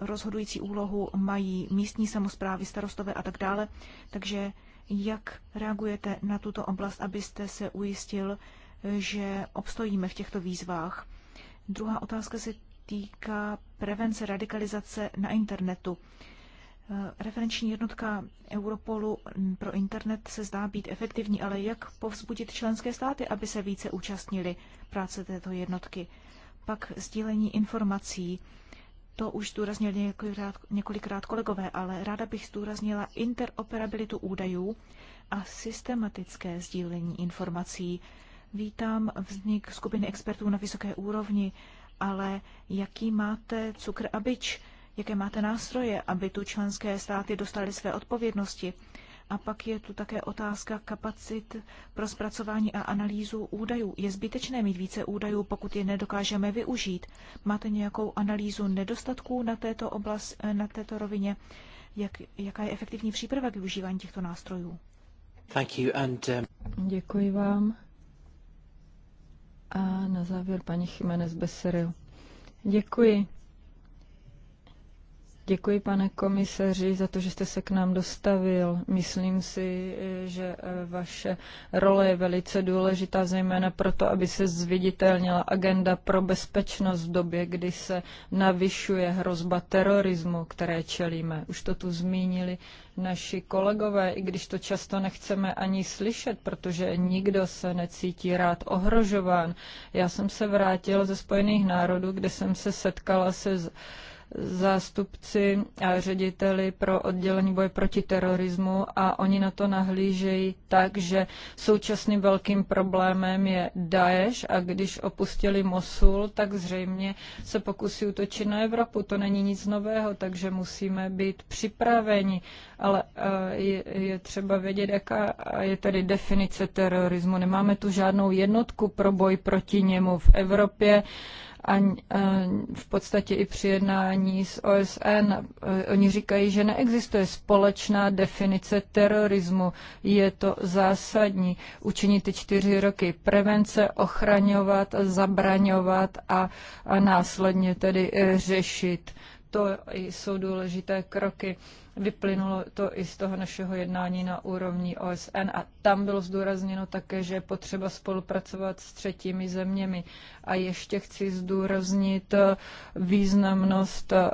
rozhodující úlohu mají místní samozprávy, starostové a tak dále. Takže jak reagujete na tuto oblast, abyste se ujistil, že obstojíme v těchto výzvách. Druhá otázka se týká prevence radikalizace na internetu. Referenční jednotka Europolu pro internet se zdá být efektivní, ale jak povzbudit členské státy, aby se více účastnili práce této jednotky? Pak sdílení informací. To už zdůraznili několikrát, několikrát kolegové, ale ráda bych zdůraznila interoperabilitu údajů a systematické sdílení informací Vítám vznik skupiny expertů na vysoké úrovni, ale jaký máte cukr a byč? Jaké máte nástroje, aby tu členské státy dostaly své odpovědnosti? A pak je tu také otázka kapacit pro zpracování a analýzu údajů. Je zbytečné mít více údajů, pokud je nedokážeme využít. Máte nějakou analýzu nedostatků na této, oblast, na této rovině? Jak, jaká je efektivní příprava k využívání těchto nástrojů? Thank you and, um... Děkuji vám na závěr paní Jiménez Beseril. Děkuji. Děkuji, pane komisaři, za to, že jste se k nám dostavil. Myslím si, že eh, vaše role je velice důležitá, zejména proto, aby se zviditelnila agenda pro bezpečnost v době, kdy se navyšuje hrozba terorismu, které čelíme. Už to tu zmínili naši kolegové, i když to často nechceme ani slyšet, protože nikdo se necítí rád ohrožován. Já jsem se vrátil ze Spojených národů, kde jsem se setkala se zástupci a řediteli pro oddělení boje proti terorismu a oni na to nahlížejí tak, že současným velkým problémem je Daesh a když opustili Mosul, tak zřejmě se pokusí utočit na Evropu. To není nic nového, takže musíme být připraveni, ale eh, je, je třeba vědět, jaká je tedy definice terorismu. Nemáme tu žádnou jednotku pro boj proti němu v Evropě a e, v podstatě i při jednání s OSN. E, oni říkají, že neexistuje společná definice terorismu. Je to zásadní učinit ty čtyři roky prevence, ochraňovat, zabraňovat a, a následně tedy e, řešit. To jsou důležité kroky. Vyplynulo to i z toho našeho jednání na úrovni OSN a tam bylo zdůrazněno také, že je potřeba spolupracovat s třetími zeměmi. A ještě chci zdůraznit eh, významnost eh,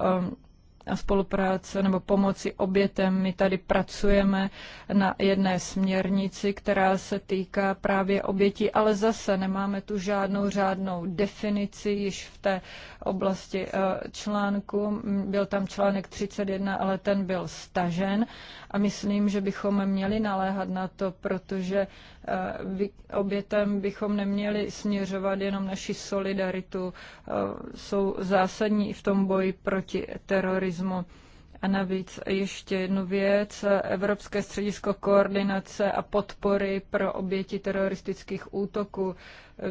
a spolupráce nebo pomoci obětem. My tady pracujeme na jedné směrnici, která se týká právě obětí, ale zase nemáme tu žádnou řádnou definici již v té oblasti eh, článku. Byl tam článek 31, ale ten byl stažen a myslím, že bychom měli naléhat na to, protože eh, obětem bychom neměli směřovat jenom naši solidaritu. Eh, jsou zásadní v tom boji proti terorismu. A navíc ještě jednu věc. Evropské středisko koordinace a podpory pro oběti teroristických útoků.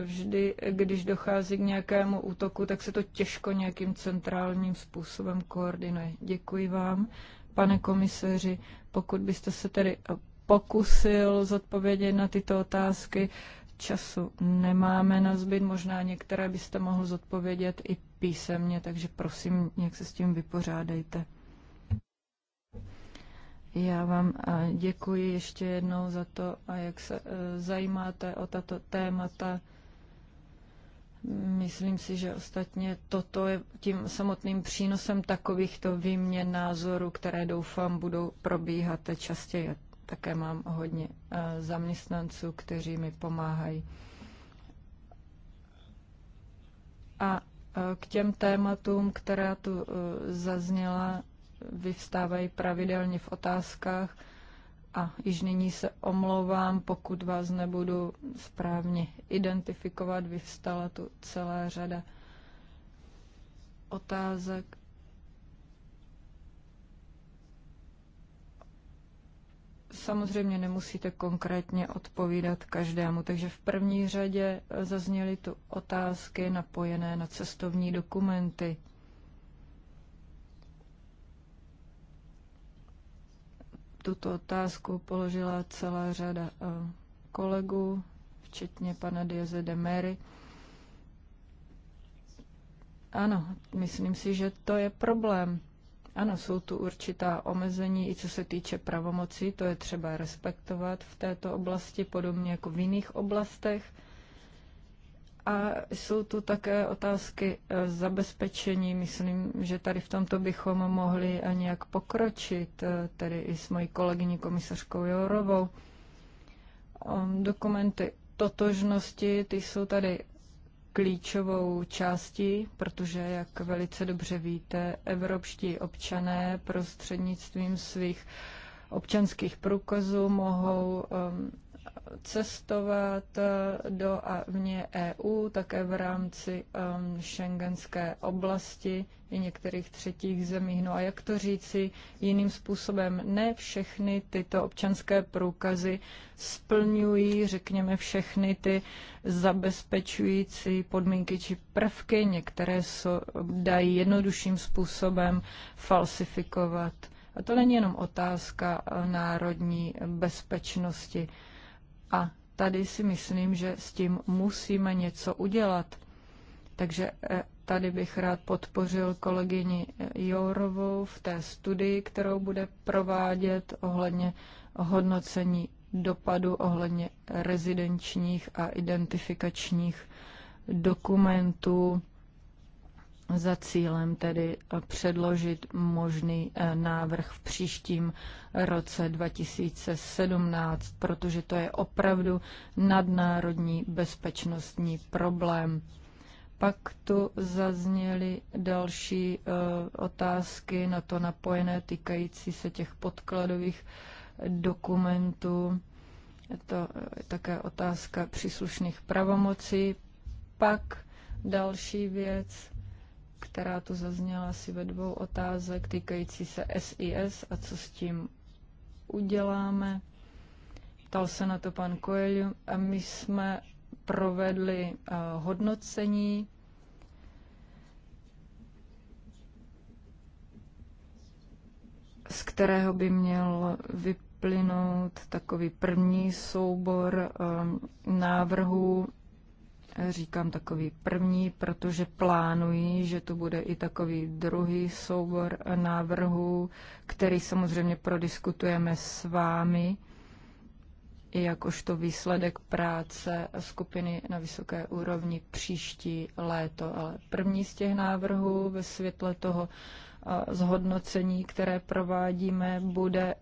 Vždy, když dochází k nějakému útoku, tak se to těžko nějakým centrálním způsobem koordinuje. Děkuji vám pane komisaři, pokud byste se tedy pokusil zodpovědět na tyto otázky, času nemáme na zbyt, možná některé byste mohl zodpovědět i písemně, takže prosím, jak se s tím vypořádejte. Já vám děkuji ještě jednou za to, jak se e, zajímáte o tato témata. Myslím si, že ostatně toto je tím samotným přínosem takovýchto výměn názorů, které doufám budou probíhat častěji. Také mám hodně eh, zaměstnanců, kteří mi pomáhají. A eh, k těm tématům, která tu eh, zazněla, vyvstávají pravidelně v otázkách, a již nyní se omlouvám, pokud vás nebudu správně identifikovat, vyvstala tu celá řada otázek. Samozřejmě nemusíte konkrétně odpovídat každému, takže v první řadě zazněly tu otázky napojené na cestovní dokumenty. Tuto otázku položila celá řada eh, kolegů, včetně pana Dieze de Mary. Ano, myslím si, že to je problém. Ano, jsou tu určitá omezení, i co se týče pravomocí, to je třeba respektovat v této oblasti, podobně jako v jiných oblastech. A jsou tu také otázky e, zabezpečení. Myslím, že tady v tomto bychom mohli e, nějak pokročit, e, tedy i s mojí kolegyní komisařkou Jourovou. Ehm, dokumenty totožnosti, ty jsou tady klíčovou částí, protože, jak velice dobře víte, evropští občané prostřednictvím svých občanských průkazů mohou ehm, cestovat eh, do a vně EU, také v rámci um, šengenské oblasti i některých třetích zemí. No a jak to říci jiným způsobem? Ne všechny tyto občanské průkazy splňují, řekněme, všechny ty zabezpečující podmínky či prvky. Některé so, dají jednodušším způsobem falsifikovat. A to není jenom otázka eh, národní bezpečnosti. A tady si myslím, že s tím musíme něco udělat. Takže eh, tady bych rád podpořil kolegyni eh, Jourovou v té studii, kterou bude provádět ohledně hodnocení dopadu, ohledně rezidenčních a identifikačních dokumentů za cílem tedy eh, předložit možný eh, návrh v příštím roce 2017, protože to je opravdu nadnárodní bezpečnostní problém. Pak tu zazněly další eh, otázky na to napojené týkající se těch podkladových dokumentů. Je to také otázka příslušných pravomocí. Pak další věc která tu zazněla asi ve dvou otázek týkající se SIS a co s tím uděláme. Ptal se na to pan Coelho a my jsme provedli eh, hodnocení z kterého by měl vyplynout takový první soubor eh, návrhů Říkám takový první, protože plánuji, že tu bude i takový druhý soubor návrhů, který samozřejmě prodiskutujeme s vámi, i jakožto výsledek práce skupiny na vysoké úrovni příští léto. Ale první z těch návrhů ve světle toho zhodnocení, které provádíme, bude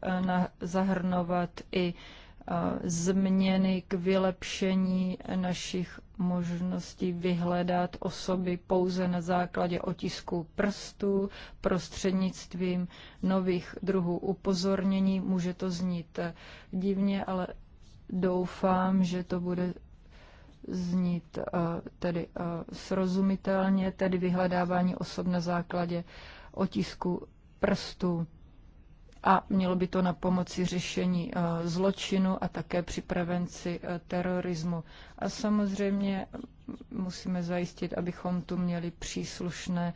zahrnovat i změny k vylepšení našich možnosti vyhledat osoby pouze na základě otisku prstů prostřednictvím nových druhů upozornění. Může to znít divně, ale doufám, že to bude znít eh, tedy eh, srozumitelně, tedy vyhledávání osob na základě otisku prstů a mělo by to na pomoci řešení eh, zločinu a také při prevenci eh, terorismu. A samozřejmě musíme zajistit, abychom tu měli příslušné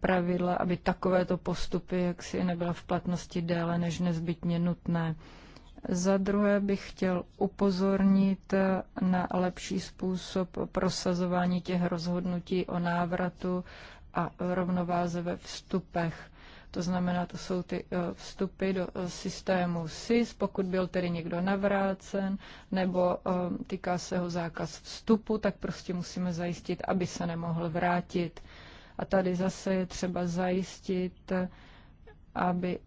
pravidla, aby takovéto postupy jaksi nebyla v platnosti déle než nezbytně nutné. Za druhé bych chtěl upozornit eh, na lepší způsob prosazování těch rozhodnutí o návratu a rovnováze ve vstupech. To znamená, to jsou ty eh, vstupy do eh, systému SIS, pokud byl tedy někdo navrácen, nebo eh, týká se ho zákaz vstupu, tak prostě musíme zajistit, aby se nemohl vrátit. A tady zase je třeba zajistit, aby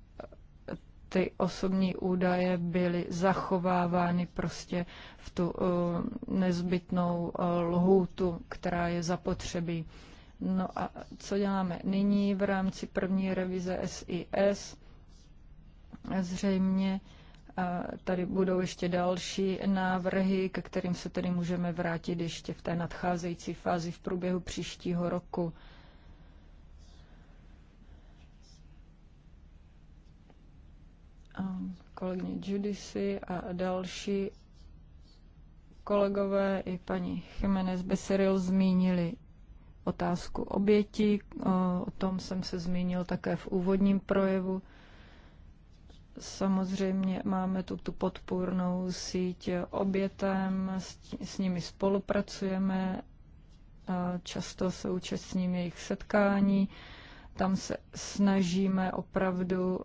ty osobní údaje byly zachovávány prostě v tu nezbytnou lhůtu, která je zapotřebí. No a co děláme nyní v rámci první revize SIS? Zřejmě tady budou ještě další návrhy, ke kterým se tedy můžeme vrátit ještě v té nadcházející fázi v průběhu příštího roku. kolegyně Judici a další kolegové i paní Jiménez Beseril zmínili otázku oběti, o tom jsem se zmínil také v úvodním projevu. Samozřejmě máme tu, tu podpůrnou síť obětem, s, s nimi spolupracujeme, často se účastním jejich setkání. Tam se snažíme opravdu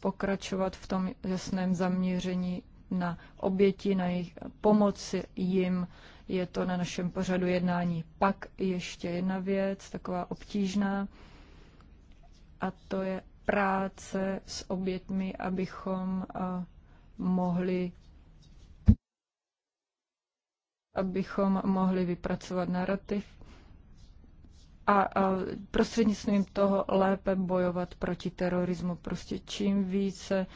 pokračovat v tom jasném zaměření na oběti, na jejich pomoci jim je to na našem pořadu jednání. Pak ještě jedna věc, taková obtížná, a to je práce s obětmi, abychom mohli abychom mohli vypracovat narrativ a prostřednictvím toho lépe bojovat proti terorismu. Prostě čím více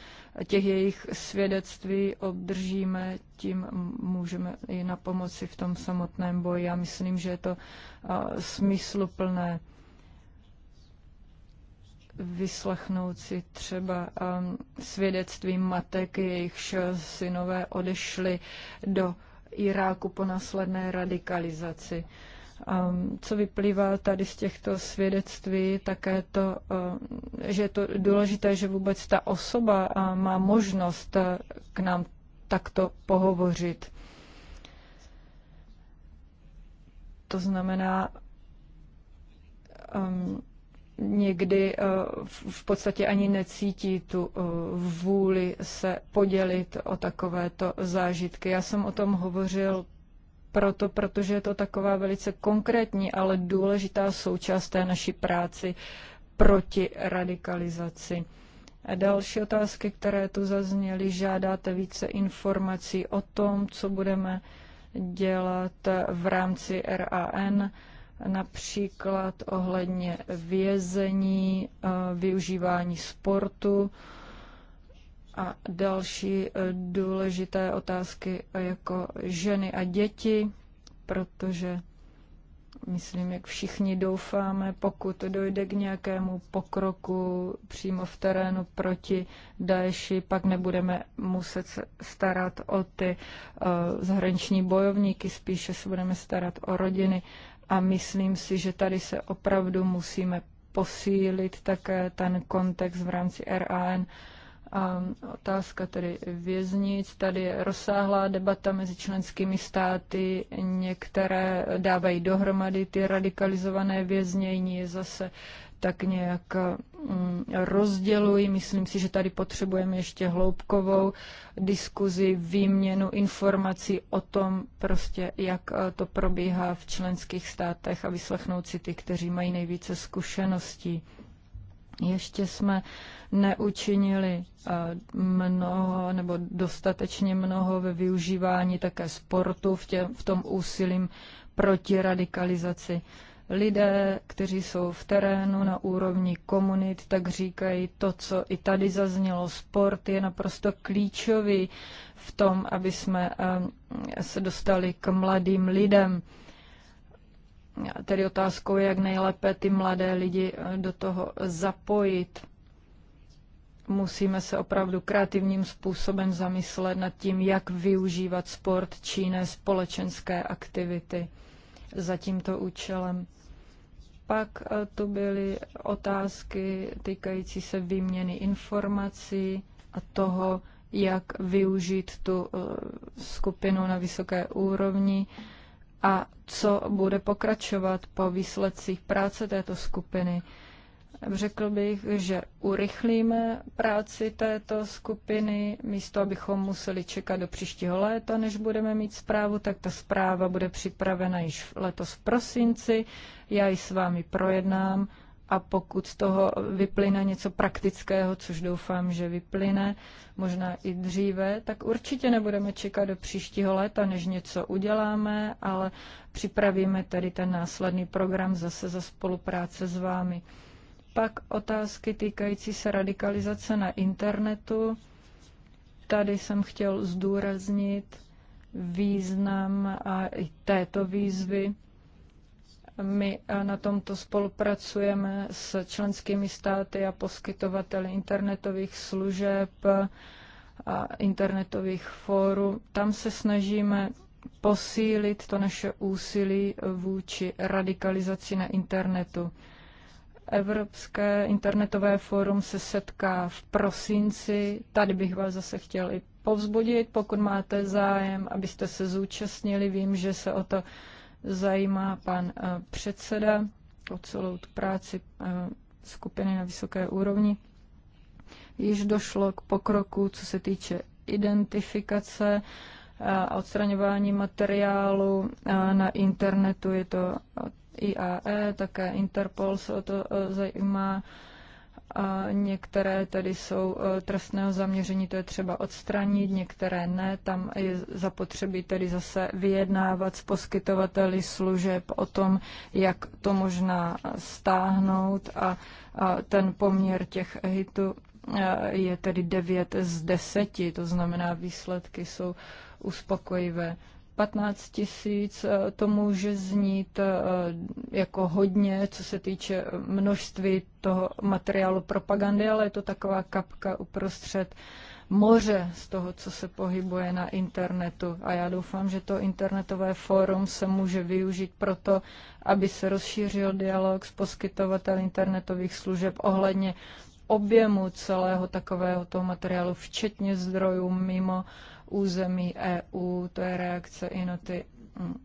těch jejich svědectví obdržíme, tím můžeme i na pomoci v tom samotném boji. Já myslím, že je to smysluplné vyslechnout si třeba um, svědectví matek, jejichž synové odešli do Iráku po následné radikalizaci co vyplývá tady z těchto svědectví, také to, eh, že je to důležité, že vůbec ta osoba eh, má možnost eh, k nám takto pohovořit. To znamená, ehm, někdy v podstatě ani necítí tu vůli se podělit o takovéto zážitky. Já jsem o tom hovořil proto, protože je to taková velice konkrétní, ale důležitá součást té naší práci proti radikalizaci. A další otázky, které tu zazněly, žádáte více informací o tom, co budeme dělat v rámci RAN, například ohledně vězení, eh, využívání sportu, a další eh, důležité otázky eh, jako ženy a děti, protože myslím, jak všichni doufáme, pokud dojde k nějakému pokroku přímo v terénu proti Daeši, pak nebudeme muset starat o ty eh, zahraniční bojovníky, spíše se budeme starat o rodiny. A myslím si, že tady se opravdu musíme posílit také ten kontext v rámci RAN, a otázka tedy věznic. Tady je rozsáhlá debata mezi členskými státy. Některé dávají dohromady ty radikalizované věznění, je zase tak nějak mm, rozdělují. Myslím si, že tady potřebujeme ještě hloubkovou diskuzi, výměnu informací o tom, prostě, jak eh, to probíhá v členských státech a vyslechnout si ty, kteří mají nejvíce zkušeností. Ještě jsme neučinili eh, mnoho nebo dostatečně mnoho ve využívání také sportu v, tě, v tom úsilím proti radikalizaci. Lidé, kteří jsou v terénu na úrovni komunit, tak říkají to, co i tady zaznělo. Sport je naprosto klíčový v tom, aby jsme eh, se dostali k mladým lidem tedy otázkou je, jak nejlépe ty mladé lidi eh, do toho zapojit. Musíme se opravdu kreativním způsobem zamyslet nad tím, jak využívat sport či jiné společenské aktivity za tímto účelem. Pak eh, tu byly otázky týkající se výměny informací a toho, jak využít tu eh, skupinu na vysoké úrovni a co bude pokračovat po výsledcích práce této skupiny. Řekl bych, že urychlíme práci této skupiny, místo abychom museli čekat do příštího léta, než budeme mít zprávu, tak ta zpráva bude připravena již letos v prosinci. Já ji s vámi projednám a pokud z toho vyplyne něco praktického, což doufám, že vyplyne, možná i dříve, tak určitě nebudeme čekat do příštího léta, než něco uděláme, ale připravíme tady ten následný program zase za spolupráce s vámi. Pak otázky týkající se radikalizace na internetu. Tady jsem chtěl zdůraznit význam a i této výzvy my eh, na tomto spolupracujeme s členskými státy a poskytovateli internetových služeb a internetových fórů. Tam se snažíme posílit to naše úsilí vůči radikalizaci na internetu. Evropské internetové fórum se setká v prosinci. Tady bych vás zase chtěl i povzbudit, pokud máte zájem, abyste se zúčastnili. Vím, že se o to zajímá pan eh, předseda o celou tu práci eh, skupiny na vysoké úrovni. Již došlo k pokroku, co se týče identifikace eh, a odstraňování materiálu na internetu. Je to IAE, také Interpol se o to zajímá. A některé tedy jsou e, trestného zaměření, to je třeba odstranit, některé ne. Tam je zapotřebí tedy zase vyjednávat s poskytovateli služeb o tom, jak to možná stáhnout a, a ten poměr těch hitů e, je tedy 9 z 10, to znamená výsledky jsou uspokojivé. 15 tisíc, eh, to může znít eh, jako hodně, co se týče eh, množství toho materiálu propagandy, ale je to taková kapka uprostřed moře z toho, co se pohybuje na internetu. A já doufám, že to internetové fórum se může využít proto, aby se rozšířil dialog s poskytovateli internetových služeb ohledně objemu celého takového toho materiálu, včetně zdrojů mimo uh, území EU. To je reakce i na ty mm,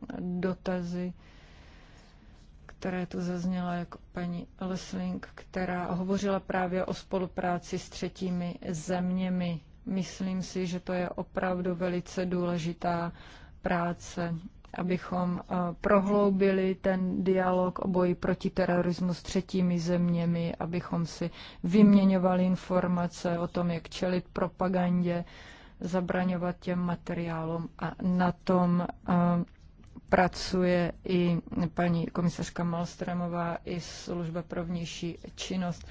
dotazy, které tu zazněla jako paní Lesling, která hovořila právě o spolupráci s třetími zeměmi. Myslím si, že to je opravdu velice důležitá práce abychom eh, prohloubili ten dialog o boji proti terorismu s třetími zeměmi, abychom si vyměňovali informace o tom, jak čelit propagandě zabraňovat těm materiálům a na tom eh, pracuje i paní komisařka Malstromová, i služba pro vnější činnost.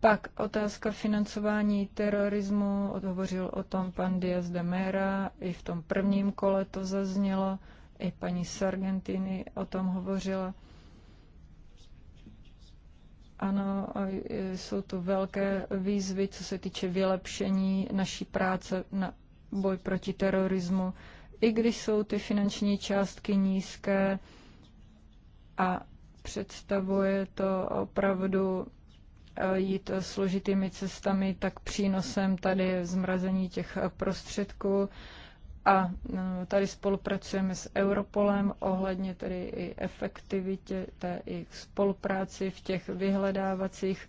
Pak otázka financování terorismu, odhovořil o tom pan Diaz de Mera, i v tom prvním kole to zaznělo, i paní Sargentini o tom hovořila. Ano, jsou to velké výzvy, co se týče vylepšení naší práce na boj proti terorismu. I když jsou ty finanční částky nízké a představuje to opravdu eh, jít složitými cestami, tak přínosem tady je zmrazení těch prostředků a e, tady spolupracujeme s Europolem ohledně tedy i efektivitě té i spolupráci v těch vyhledávacích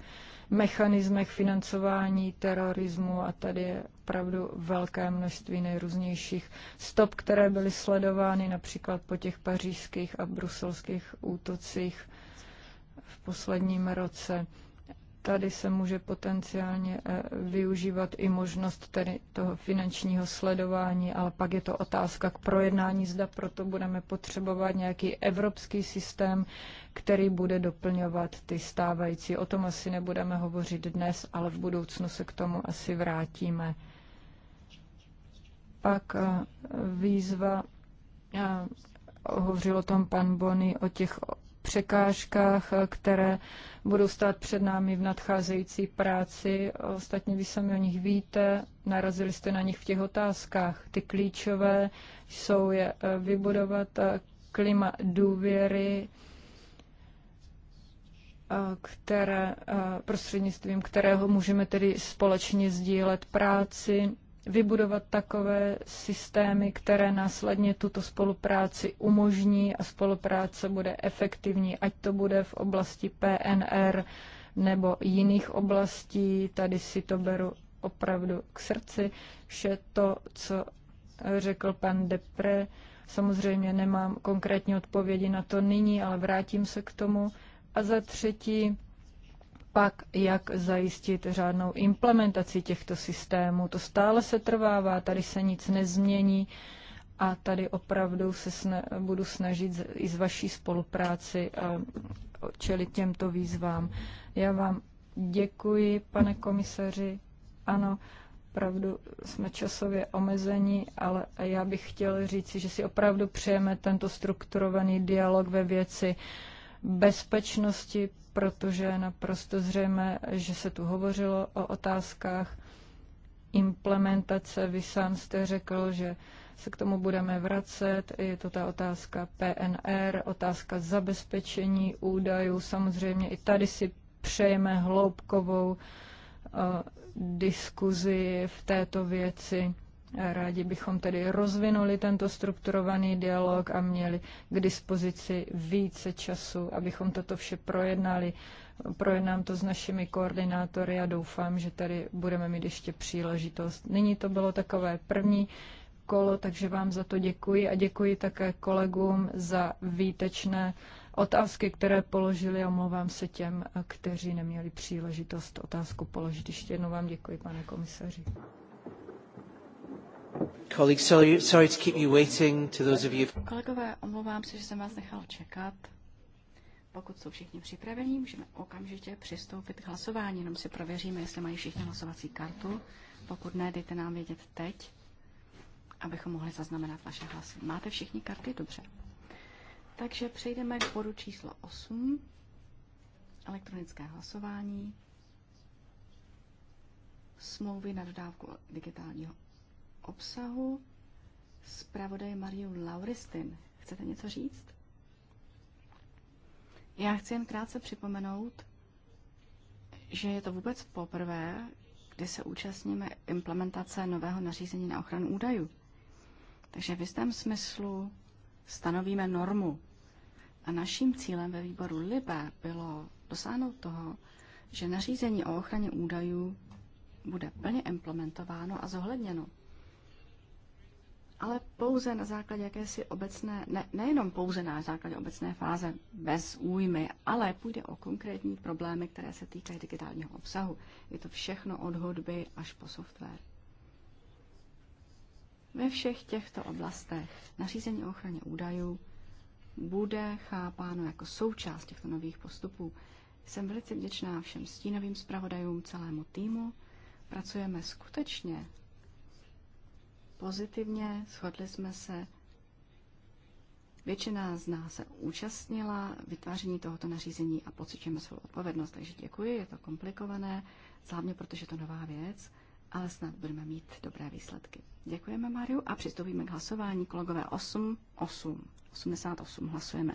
mechanismech financování terorismu a tady je opravdu velké množství nejrůznějších stop, které byly sledovány například po těch pařížských a bruselských útocích v posledním roce tady se může potenciálně eh, využívat i možnost tedy toho finančního sledování, ale pak je to otázka k projednání, zda proto budeme potřebovat nějaký evropský systém, který bude doplňovat ty stávající. O tom asi nebudeme hovořit dnes, ale v budoucnu se k tomu asi vrátíme. Pak eh, výzva eh, hovořil o tom pan Bony, o těch překážkách, které budou stát před námi v nadcházející práci. Ostatně vy sami o nich víte, narazili jste na nich v těch otázkách. Ty klíčové jsou je eh, vybudovat eh, klima důvěry, eh, které, prostřednictvím kterého můžeme tedy společně sdílet práci, vybudovat takové systémy, které následně tuto spolupráci umožní a spolupráce bude efektivní, ať to bude v oblasti PNR nebo jiných oblastí. Tady si to beru opravdu k srdci. Vše to, co řekl pan Depre, samozřejmě nemám konkrétní odpovědi na to nyní, ale vrátím se k tomu. A za třetí, pak jak zajistit řádnou implementaci těchto systémů. To stále se trvává, tady se nic nezmění a tady opravdu se sna- budu snažit z- i z vaší spolupráci eh, čelit těmto výzvám. Já vám děkuji, pane komisaři. Ano, opravdu jsme časově omezení, ale já bych chtěl říci, že si opravdu přejeme tento strukturovaný dialog ve věci uh, bezpečnosti, protože je naprosto zřejmé, že se tu hovořilo o otázkách implementace. Vy sám jste řekl, že se k tomu budeme vracet. Je to ta otázka PNR, otázka zabezpečení údajů. Samozřejmě i tady si přejeme hloubkovou uh, diskuzi v této věci. Rádi bychom tedy rozvinuli tento strukturovaný dialog a měli k dispozici více času, abychom toto vše projednali. Projednám to s našimi koordinátory a doufám, že tady budeme mít ještě příležitost. Nyní to bylo takové první kolo, takže vám za to děkuji a děkuji také kolegům za výtečné otázky, které položili. Omlouvám se těm, kteří neměli příležitost otázku položit. Ještě jednou vám děkuji, pane komisaři. Colleagues, sorry, sorry to keep you waiting to those of you. Kolegové, omlouvám se, že jsem vás nechal čekat. Pokud jsou všichni připraveni, můžeme okamžitě přistoupit k hlasování. Jenom si prověříme, jestli mají všichni hlasovací kartu. Pokud ne, dejte nám vědět teď, abychom mohli zaznamenat vaše hlasy. Máte všichni karty? Dobře. Takže přejdeme k bodu číslo 8, elektronické hlasování, smlouvy na dodávku digitálního obsahu. Zpravodaj Mariu Lauristin. Chcete něco říct? Já chci jen krátce připomenout, že je to vůbec poprvé, kdy se účastníme implementace nového nařízení na ochranu údajů. Takže v jistém smyslu stanovíme normu. A naším cílem ve výboru LIBE bylo dosáhnout toho, že nařízení o ochraně údajů bude plně implementováno a zohledněno ale pouze na základě jakési obecné, ne, nejenom pouze na základě obecné fáze bez újmy, ale půjde o konkrétní problémy, které se týkají digitálního obsahu. Je to všechno od hudby až po software. Ve všech těchto oblastech nařízení o ochraně údajů bude chápáno jako součást těchto nových postupů. Jsem velice vděčná všem stínovým zpravodajům, celému týmu. Pracujeme skutečně pozitivně, shodli jsme se. Většina z nás se účastnila vytváření tohoto nařízení a pocitujeme svou odpovědnost, takže děkuji, je to komplikované, hlavně protože je to nová věc, ale snad budeme mít dobré výsledky. Děkujeme, Mariu, a přistoupíme k hlasování. Kolegové 8, 8, 88 hlasujeme.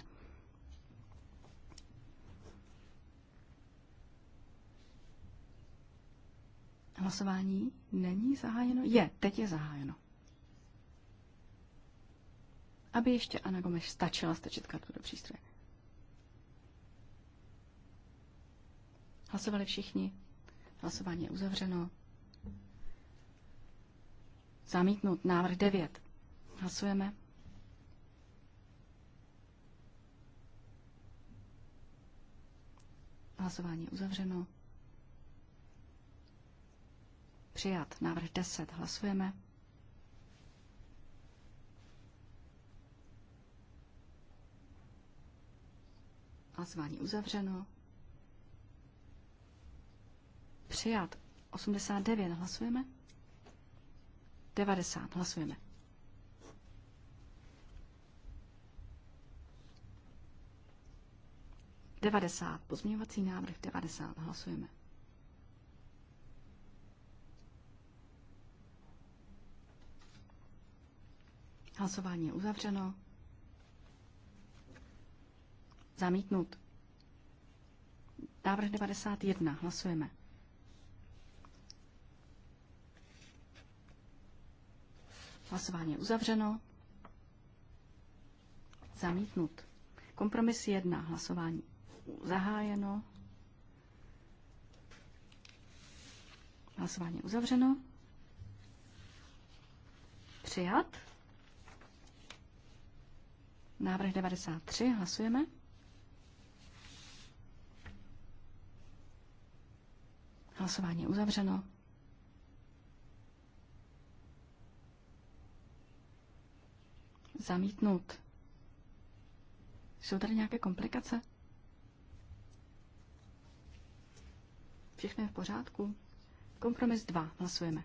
Hlasování není zahájeno? Je, teď je zahájeno aby ještě Ana Gomeš stačila stačit kartu do přístroje. Hlasovali všichni. Hlasování je uzavřeno. Zamítnout návrh 9. Hlasujeme. Hlasování je uzavřeno. Přijat návrh 10. Hlasujeme. Hlasování uzavřeno. Přijat. 89 hlasujeme. 90 hlasujeme. Devadesát. Pozměňovací návrh devadesát Hlasujeme. Hlasování je uzavřeno. Zamítnut. Návrh 91. Hlasujeme. Hlasování je uzavřeno. Zamítnut. Kompromis 1. Hlasování zahájeno. Hlasování uzavřeno. Přijat. Návrh 93. Hlasujeme. Hlasování je uzavřeno. Zamítnut. Jsou tady nějaké komplikace? Všechno je v pořádku. Kompromis 2. Hlasujeme.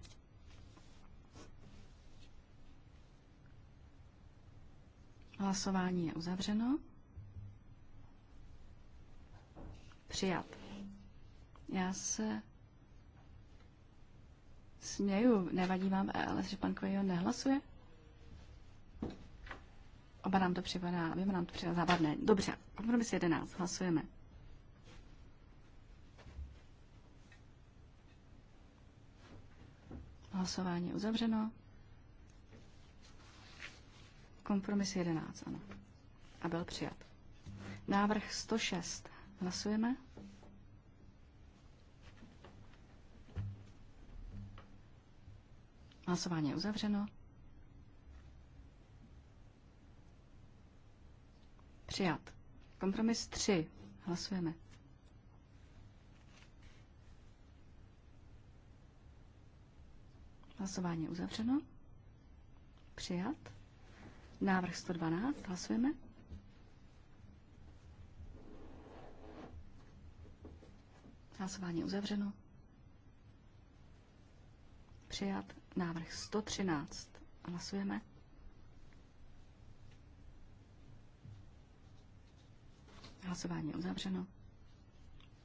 Hlasování je uzavřeno. Přijat. Já se směju. Nevadí vám ELS, že pan Kvejo nehlasuje? Oba nám to připadá, vím nám to připadá zábavné. Dobře, kompromis 11, hlasujeme. Hlasování uzavřeno. Kompromis 11, ano. A byl přijat. Návrh 106. Hlasujeme. Hlasování je uzavřeno. Přijat. Kompromis 3. Hlasujeme. Hlasování je uzavřeno. Přijat. Návrh 112. Hlasujeme. Hlasování je uzavřeno. Přijat. Návrh 113. Hlasujeme. Hlasování je uzavřeno.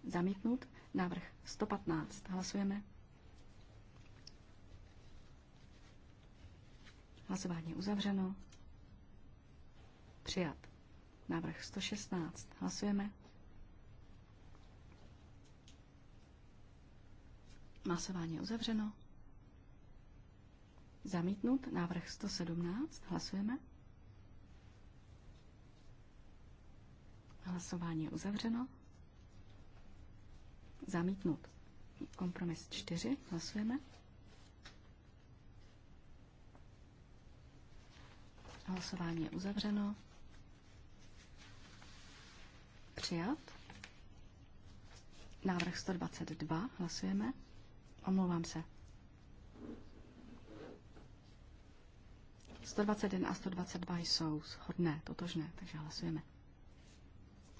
Zamítnut. Návrh 115. Hlasujeme. Hlasování je uzavřeno. Přijat. Návrh 116. Hlasujeme. Hlasování je uzavřeno. Zamítnut návrh 117. Hlasujeme. Hlasování je uzavřeno. Zamítnut kompromis 4. Hlasujeme. Hlasování je uzavřeno. Přijat. Návrh 122. Hlasujeme. Omlouvám se. 121 a 122 jsou shodné, totožné, takže hlasujeme.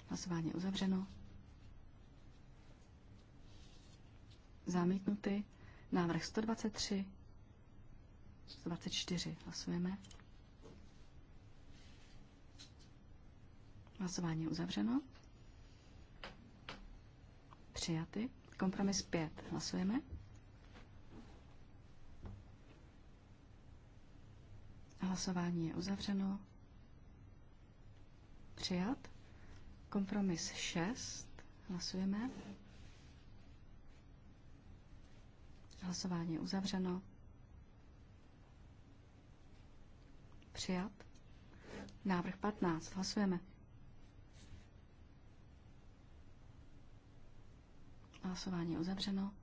Hlasování je uzavřeno. Zamítnuty. Návrh 123. 124. Hlasujeme. Hlasování je uzavřeno. Přijaty. Kompromis 5. Hlasujeme. Hlasování je uzavřeno. Přijat. Kompromis 6. Hlasujeme. Hlasování je uzavřeno. Přijat. Návrh 15. Hlasujeme. Hlasování je uzavřeno.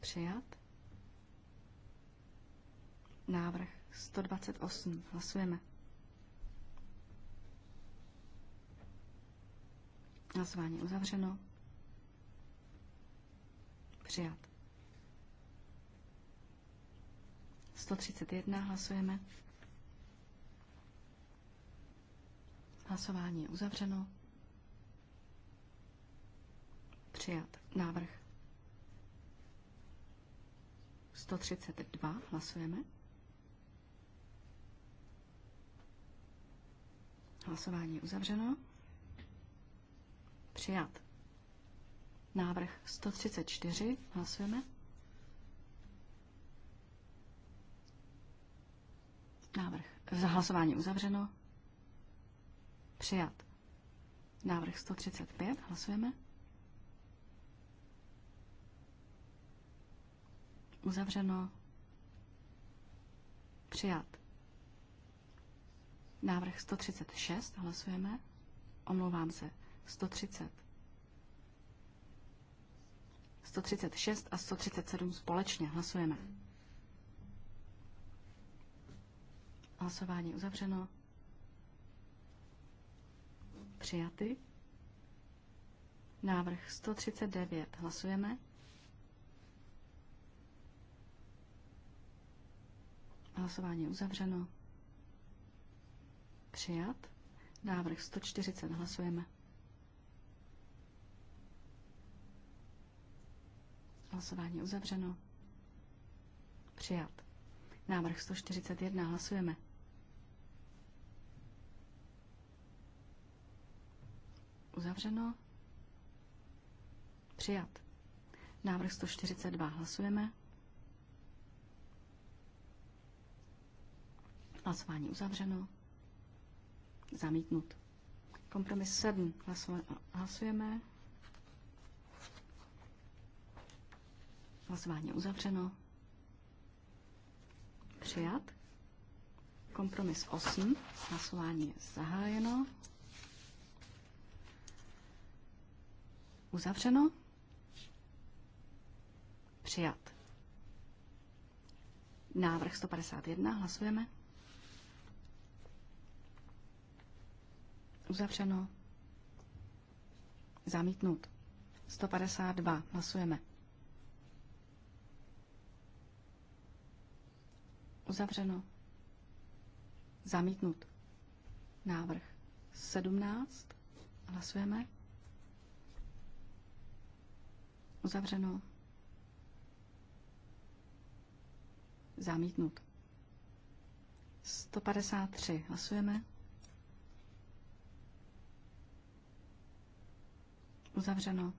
Přijat. Návrh 128. Hlasujeme. Hlasování uzavřeno. Přijat. 131 hlasujeme. Hlasování je uzavřeno. Přijat návrh. 132 hlasujeme. Hlasování je uzavřeno. Přijat. Návrh 134. Hlasujeme. Návrh. Za Hlasování uzavřeno. Přijat. Návrh 135. Eh, Hlasujeme. Uzavřeno. Přijat. Návrh 136, hlasujeme. Omlouvám se, 130. 136 a 137 společně hlasujeme. Hlasování uzavřeno. Přijaty. Návrh 139 hlasujeme. Hlasování uzavřeno. Přijat. Návrh 140. Hlasujeme. Hlasování uzavřeno. Přijat. Návrh 141. Hlasujeme. Uzavřeno. Přijat. Návrh 142. Hlasujeme. Hlasování uzavřeno. Zamítnut. Kompromis 7. Hlasujeme. Hlasování uzavřeno. Přijat. Kompromis 8. Hlasování zahájeno. Uzavřeno. Přijat. Návrh 151. Hlasujeme. Uzavřeno. Zamítnut. 152. Hlasujeme. Uzavřeno. Zamítnut. Návrh 17. Hlasujeme. Uzavřeno. Zamítnut. 153. Hlasujeme. Uzavřeno.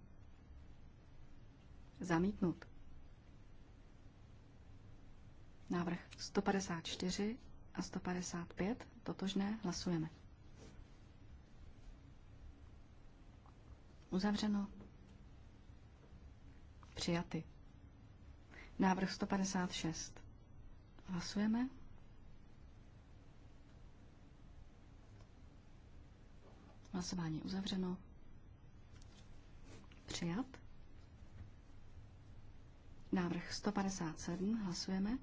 Zamítnut. Návrh 154 a 155, totožné, hlasujeme. Uzavřeno. Přijaty. Návrh 156. Hlasujeme. Hlasování uzavřeno. Přijat. Návrh 157. Hlasujeme.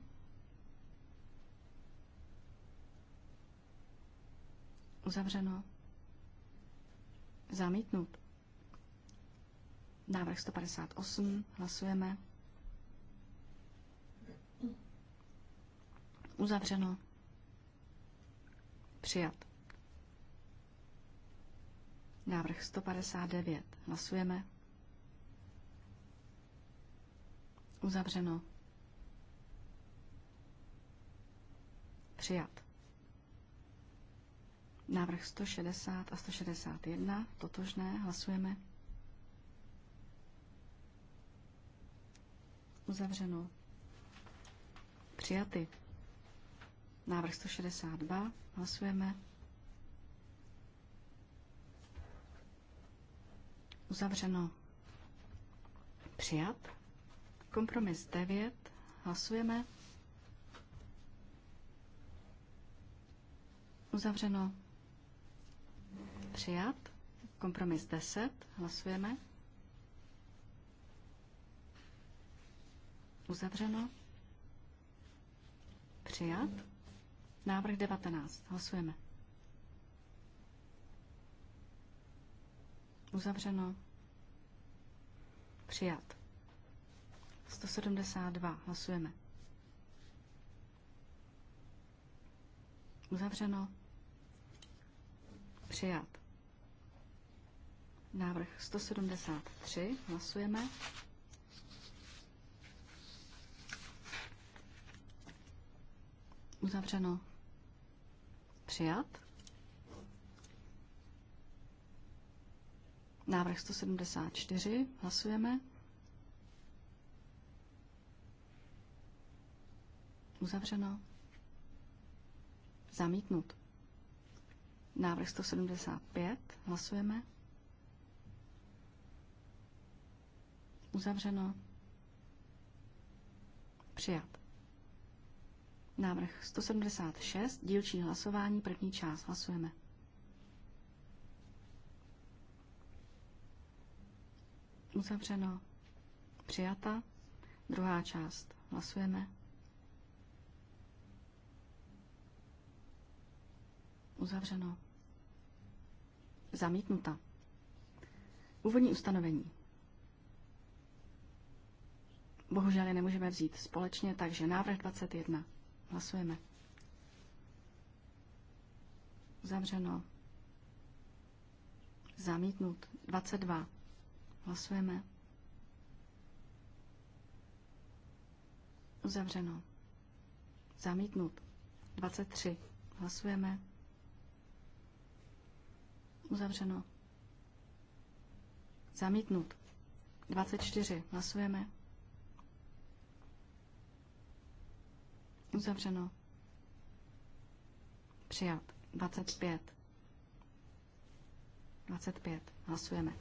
Uzavřeno. Zamítnut. Návrh 158. Hlasujeme. Uzavřeno. Přijat. Návrh 159. Hlasujeme. Uzavřeno. Přijat. Návrh 160 a 161, totožné, hlasujeme. Uzavřeno. Přijaty. Návrh 162, hlasujeme. Uzavřeno. Přijat. Kompromis 9. Hlasujeme. Uzavřeno. Přijat. Kompromis 10. Hlasujeme. Uzavřeno. Přijat. Návrh 19. Hlasujeme. Uzavřeno. Přijat. 172. Hlasujeme. Uzavřeno. Přijat. Návrh 173. Hlasujeme. Uzavřeno. Přijat. Návrh 174. Hlasujeme. Uzavřeno. Zamítnut. Návrh 175. Hlasujeme. Uzavřeno. Přijat. Návrh 176. Dílčí hlasování. První část. Hlasujeme. Uzavřeno. Přijata. Druhá část. Hlasujeme. Uzavřeno. Zamítnuta. Úvodní ustanovení. Bohužel je nemůžeme vzít společně, takže návrh 21. Hlasujeme. Zavřeno. Zamítnut. 22. Hlasujeme. Uzavřeno. Zamítnut. 23. Hlasujeme. Uzavřeno. Zamítnut. 24. Hlasujeme. Uzavřeno. Přijat. 25. 25. Hlasujeme.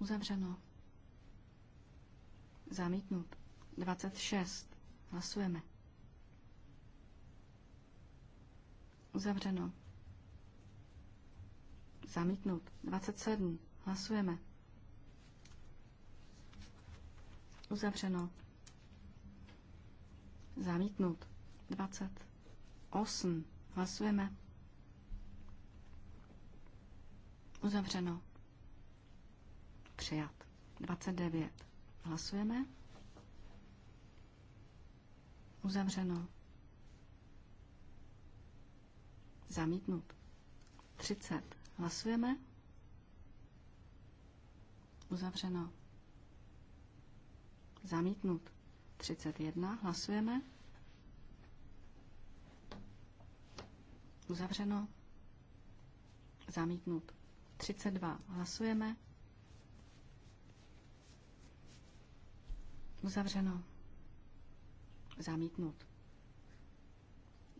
Uzavřeno. Zamítnut. 26. Hlasujeme. Uzavřeno. Zamítnout. 27. Hlasujeme. Uzavřeno. Zamítnout. 28. Hlasujeme. Uzavřeno. Přijat. 29. Hlasujeme. Uzavřeno. Zamítnut. 30. Hlasujeme. Uzavřeno. Zamítnut. 31. Hlasujeme. Uzavřeno. Zamítnut. 32. Hlasujeme. Uzavřeno. Zamítnut.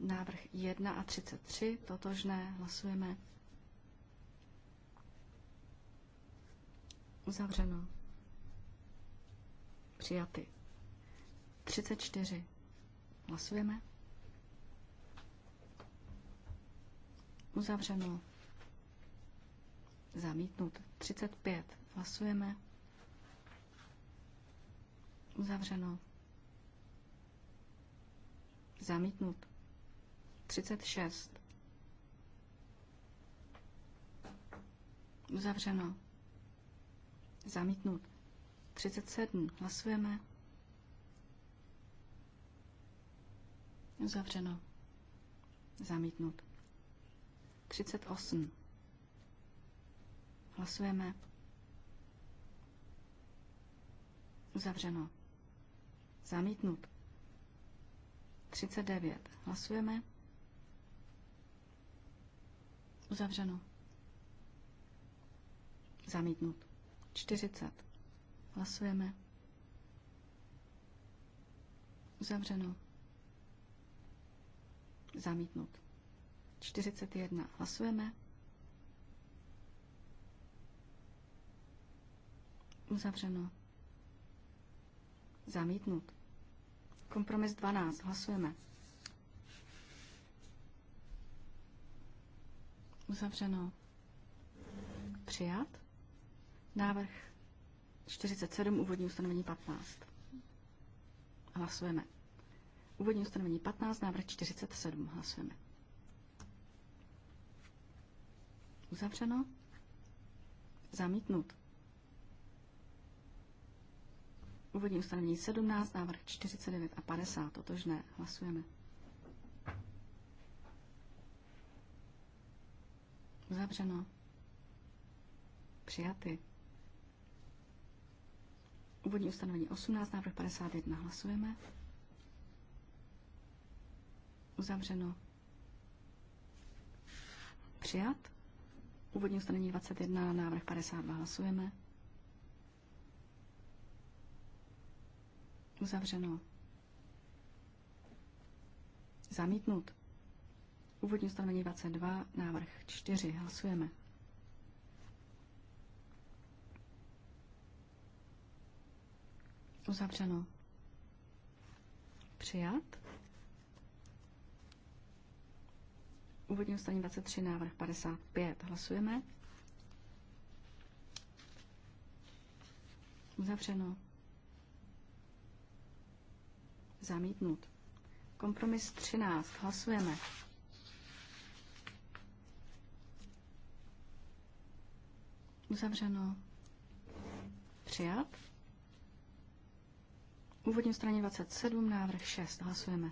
Návrh 1 a 33, totožné, hlasujeme. Uzavřeno. Přijaty. 34. Hlasujeme. Uzavřeno. Zamítnut. 35. Hlasujeme. Uzavřeno. Zamítnut. 36. Uzavřeno. Zamítnut. 37. Hlasujeme. Uzavřeno. Zamítnut. 38. Hlasujeme. Uzavřeno. Zamítnut. 39. Hlasujeme. Uzavřeno. Zamítnut. 40. Hlasujeme. Uzavřeno. Zamítnut. 41. Hlasujeme. Uzavřeno. Zamítnut. Kompromis 12. Hlasujeme. Uzavřeno. Přijat. Návrh 47, úvodní ustanovení 15. Hlasujeme. Úvodní ustanovení 15, návrh 47. Hlasujeme. Uzavřeno. Zamítnut. Úvodní ustanovení 17, návrh 49 a 50. Totožné. Hlasujeme. Uzavřeno. Přijaty. Úvodní ustanovení 18, návrh 51. Hlasujeme. Uzavřeno. Přijat. Úvodní ustanovení 21, návrh 52. Hlasujeme. Uzavřeno. Zamítnut. Úvodní ustanovení 22, návrh 4. Hlasujeme. Uzavřeno. Přijat. Úvodní ustanovení 23, návrh 55. Hlasujeme. Uzavřeno. Zamítnut. Kompromis 13. Hlasujeme. Uzavřeno. Přijat. Úvodní straně 27, návrh 6. Hlasujeme.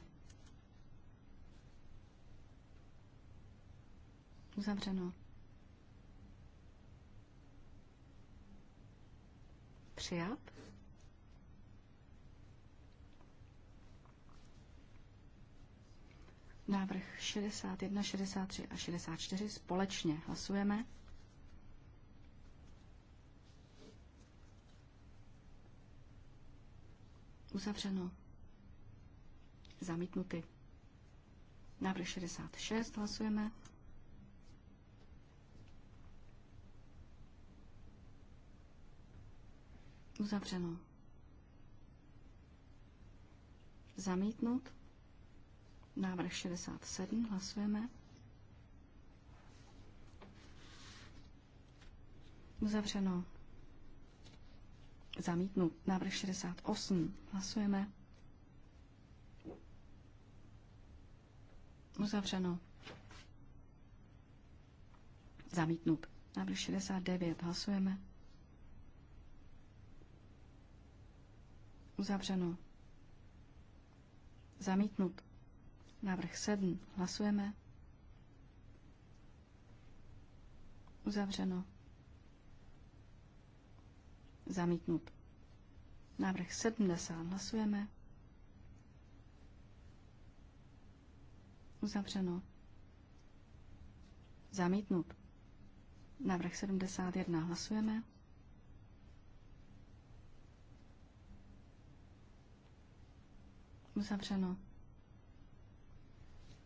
Uzavřeno. Přijat. Návrh 61, 63 a 64 společně hlasujeme. Uzavřeno. Zamítnuty. Návrh 66 hlasujeme. Uzavřeno. Zamítnut. Návrh 67 hlasujeme. Uzavřeno. Zamítnut. Návrh 68. Hlasujeme. Uzavřeno. Zamítnut. Návrh 69. Hlasujeme. Uzavřeno. Zamítnut. Návrh 7. Hlasujeme. Uzavřeno. Zamítnut. Návrh 70. Hlasujeme. Uzavřeno. Zamítnut. Návrh 71. Hlasujeme. Uzavřeno.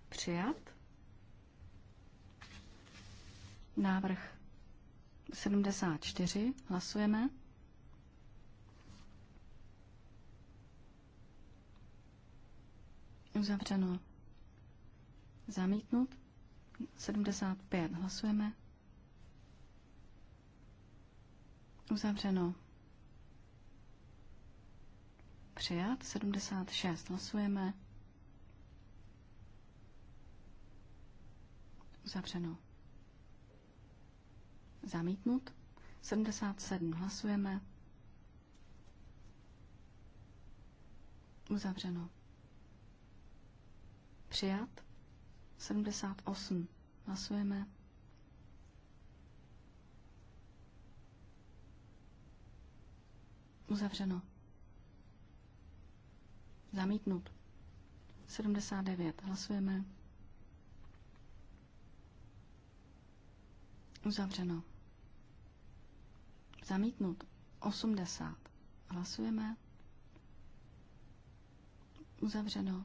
Přijat. Návrh 74. Hlasujeme. Uzavřeno. Zamítnut. 75. Hlasujeme. Uzavřeno. Přijat. 76. Hlasujeme. Uzavřeno. Zamítnut. 77. Hlasujeme. Uzavřeno. Přijat. 78. Hlasujeme. Uzavřeno. Zamítnut. 79. Hlasujeme. Uzavřeno. Zamítnut. 80. Hlasujeme. Uzavřeno.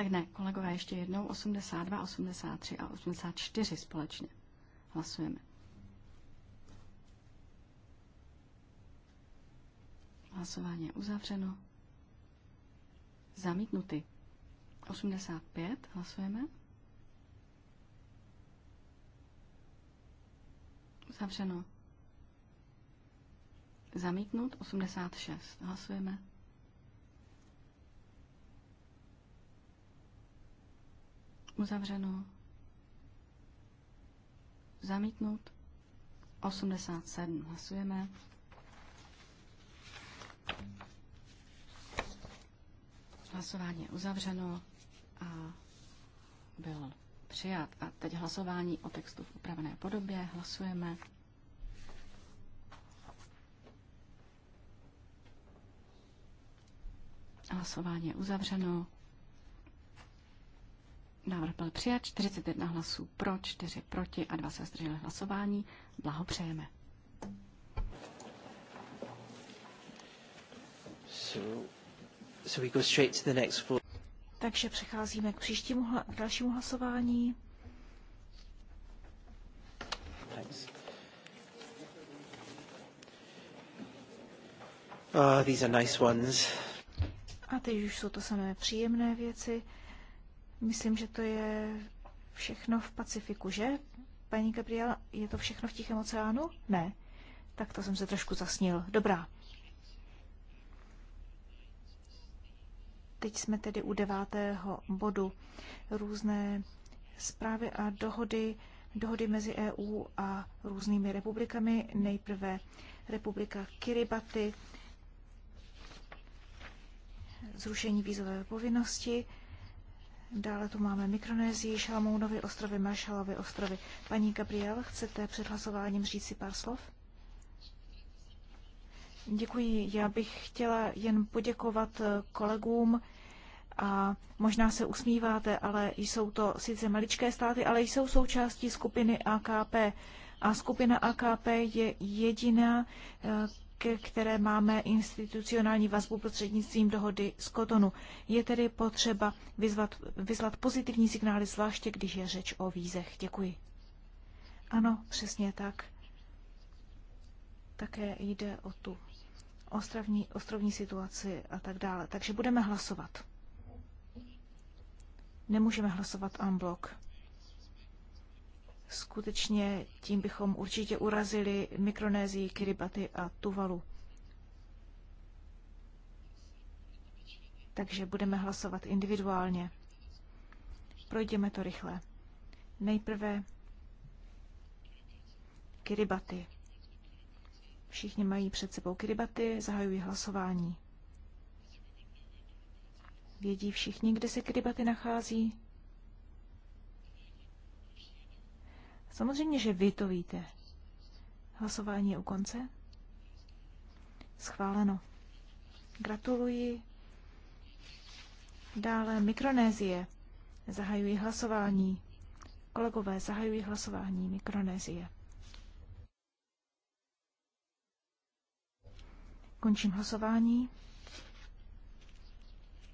Tak ne, kolegové, ještě jednou 82, 83 a 84 společně. Hlasujeme. Hlasování je uzavřeno. Zamítnuty. 85 hlasujeme. Uzavřeno. Zamítnut 86. Hlasujeme. Uzavřeno. Zamítnut. 87. Hlasujeme. Hlasování je uzavřeno a byl přijat. A teď hlasování o textu v upravené podobě. Hlasujeme. Hlasování je uzavřeno. Návrh byl přijat, 41 hlasů pro, 4 proti a 2 se zdrželi hlasování. Blahopřejeme. So, so we go straight to the next floor. Takže přecházíme k příštímu k dalšímu hlasování. Thanks. Ah, these are nice ones. A teď už jsou to samé příjemné věci. Myslím, že to je všechno v Pacifiku, že? Paní Gabriela, je to všechno v Tichém oceánu? Ne. Tak to jsem se trošku zasnil. Dobrá. Teď jsme tedy u devátého bodu. Různé zprávy a dohody, dohody mezi EU a různými republikami. Nejprve republika Kiribati, zrušení vízové povinnosti, Dále tu máme Mikronézii, Šalamounovy ostrovy, Maršalovy ostrovy. Paní Gabriel, chcete před hlasováním říct si pár slov? Děkuji. Já bych chtěla jen poděkovat eh, kolegům a možná se usmíváte, ale jsou to sice maličké státy, ale jsou součástí skupiny AKP. A skupina AKP je jediná, eh, které máme institucionální vazbu prostřednictvím dohody z Kotonu. Je tedy potřeba vyzvat, vyslat pozitivní signály, zvláště když je řeč o vízech. Děkuji. Ano, přesně tak. Také jde o tu ostrovní, ostrovní situaci a tak dále. Takže budeme hlasovat. Nemůžeme hlasovat unblock. Skutečně tím bychom určitě urazili Mikronézii, Kiribati a Tuvalu. Takže budeme hlasovat individuálně. Projdeme to rychle. Nejprve Kiribati. Všichni mají před sebou Kiribati, zahajují hlasování. Vědí všichni, kde se Kiribati nachází? Samozřejmě, že vy to víte. Hlasování je u konce. Schváleno. Gratuluji. Dále Mikronézie. Zahajuji hlasování. Kolegové, zahajuji hlasování Mikronézie. Končím hlasování.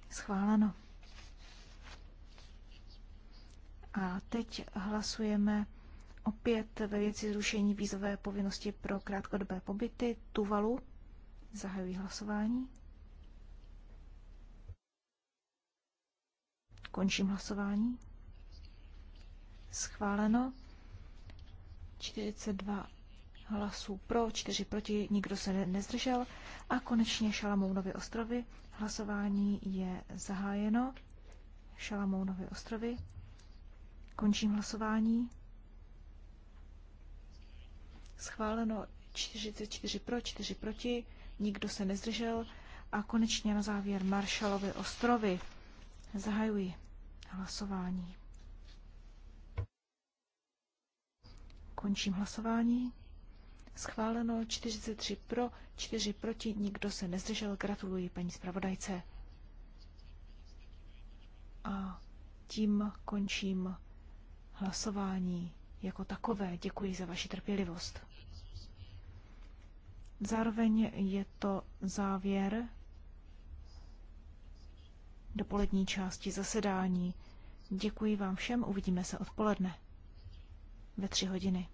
Schváleno. A teď hlasujeme Opět ve věci zrušení vízové povinnosti pro krátkodobé pobyty Tuvalu. Zahajuji hlasování. Končím hlasování. Schváleno. 42 hlasů pro, 4 proti, nikdo se nezdržel. A konečně Šalamounovy ostrovy. Hlasování je zahájeno. Šalamounovy ostrovy. Končím hlasování. Schváleno 44 pro, 4 proti, nikdo se nezdržel. A konečně na závěr Marshallovy ostrovy. Zahajuji hlasování. Končím hlasování. Schváleno 43 pro, 4 proti, nikdo se nezdržel. Gratuluji paní zpravodajce. A tím končím hlasování jako takové. Děkuji za vaši trpělivost. Zároveň je to závěr dopolední části zasedání. Děkuji vám všem, uvidíme se odpoledne ve tři hodiny.